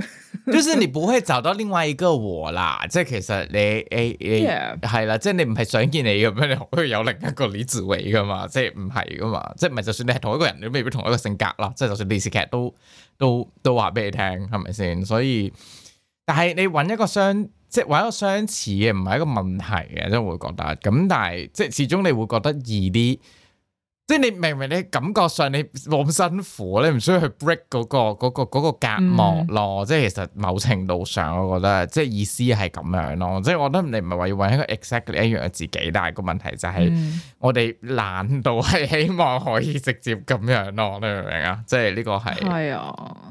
Speaker 2: 就是你唔會找到另外一個我啦，即係其實你誒誒係啦，即係 Yeah. 即係你唔係想見你咁樣你可以有另一個李志偉噶嘛，即係唔係噶嘛，即係唔係就算你係同一個人，你未必同一個性格啦，即係就算電視劇都都都話俾你聽，係咪先？所以，但係你搵一個相，即係搵一個相似嘅，唔係一個問題嘅，即係我會覺得咁，但係即係始終你會覺得易啲。即係你明唔明，你感覺上你冇咁辛苦，你唔需要去 break 嗰個嗰個嗰個隔膜咯。即係其實某程度上，我覺得即係意思係咁樣咯。即係我覺得你唔係話要搵一個 exactly 一樣嘅自己，但係個問題就係我哋懶到係希望可以直接咁樣咯。你明唔明啊？即係呢個係。
Speaker 1: 係啊、嗯。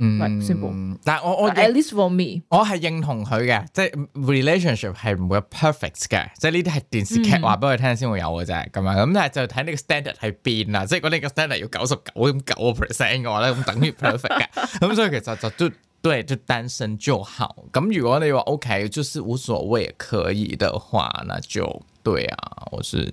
Speaker 1: 嗯，全部、um，但係我我 at least for me，我係認同佢
Speaker 2: 嘅、就是就是嗯，即係 relationship 係唔會有 perfect 嘅，即係呢啲係電視劇話俾佢聽先會有嘅啫，咁樣咁但係就睇呢個 standard 係邊啦，即係如果你個 standard 要九十九點九個 percent 嘅話咧，咁等於 perfect 嘅，咁、 嗯、所以其實就都對，就單身就好。咁如果你話 OK，就是無所謂，可以嘅話，那就對啊，我是。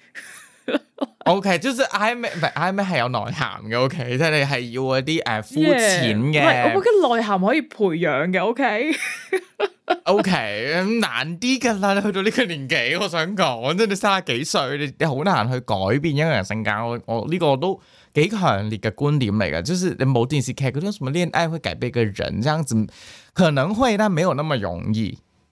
Speaker 2: O K，就是 I m 唔係 I 咩係有內涵嘅 O K，即係你係要一啲誒膚淺嘅，唔係我覺
Speaker 1: 得內涵可以培養嘅 O K，O K
Speaker 2: 難啲噶啦，你去到呢個年紀，我想講，即係你三十幾歲，你你好難去改變一個人性格。我我呢個都幾強烈嘅觀點嚟㗎，就是你冇電視劇嗰種什麼戀愛會改變一個人，這樣子可能會，但係沒有那麼容易。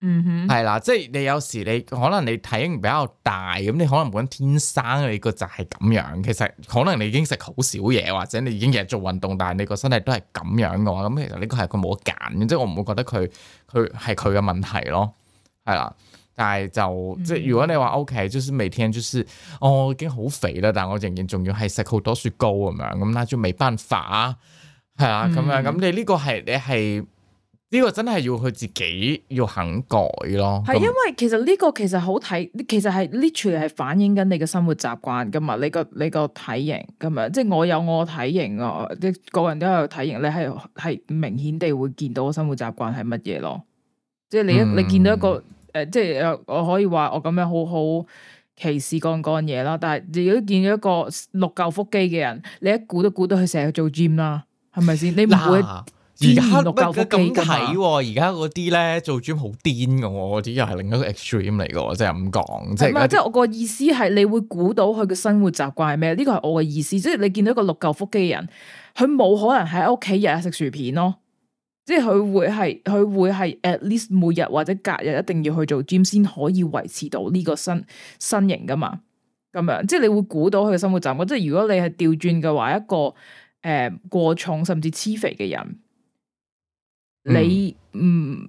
Speaker 2: 嗯哼，係啦、mm hmm.，即係你有時你可能你體型比較大，咁你可能本身天生你個就係咁樣，其實可能你已經食好少嘢，或者你已經日日做運動，但係你個身體都係咁樣嘅話，咁、嗯、其實呢個係佢冇得揀，即係我唔會覺得佢佢係佢嘅問題咯，係啦，但係就即係如果你話 O K，就是每天就是、哦、我已經好肥啦，但係我仍然仲要係食好多雪糕咁樣，咁那就冇辦法，係啊，咁樣，咁、mm hmm. 你呢個係你係。呢個真係要佢自己要肯改咯，係因
Speaker 1: 為其實呢個其實好睇，其實係 literally 係反映緊你嘅生活習慣噶嘛，你個你個體型咁樣，即係我有我體型啊，即個人都有體型，你係係明顯地會見到個生活習慣係乜嘢咯，即係你一你見到一個誒、嗯呃，即係我可以話我咁樣好好歧視乾乾嘢啦，但係如果見到一個六嚿腹肌嘅人，你一估都估到佢成日做 gym 啦，係咪先？你唔會。而家六
Speaker 2: 嚿腹肌咁睇喎，而家嗰啲咧做 gym 好癲嘅喎，嗰啲又係另一個 extreme 嚟嘅喎，即係咁講。係咪？即係我
Speaker 1: 個意思係你會估到佢嘅生活習慣係咩？呢個係我嘅意思。即係你見到一個六嚿腹肌嘅人，佢冇可能喺屋企日日食薯片咯。即係佢會係佢會係 at least 每日或者隔日一定要去做 gym 先可以維持到呢個身身形嘅嘛。咁樣即係你會估到佢嘅生活習慣。即係如果你係調轉嘅話，一個誒過重甚至黐肥嘅人。你唔、嗯、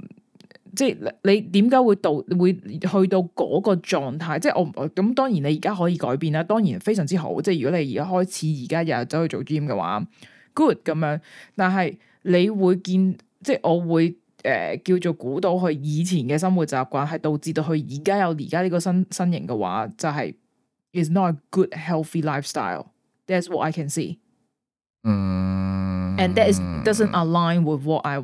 Speaker 1: 即係你點解會導會去到嗰個狀態？即係我咁當然你而家可以改變啦，當然非常之好。即係如果你而家開始而家日日走去做 gym 嘅話，good 咁樣。但係你會見即係我會誒、呃、叫做估到佢以前嘅生活習慣係導致到佢而家有而家呢個身身形嘅話，就係、是、is not a good healthy lifestyle。That's what I can see、
Speaker 3: 嗯。and that is doesn't
Speaker 1: align with what I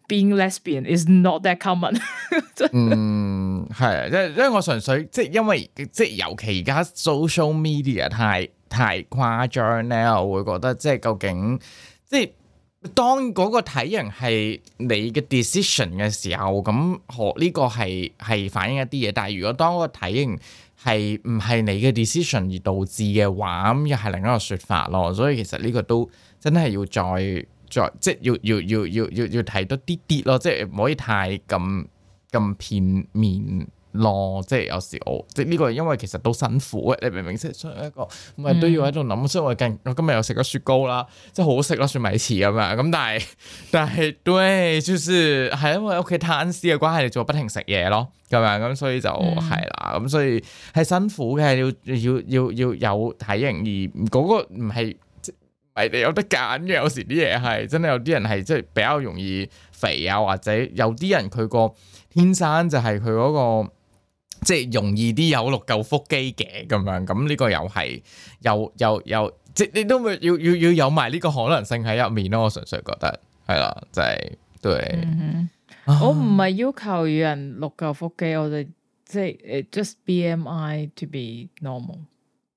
Speaker 1: Being lesbian is not that common。 嗯，
Speaker 2: 係，即係因為我純粹即係因為即係尤其而家 social media 太太誇張咧，我會覺得即係究竟即係當嗰個體型係你嘅 decision 嘅時候，咁學呢個係係反映一啲嘢。但係如果當個體型係唔係你嘅 decision 而導致嘅話，咁又係另一個說法咯。所以其實呢個都真係要再。即係即係要要要要要睇多啲啲咯，即係唔可以太咁咁片面咯。即係有時我即係呢、呢個，因為其實都辛苦嘅。你明明食出一個，唔係都要喺度諗。嗯、所以我今我今日又食咗雪糕啦，即係好食咯，雪米糍咁樣。咁但係但係對，就是係因為屋企攤屍嘅關係，你做不停食嘢咯，咁樣咁所以就係啦。咁、嗯嗯、所以係辛苦嘅，要要要要，要有體型，而嗰個唔係。係你有得揀嘅，有時啲嘢，係真係有啲人係即係比較容易肥啊，或者有啲人佢個天生就係佢嗰個即係、就是、容易啲有六嚿腹肌嘅咁樣，咁呢個又係又又又即你都會要要要有埋呢個可能性喺入面咯。我純粹覺得係啦，就係、是、對。
Speaker 3: Mm
Speaker 1: hmm. 啊、我唔係要求人六嚿腹肌，我哋即係誒，just BMI to be normal。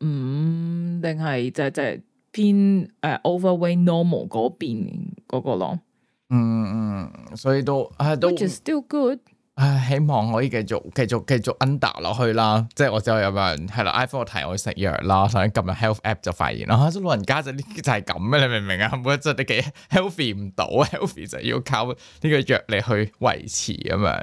Speaker 1: 五定係就係即係偏誒 overweight normal 嗰邊嗰個咯，嗯嗯，
Speaker 2: 所以都誒都，which is still good。誒，希望可以繼續繼續繼續 under 落去啦，即係我之後有日係啦 iPhone 我提我去食藥啦，想以今日 health app 就發現啊，啲老人家就呢就係咁嘅，你明唔明啊？冇得即係你 healthy 唔到，healthy 就要靠呢個藥嚟去維持咁樣。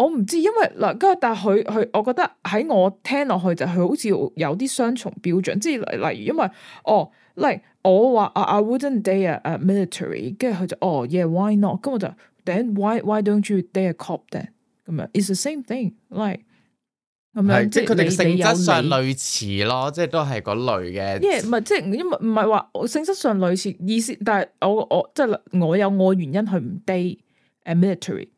Speaker 1: 我唔知，因為嗱，跟住但係佢佢，我覺得喺我聽落去就佢好似有啲雙重標準，即係例如，例如因為哦，like，我話啊，I wouldn't date a military，跟住佢就哦，oh，yeah why not？跟住我就 then why why don't you date a cop then？咁啊，it's the same thing，like 咁是樣，即係佢哋性質上類
Speaker 2: 似咯，即係都係嗰類嘅。因為
Speaker 1: 唔係即係，因為唔係話性質上類似意思，但係我我即係我，就是、我有我原因，佢唔 date a military。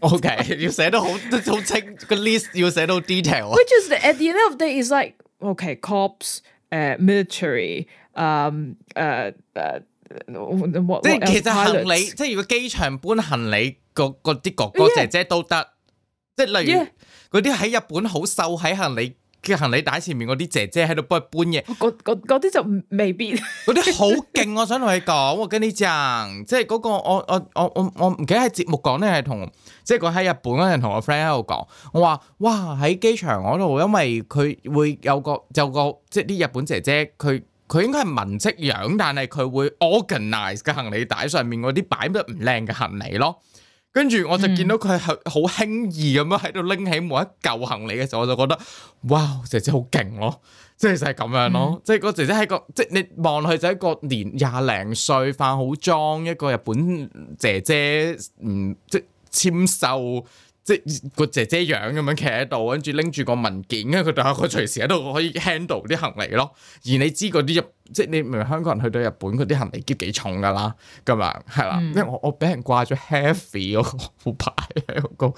Speaker 2: Okay，要寫得好，都好清個 list 要寫到 detail。Which
Speaker 1: is at the end of day is like，okay，cops，誒，military，誒，誒，即係其實行李，
Speaker 2: 即係如果機場搬行李，嗰啲哥哥姐姐都得，即係例如嗰啲喺日本好瘦喺行李。嘅行李帶前面嗰啲姐姐喺度搬搬嘢，嗰啲就未必，嗰啲好勁。我想同你，你講，嗰個、我我我跟你正，即係嗰個我我我我我唔記得喺節目講咧，係同即係佢喺日本嗰陣同我 friend 喺度講，我話哇喺機場嗰度，因為佢會有個就個即係啲日本姐姐，佢佢應該係文職樣，但係佢會 organize 嘅行李帶上面嗰啲擺得唔靚嘅行李咯。跟住我就見到佢係好輕易咁樣喺度拎起每一嚿行李嘅時候，我就覺得哇姐姐好勁咯！即係就係咁樣咯，嗯，即係個姐姐喺個即係你望落去就係一個年廿零歲化好妝一個日本姐姐，嗯，即係簽售。即個姐姐樣咁樣企喺度，跟住拎住個文件，跟佢就喺佢隨時喺度可以 handle 啲行李咯。而你知嗰啲入，即你明，明香港人去到日本嗰啲行李都幾重噶啦，咁啊，係啦，嗯、因為我我俾人掛咗 heavy 嗰副牌喺嗰個。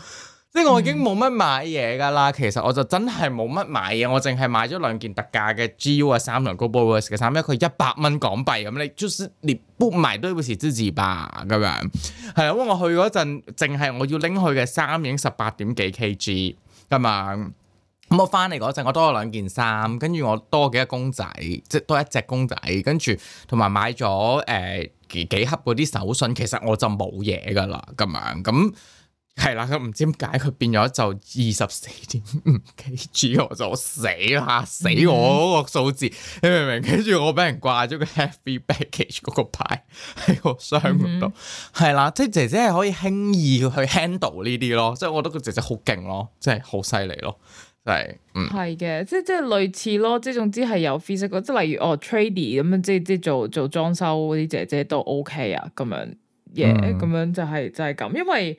Speaker 2: 呢個我已經冇乜買嘢㗎啦，其實我就真係冇乜買嘢，我淨係買咗兩件特價嘅 G.U. 啊，三 b o 波 s 嘅衫，因為佢一百蚊港幣咁，你 Just 就是連 book 埋都唔會遲啲吧咁樣。係啊，因為、就是、我去嗰陣，淨係我要拎去嘅衫已經十八點幾 kg 咁樣，咁我翻嚟嗰陣，我多咗兩件衫，跟住我多幾多公仔，即係多一隻公仔，跟住同埋買咗誒、呃、幾盒嗰啲手信，其實我就冇嘢㗎啦咁樣咁。係啦，咁唔知點解佢變咗就二十四點五 KG，我就死啦！死我嗰個數字，嗯、哼你明唔明？跟住我俾人掛咗個 heavy baggage 嗰個牌喺個箱度，係啦、嗯哼，即係姐姐係可以輕易去 handle 呢啲咯，即係我覺得個姐姐好勁咯，即係好犀利咯，就係、是、
Speaker 3: 嗯，
Speaker 1: 係嘅，即係即係類似咯，即係總之係有 physical、哦，即係例如哦 tradie 咁樣，即係即係做做裝修嗰啲姐,姐姐都 OK 啊，咁樣嘢，咁、yeah, 嗯、
Speaker 3: 樣就
Speaker 1: 係、是、就係、是、咁，因為。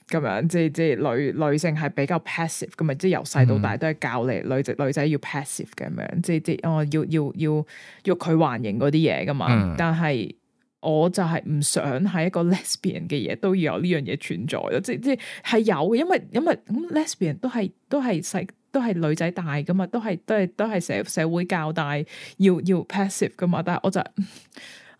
Speaker 1: 咁樣即即女女性係比較 passive，咁啊即由細到大都係教你女仔女仔要 passive 咁樣，即即哦要要要要佢還型嗰啲嘢㗎嘛。嗯、但係我就係唔想係一個 lesbian 嘅嘢都要有呢樣嘢存在咯，即即係有，因為因為咁 lesbian 都係都係細都係女仔大㗎嘛，都係都係都係社社會教大要要 passive 㗎嘛，但係我就。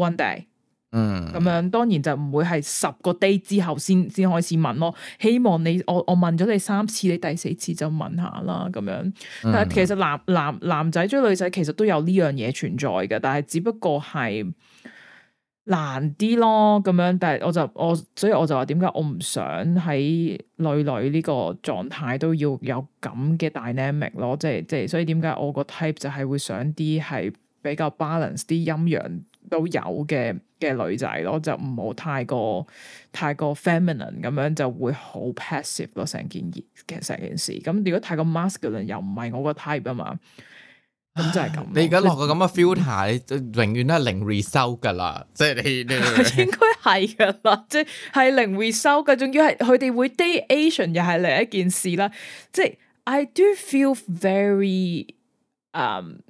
Speaker 1: one day，嗯，咁樣當然就唔會係十個 day 之後先先開始問咯。希望你我我問咗你三次，你第四次就問下啦，咁樣。但係其實男、嗯、男男仔追女仔其實都有呢樣嘢存在嘅，但係只不過係難啲咯，咁樣。但係我就我所以我就話點解我唔想喺女女呢個狀態都要有咁嘅 dynamic 咯，即係即係所以點解我個 type 就係會想啲係比較 balance 啲陰陽。都有嘅嘅女仔咯，就唔好太過太過 feminine 咁樣，就會好 passive 咯成件嘅成件事。咁如果太過 masculine 又唔係我 type,、啊、個 type 啊嘛，咁、嗯、就係、是、咁。你而
Speaker 2: 家落個咁嘅 filter，就永遠都係零 result 噶啦，即係你應
Speaker 1: 該係噶啦，即係零 result 噶。仲要係佢哋會 date Asian 又係另一件事啦。即、就、係、是、I do feel very，嗯、um,。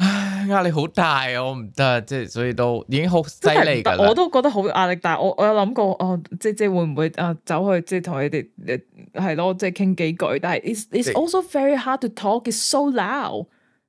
Speaker 2: 唉，壓力好大，我唔得，即係所以都已經好犀利噶我都
Speaker 1: 覺得好壓力大，我我有諗過，我、呃、即係即係會唔會啊、呃、走去即係同佢哋，係咯，即係傾、呃、幾句。但係 it's it's 是 also very hard to talk. It's so loud.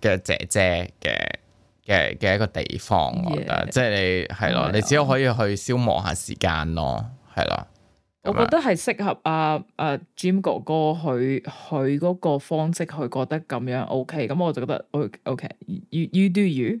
Speaker 2: 嘅姐姐嘅嘅嘅一個地方，Yeah. 我覺得 即係你係咯， 你只要可以去消磨下時間咯，係咯。
Speaker 1: 我覺得係適合阿、啊、阿、啊、Jim 哥哥佢佢嗰個方式，佢覺得咁樣 OK，咁我就覺得 O OK，You、okay, okay. You Do You。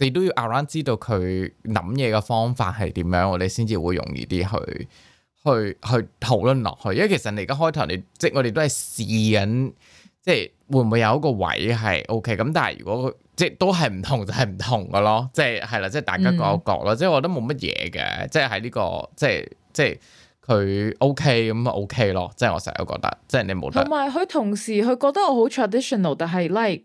Speaker 2: 你都要 around 知道佢諗嘢嘅方法係點樣，我哋先至會容易啲去去去討論落去。因為其實你而家開頭，你即係我哋都係試緊，即係會唔會有一個位係 OK 咁。但係如果即係都係唔同，就係、是、唔同嘅咯。即係係啦，即係大家各有各啦。嗯、即係我覺得冇乜嘢嘅，即係喺呢個，即係即係佢 OK 咁 OK 咯。即係我成日都覺得，即係你冇得。同
Speaker 1: 埋佢同時佢覺得我好 traditional，但係 like。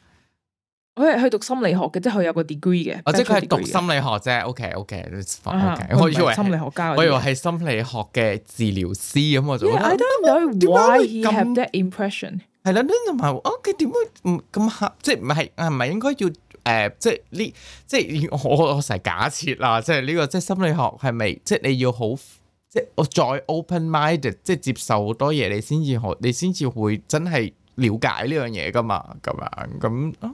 Speaker 1: 佢係去讀心理學嘅，即係佢有個 degree 嘅。我即係佢讀心
Speaker 2: 理學啫。OK，OK，OK。我以為心理學家，我以為係心理學嘅治療師咁我就。Yeah，I
Speaker 1: don't know why he have that impression。
Speaker 2: 係啦，同埋 OK，點解唔咁即係唔係啊？唔係應該要誒？即係呢？即係我我成日假設啦。即係呢個即係心理學係咪？即係你要好即係我再 open minded，即係接受好多嘢，你先至可，你先至會真係了解呢樣嘢噶嘛？咁樣咁。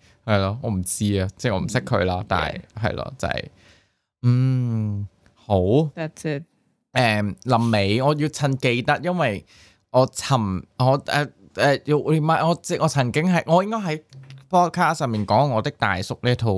Speaker 2: 係咯，我唔知啊，即係我唔識佢啦，但係係咯，就係、
Speaker 3: 是、嗯
Speaker 2: 好。That's it um，誒，臨尾我要趁記得，因為我曾我誒誒要唔係我即我曾經係我應該喺 podcast 上面講我啲大叔呢套。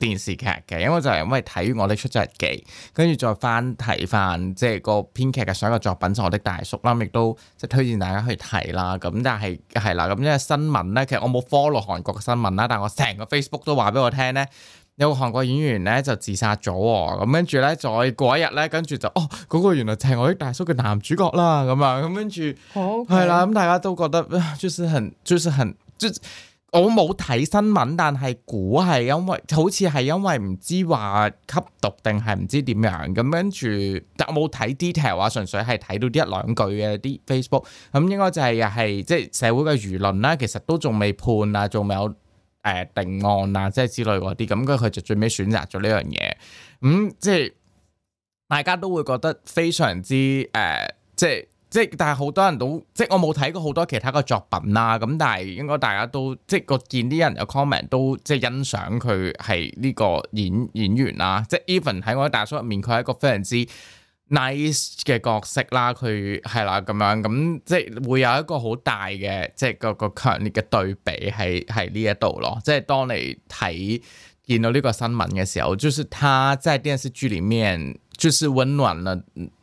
Speaker 2: 電視劇嘅，因為就係因為睇《我的出走日記》跟，跟住再翻睇翻即係個編劇嘅所有作品，就《我的大叔》啦，亦都即係推薦大家去睇啦。咁但係係啦，咁因為新聞咧，其實我冇 follow 韓國嘅新聞啦，但我成個 Facebook 都話俾我聽咧，有個韓國演員咧就自殺咗喎。咁跟住咧，再過一日咧，跟住就哦，嗰個原來就係《我的大叔》嘅男主角啦。咁啊，咁跟住係啦，咁大家都覺得，就是很，就是很，就是。我冇睇新聞，但係估係因為好似係因為唔知話吸毒定係唔知點樣咁，跟住但我冇睇 detail 啊，純粹係睇到啲一兩句嘅啲 Facebook，咁應該就係又係即係社會嘅輿論啦。其實都仲未判啊，仲未有誒、呃、定案啊，即係之類嗰啲咁，佢佢就最尾選擇咗呢樣嘢，咁、嗯、即係大家都會覺得非常之誒、呃，即係。即係，但係好多人都，即係我冇睇過好多其他嘅作品啦。咁但係應該大家都，即係個見啲人嘅 comment 都即係欣賞佢係呢個演演員啦。即係 even 喺我喺大叔入面，佢係一個非常之 nice 嘅角色啦。佢係啦咁樣，咁即係會有一個好大嘅，即係個個強烈嘅對比喺喺呢一度咯。即係當你睇見到呢個新聞嘅時候，就是他即在電視劇裡面，就是溫暖了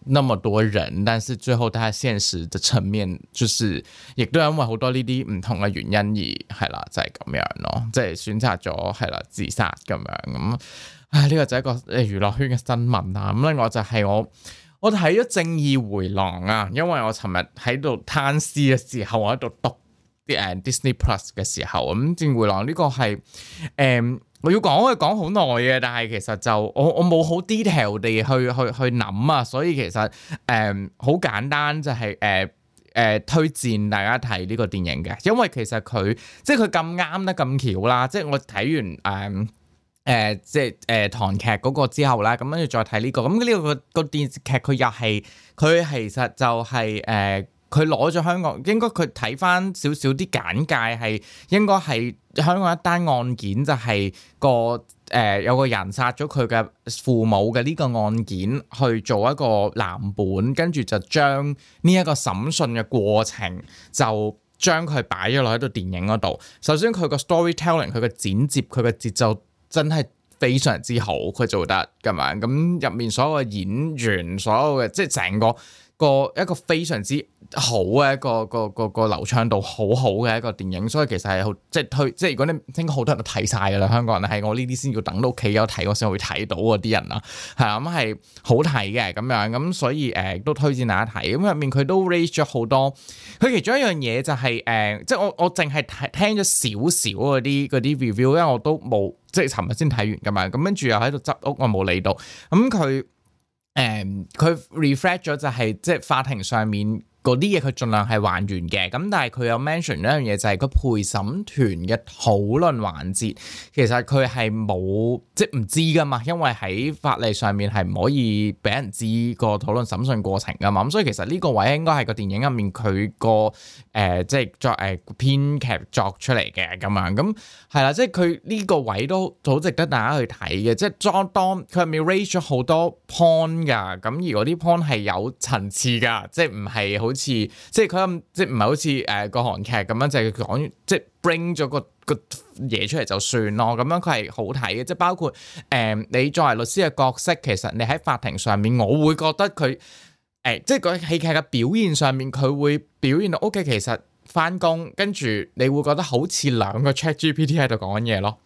Speaker 2: 那麼多人，但是最後喺現實的層面，就是的，就是亦都因為好多呢啲唔同嘅原因，而係啦就係咁樣咯，即、就、係、是、選擇咗係啦自殺咁樣咁、嗯。唉，呢、這個就係一個誒娛樂圈嘅新聞啦、啊。咁另外就係我我睇咗正義回廊啊，因為我尋日喺度攤屍嘅時候，我喺度讀啲誒 Disney Plus 嘅時候，咁、嗯、正回廊呢個係誒。嗯我要講，可以講好耐嘅，但係其實就我我冇好 detail 地去去去諗啊，所以其實誒好、呃、簡單就係誒誒推薦大家睇呢個電影嘅，因為其實佢即係佢咁啱得咁巧啦，即係我睇完誒誒、呃呃、即係誒、呃、唐劇嗰個之後啦，咁跟住再睇呢、呢個，咁呢、呢個個電視劇佢又係佢其實就係、係、誒。呃佢攞咗香港，應該佢睇翻少少啲簡介，係應該係香港一單案件就，就係個誒有個人殺咗佢嘅父母嘅呢個案件去做一個藍本，跟住就將呢一個審訊嘅過程就將佢擺咗落喺度電影嗰度。首先佢個 storytelling，佢嘅剪接，佢嘅節奏真係非常之好，佢做得㗎嘛。咁入面所有嘅演員，所有嘅即係成個。個一個非常之好嘅一個一個一個個個流暢度好好嘅一個電影，所以其實係好即係推即係如果你應該好多人都睇晒㗎喇，香港人係我呢啲先要等到屋企有睇我先會睇到嗰啲人啦，係咁係好睇嘅咁樣咁，所以誒、呃、都推薦大家睇，咁入面佢都 raise 咗好多，佢其中一樣嘢就係、是、誒、呃、即係我我淨係聽聽咗少少嗰啲嗰啲 review，因為我都冇即係尋日先睇完㗎嘛，咁跟住又喺度執屋我冇理到，咁佢。誒佢、嗯、reflect 咗就係即係法庭上面。嗰啲嘢佢盡量係還原嘅，咁但係佢有 mention 呢樣嘢就係個陪審團嘅討論環節，其實佢係冇即係唔知噶嘛，因為喺法例上面係唔可以俾人知個討論審訊過程噶嘛，咁所以其實呢個位應該係個電影入面佢個誒即係作誒編劇作出嚟嘅咁啊，咁係啦，即係佢呢個位都好值得大家去睇嘅，即係 John，佢入面 raise 咗好多 point 噶，咁如果啲 point 係有層次噶，即係唔係好。似即係佢咁，即係唔係好似誒個韓劇咁樣，就係講即係 bring 咗個個嘢出嚟就算咯。咁樣佢係好睇嘅，即係包括誒、呃、你作為律師嘅角色，其實你喺法庭上面，我會覺得佢誒、欸、即係個戲劇嘅表現上面，佢會表現到 OK。其實返工跟住，你會覺得好似兩個 Chat GPT 喺度講緊嘢咯。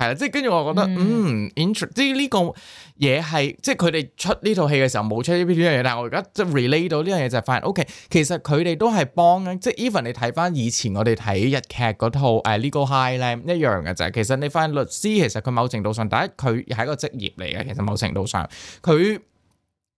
Speaker 2: 係啦，即係跟住我覺得，嗯，inter，即係呢個嘢係，即係佢哋出呢套戲嘅時候冇出呢樣嘢，但係我而家即係 relate 到呢樣嘢就係發現，OK，其實佢哋都係幫，即係 even 你睇翻以前我哋睇日劇嗰套 Legal High 咧一樣嘅就係。其實你發現律師其實佢某程度上第一佢係一個職業嚟嘅，其實某程度上佢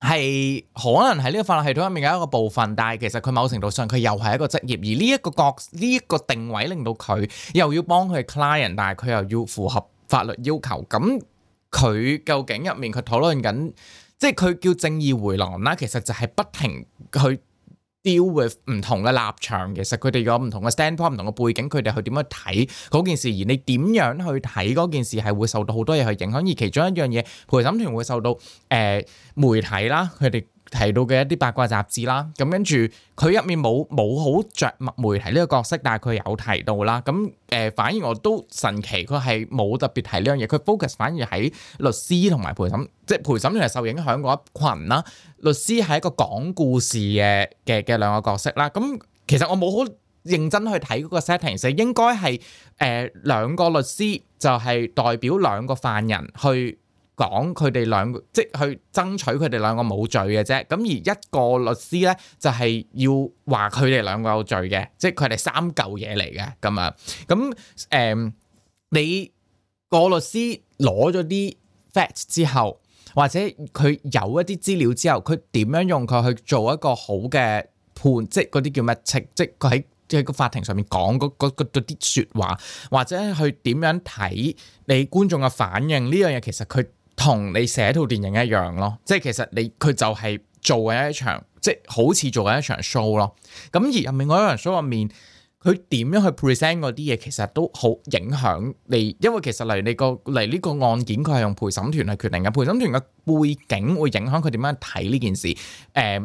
Speaker 2: 係可能係呢個法律系統入面嘅一個部分，但係其實佢某程度上佢又係一個職業，而呢一個角呢一個定位令到佢又要幫佢 client，但係佢又要符合。法律要求咁，佢究竟入面佢討論緊，即係佢叫正義回廊啦，其實就係不停去 deal with 唔同嘅立場，其實佢哋有唔同嘅 standpoint、唔同嘅背景，佢哋去點樣睇件事，而你點樣去睇件事係會受到好多嘢去影響，而其中一樣嘢陪審團會受到誒、呃、媒體啦，佢哋。提到嘅一啲八卦雜誌啦，咁跟住佢入面冇冇好着墨媒體呢個角色，但係佢有提到啦。咁、嗯、誒反而我都神奇，佢係冇特別提呢樣嘢。佢 focus 反而喺律師同埋陪審，即係陪審員係受影響嗰一群啦。律師係一個講故事嘅嘅嘅兩個角色啦。咁、嗯、其實我冇好認真去睇嗰個 setting，應該係誒、呃、兩個律師就係代表兩個犯人去。講佢哋兩個即係去爭取佢哋兩個冇罪嘅啫，咁而一個律師咧就係、是、要話佢哋兩個有罪嘅，即係佢哋三嚿嘢嚟嘅咁啊，咁誒、嗯、你個律師攞咗啲 fact 之後，或者佢有一啲資料之後，佢點樣用佢去做一個好嘅判，即係嗰啲叫咩？即佢喺喺個法庭上面講嗰啲說話，或者去點樣睇你觀眾嘅反應呢樣嘢？其實佢。同你寫套電影一樣咯，即係其實你佢就係做緊一場，即係好似做緊一場 show 咯。咁而入面另外一場 show 入面，佢點樣去 present 嗰啲嘢，其實都好影響你，因為其實例如你、呢個嚟呢個案件，佢係用陪審團去決定嘅，陪審團嘅背景會影響佢點樣睇呢件事。誒、呃，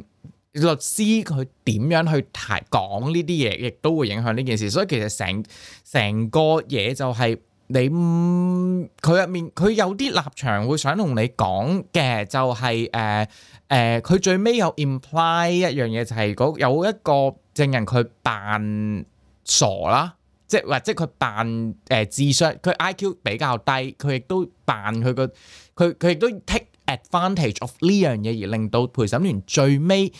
Speaker 2: 律師佢點樣去提講呢啲嘢，亦都會影響呢件事。所以其實成成個嘢就係、是。你佢入面佢有啲立場會想同你講嘅就係誒誒，佢最尾有 imply 一樣嘢就係嗰，有一個證人佢扮傻啦，即係或者佢扮誒智商，佢 IQ 比較低，佢亦都扮佢個佢佢亦都 take advantage of 呢樣嘢，而令到陪審團最尾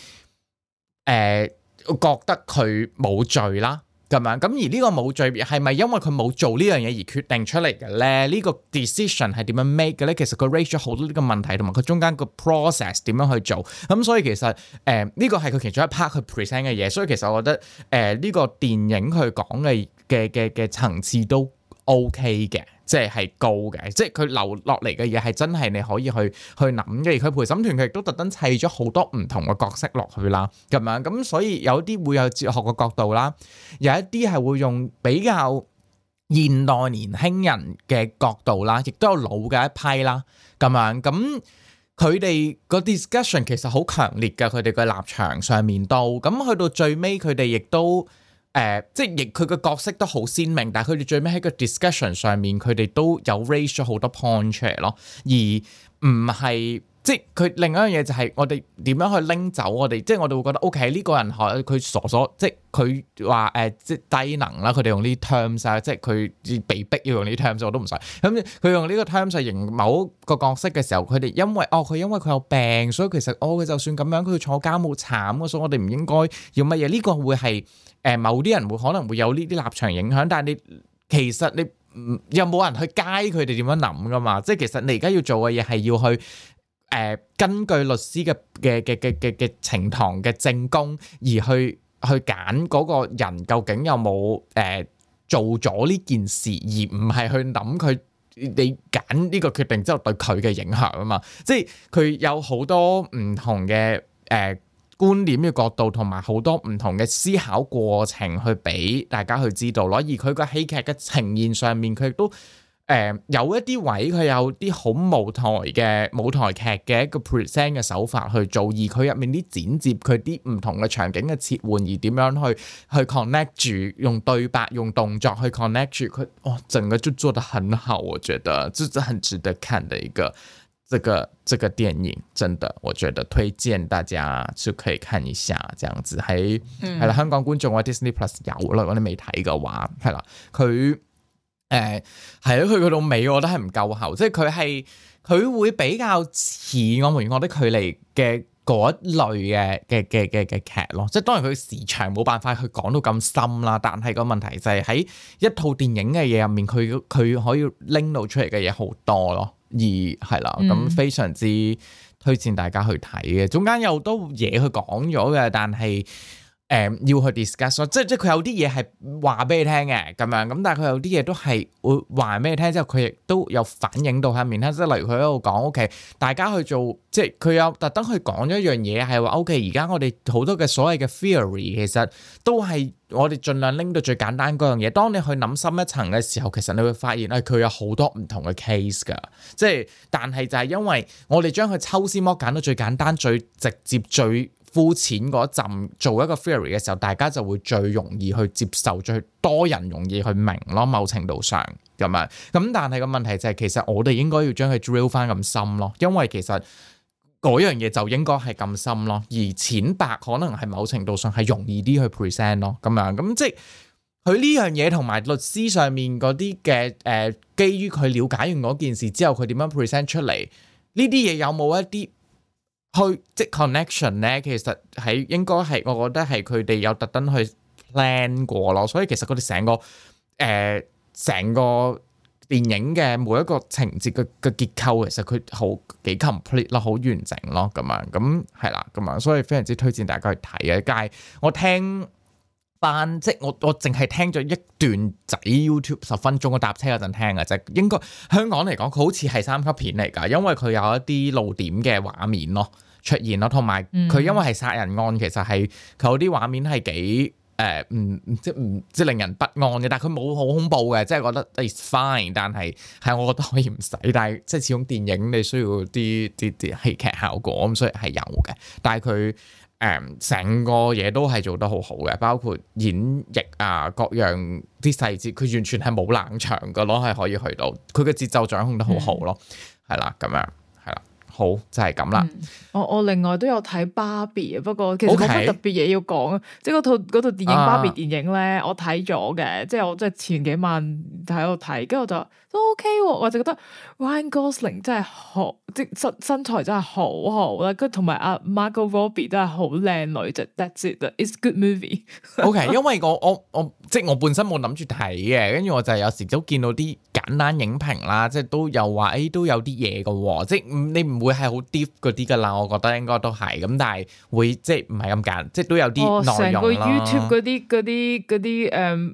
Speaker 2: 誒覺得佢冇罪啦。咁樣，咁而呢個冇罪係咪因為佢冇做呢樣嘢而決定出嚟嘅咧？呢、這個 decision 係點樣 make 嘅咧？其實佢 raise 咗好多呢個問題，同埋佢中間個 process 點樣去做？咁、嗯、所以其實誒呢個係佢其中一 part 佢 present 嘅嘢。所以其實我覺得誒呢、呃這個電影佢講嘅嘅嘅嘅層次都。O.K. 嘅，即係高嘅，即係佢留落嚟嘅嘢係真係你可以去去諗嘅，而佢陪審團佢亦都特登砌咗好多唔同嘅角色落去啦，咁樣咁所以有啲會有哲學嘅角度啦，有一啲係會用比較現代年輕人嘅角度啦，亦都有老嘅一批啦，咁樣咁佢哋個 discussion 其實好強烈㗎，佢哋嘅立場上面都，咁去到最尾佢哋亦都。誒，uh, 即係亦佢嘅角色都好鮮明，但係佢哋最尾喺個 discussion 上面，佢哋都有 raise 咗好多 point 出嚟咯，而唔係。即係佢另一樣嘢就係我哋點樣去拎走我哋，即係我哋會覺得 O K，呢個人佢佢傻傻，即係佢話誒即係低能啦。佢哋用呢啲 terms 啊，即係佢被逼要用呢啲 terms，我都唔使。咁佢用呢個 terms 去形容某個角色嘅時候，佢哋因為哦佢因為佢有病，所以其實哦佢就算咁樣，佢坐監好慘，所以我哋唔應該要乜嘢，呢個會係誒某啲人會可能會有呢啲立場影響。但係你其實你又冇人去 guide 佢哋點樣諗噶嘛？即係其實你而家要做嘅嘢係要去。誒、呃，根據律師嘅嘅嘅嘅嘅嘅呈堂嘅證供而去去揀嗰個人究竟有冇誒、呃、做咗呢件事而，而唔係去諗佢你揀呢個決定之後對佢嘅影響啊嘛，即係佢有好多唔同嘅誒、呃、觀點嘅角度，同埋好多唔同嘅思考過程去俾大家去知道咯，而佢個戲劇嘅呈現上面，佢亦都。誒、呃、有一啲位佢有啲好舞台嘅舞台劇嘅一個 present 嘅手法去做，而佢入面啲剪接佢啲唔同嘅場景嘅切換而點樣去去 connect 住用對白用動作去 connect 住佢，哇、哦！整個就做得很好，我覺得，就真係很值得看嘅一個，這個這個電影，真的，我覺得推薦大家就可以看一下，這樣子，喺，係啦、嗯，香港觀眾或 Disney Plus 有啦，如果你未睇嘅話，係啦，佢。誒，係咯、嗯，佢佢到尾，我覺得係唔夠喉，即係佢係佢會比較似《我們與惡的距離》嘅嗰一類嘅嘅嘅嘅嘅劇咯。即係當然佢時長冇辦法去講到咁深啦，但係個問題就係喺一套電影嘅嘢入面，佢佢可以拎到出嚟嘅嘢好多咯。而係啦，咁、嗯、非常之推薦大家去睇嘅。中間有好多嘢佢講咗嘅，但係。誒、嗯，要去 discuss，即係即係佢有啲嘢係話俾你聽嘅咁樣，咁但係佢有啲嘢都係會話俾你聽，之後佢亦都有反映到下面。即係例如佢喺度講，OK，大家去做，即係佢有特登去講咗一樣嘢，係話 OK，而家我哋好多嘅所謂嘅 theory，其實都係我哋盡量拎到最簡單嗰樣嘢。當你去諗深一層嘅時候，其實你會發現，係、啊、佢有好多唔同嘅 case 噶。即係但係就係因為我哋將佢抽絲剝繭到最簡單、最直接、最。膚淺嗰一陣做一個 theory 嘅時候，大家就會最容易去接受，最多人容易去明咯。某程度上咁樣，咁但係個問題就係，其實我哋應該要將佢 drill 翻咁深咯，因為其實嗰樣嘢就應該係咁深咯。而淺白可能係某程度上係容易啲去 present 咯，咁樣咁即係佢呢樣嘢同埋律師上面嗰啲嘅誒，基於佢了解完嗰件事之後，佢點樣 present 出嚟呢啲嘢有冇一啲？去即 connection 咧，其實喺應該係我覺得係佢哋有特登去 plan 過咯，所以其實佢哋成個誒成、呃、個電影嘅每一個情節嘅嘅結構，其實佢好幾 complete 咯，好完整咯咁樣，咁係啦，咁樣，所以非常之推薦大家去睇嘅。但係我聽。但即我我淨係聽咗一段仔 YouTube 十分鐘，我搭車嗰陣聽嘅就，即應該香港嚟講佢好似係三級片嚟噶因為佢有一啲露點嘅畫面咯出現咯，同埋佢因為係殺人案，其實係佢有啲畫面係幾誒嗯、呃、即係即，即令人不安嘅，但係佢冇好恐怖嘅，即係覺得 It's fine，但係係我覺得可以唔使，但係即係始終電影你需要啲啲啲戲劇效果咁，所以係有嘅，但係佢。誒，成、um, 個嘢都係做得好好嘅，包括演繹啊，各樣啲細節，佢完全係冇冷場噶，攞係可以去到，佢嘅節奏掌控得好好咯，係啦、嗯，咁樣係啦，好就係咁啦。
Speaker 1: 我我另外都有睇芭比啊，不過其實冇乜 Okay? 特別嘢要講啊，即係嗰套嗰套電影芭比電影咧，我睇咗嘅，即係我即係前幾晚喺度睇，跟住我就。都 OK 喎，我就覺得 Ryan Gosling 真係好，即身身材真係好好啦。佢同埋阿 Margot Robbie 都係好靚女。就 That's it。It's good movie。 OK，因為
Speaker 2: 我我我即我本身冇諗住睇嘅，跟住我就有時都見到啲簡單影評啦，即都有話，誒、哎、都有啲嘢嘅喎，即你唔會係好 deep 嗰啲嘅啦。我覺得應該都係咁，但係會即唔係咁簡單，即都有啲內容啦。成、哦、個
Speaker 1: YouTube 嗰啲啲啲誒。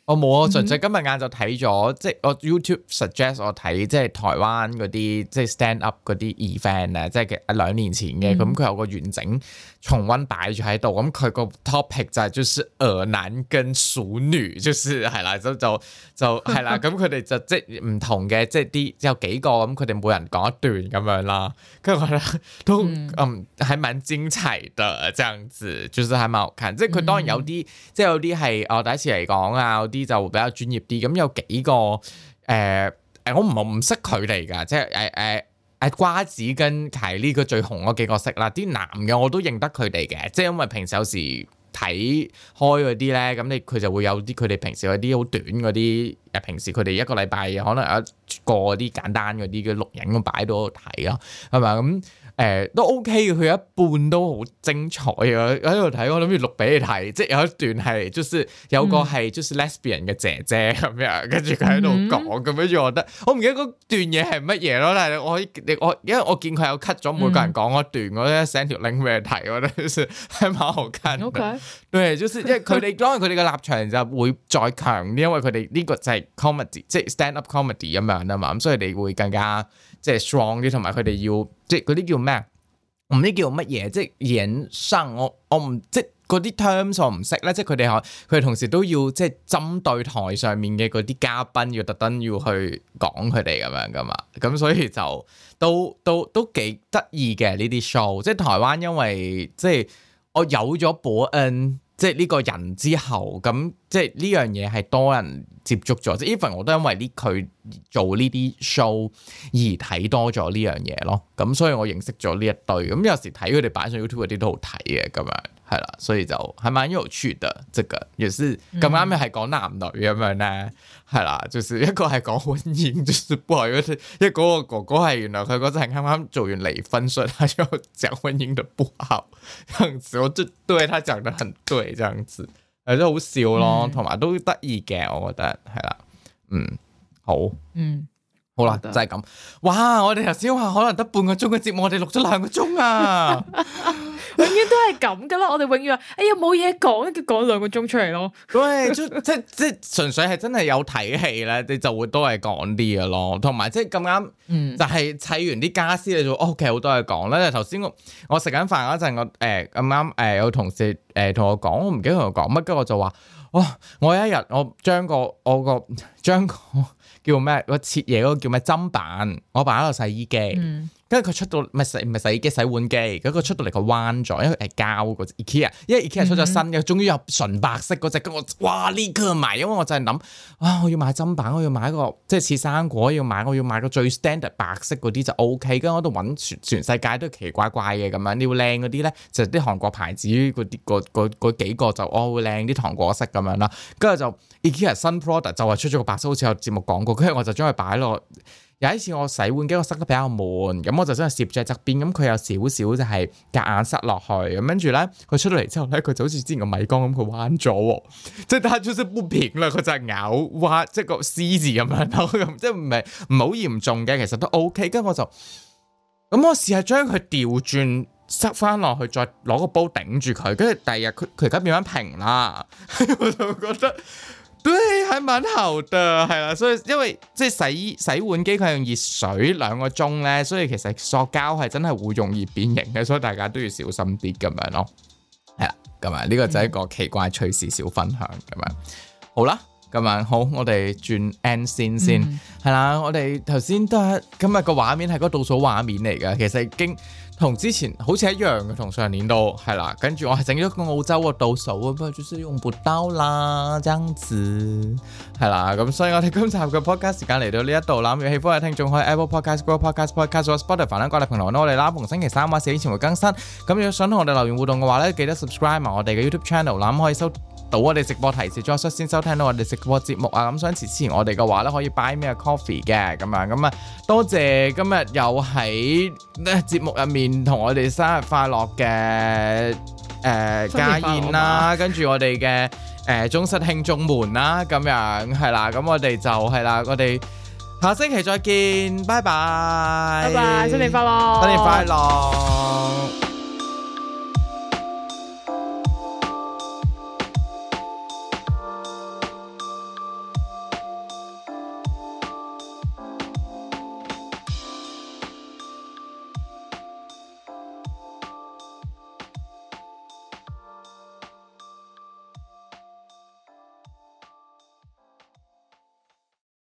Speaker 2: 我冇啊，純粹今日晏晝睇咗，即係我 YouTube suggest 我睇，即、就、係、是、台灣啲即係 stand up 啲 event 啊，即係兩年前嘅，咁佢、嗯、有個完整重溫擺住喺度，咁佢個 topic 就係就是鵝男跟鼠女，就是係啦，就是、就就係啦，咁佢哋就即係唔同嘅，即係啲有幾個咁佢哋每人講一段咁樣啦，跟住我都嗯係蠻、嗯、精彩的，這樣子，就是係蠻近，即係佢當然有啲、嗯、即係有啲係我第一次嚟講啊，有啲。有就比較專業啲，咁有幾個誒誒、呃，我唔唔識佢哋噶，即係誒誒誒瓜子跟提呢個最紅嗰幾個識啦，啲男嘅我都認得佢哋嘅，即係因為平時有時睇開嗰啲咧，咁你佢就會有啲佢哋平時有啲好短嗰啲誒，平時佢哋一個禮拜可能有過啲簡單嗰啲嘅錄影咁擺到度睇咯，係咪？咁。誒、嗯、都 OK 嘅，佢一半都好精彩啊！喺度睇我諗住錄俾你睇，即係有一段係，就是有個係就是 lesbian 嘅姐姐咁樣，跟住佢喺度講，咁跟住我覺得我唔記得嗰段嘢係乜嘢咯。但係我你我因為我見佢有 cut 咗每個人講嗰段，嗯、我咧 send 條 link 俾你睇，我覺得係蠻好跟嘅。就是、因為佢哋當然佢哋嘅立場就會再強啲，因為佢哋呢個就係 comedy，即係 stand up comedy 咁樣啊嘛，咁所以你會更加。即係 strong 啲，同埋佢哋要即係嗰啲叫咩？唔知叫乜嘢？即係衍生，我我唔即係嗰啲 terms 我唔識咧。即係佢哋可佢哋同時都要即係針對台上面嘅嗰啲嘉賓要特登要去講佢哋噉樣㗎嘛。咁所以就都都都，都幾得意嘅呢啲 show。即係台灣因為即係我有咗播恩。即係呢個人之後，咁即係呢樣嘢係多人接觸咗，即係 even 我都因為呢佢做呢啲 show 而睇多咗呢樣嘢咯。咁所以我認識咗呢一堆，咁有時睇佢哋擺上 YouTube 嗰啲都好睇嘅咁樣。係啦，所以就還蠻有趣的。這個也是咁啱咪係講男女咁樣咧，係啦、嗯，就是一個係講婚姻，就是不好因為，一個哥哥係原來佢嗰陣啱啱做完離婚，所以他就講婚姻的不好，樣子我就對他講得很對，這樣子，誒都好笑咯，同埋、嗯、都得意嘅，我覺得係啦，嗯，好，嗯。好啦，就係、是、咁。哇！我哋頭先話可能得半個鐘嘅節目，我哋錄咗兩個鐘啊！
Speaker 1: 永遠都係咁噶啦，我哋永遠話：哎呀，冇嘢講，跟住講兩個鐘出嚟咯。喂， 即即即
Speaker 2: 純粹係真係有睇戲咧，你就會都係講啲嘅咯。同埋即係咁啱，就係砌完啲家私，你、嗯、就哦、OK，其實好多嘢講咧。頭先我我食緊飯嗰陣，我誒咁啱誒有同事誒同、欸、我講，我唔記得同我講乜，跟住我就話：哇、哦！我有一日我將個我個將個。叫咩？個切嘢嗰個叫咩砧板？我擺喺個洗衣機。嗯跟住佢出到，唔係洗唔係洗衣機洗碗機，咁佢出到嚟個彎咗，因為係膠嗰隻 IKEA，因為 IKEA 出咗新嘅，終於、mm hmm. 有純白色嗰隻
Speaker 3: 咁我，哇呢個
Speaker 2: 迷，因為我就係諗，啊、哦，我要買砧板，我要買一個即係似生果要買，我要買，個，我要買個最 standard 白色嗰啲就 OK，跟住我喺度揾全全世界都奇怪怪嘅咁樣，要靚嗰啲咧就啲、是、韓國牌子嗰啲個個嗰幾個就哦會靚啲糖果色咁樣啦，跟住就 IKEA 新 product 就話出咗個白色，好似有節目講過，跟住我就將佢擺落。有一次我洗碗機我塞得比較悶，咁我就真係攝喺側邊，咁佢有少少就係夾硬塞落去，咁跟住咧佢出到嚟之後咧，佢就好似之前個米缸咁，佢彎咗，即係突出咗不平啦，佢就咬彎，即係個 C 字咁樣 即係唔係唔好嚴重嘅，其實都 OK，跟住我就咁我試下將佢調轉塞翻落去，再攞個煲頂住佢，跟住第二日佢佢而家變翻平啦， 我就覺得。 對，係蠻厚的，係啦，所以因為即係洗洗碗機佢用熱水兩個鐘呢，所以其實塑膠係真係會容易變形嘅，所以大家都要小心啲咁樣咯，係啦，咁啊，呢個就係一個奇怪趣事小分享咁樣，好啦，咁啊，好，我哋轉 end 先先，係啦、嗯，我哋頭先都係今日個畫面係嗰個倒數畫面嚟噶，其實經。同之前好似一樣嘅，同上年度係啦。跟住我係整咗個澳洲嘅倒數啊，不過主要用撥刀啦，咁樣子係啦。咁所以我哋今集嘅 podcast 時間嚟到呢一度啦。咁、嗯、有喜歡嘅聽眾可以 Apple Podcast、Google Podcast, podcast, podcast Spotify,、Spotify 凡係各大平台咧，我哋啦逢星期三晚四點前會更新，咁、嗯、如果想同我哋留言互動嘅話咧，記得 subscribe 埋我哋嘅 YouTube channel，嗱、嗯、咁可以收到我哋直播提示咗，首先收聽到我哋直播節目啊！咁想支持我哋嘅話咧，可以 buy me acoffee 嘅咁樣咁啊！多謝今日又喺咧節目入面同我哋生日快樂嘅誒家燕啦，跟住我哋嘅誒忠實聽眾們啦，咁樣係啦，咁我哋就係啦，我哋下星期再見，拜拜，拜拜，新年快樂，新年快樂。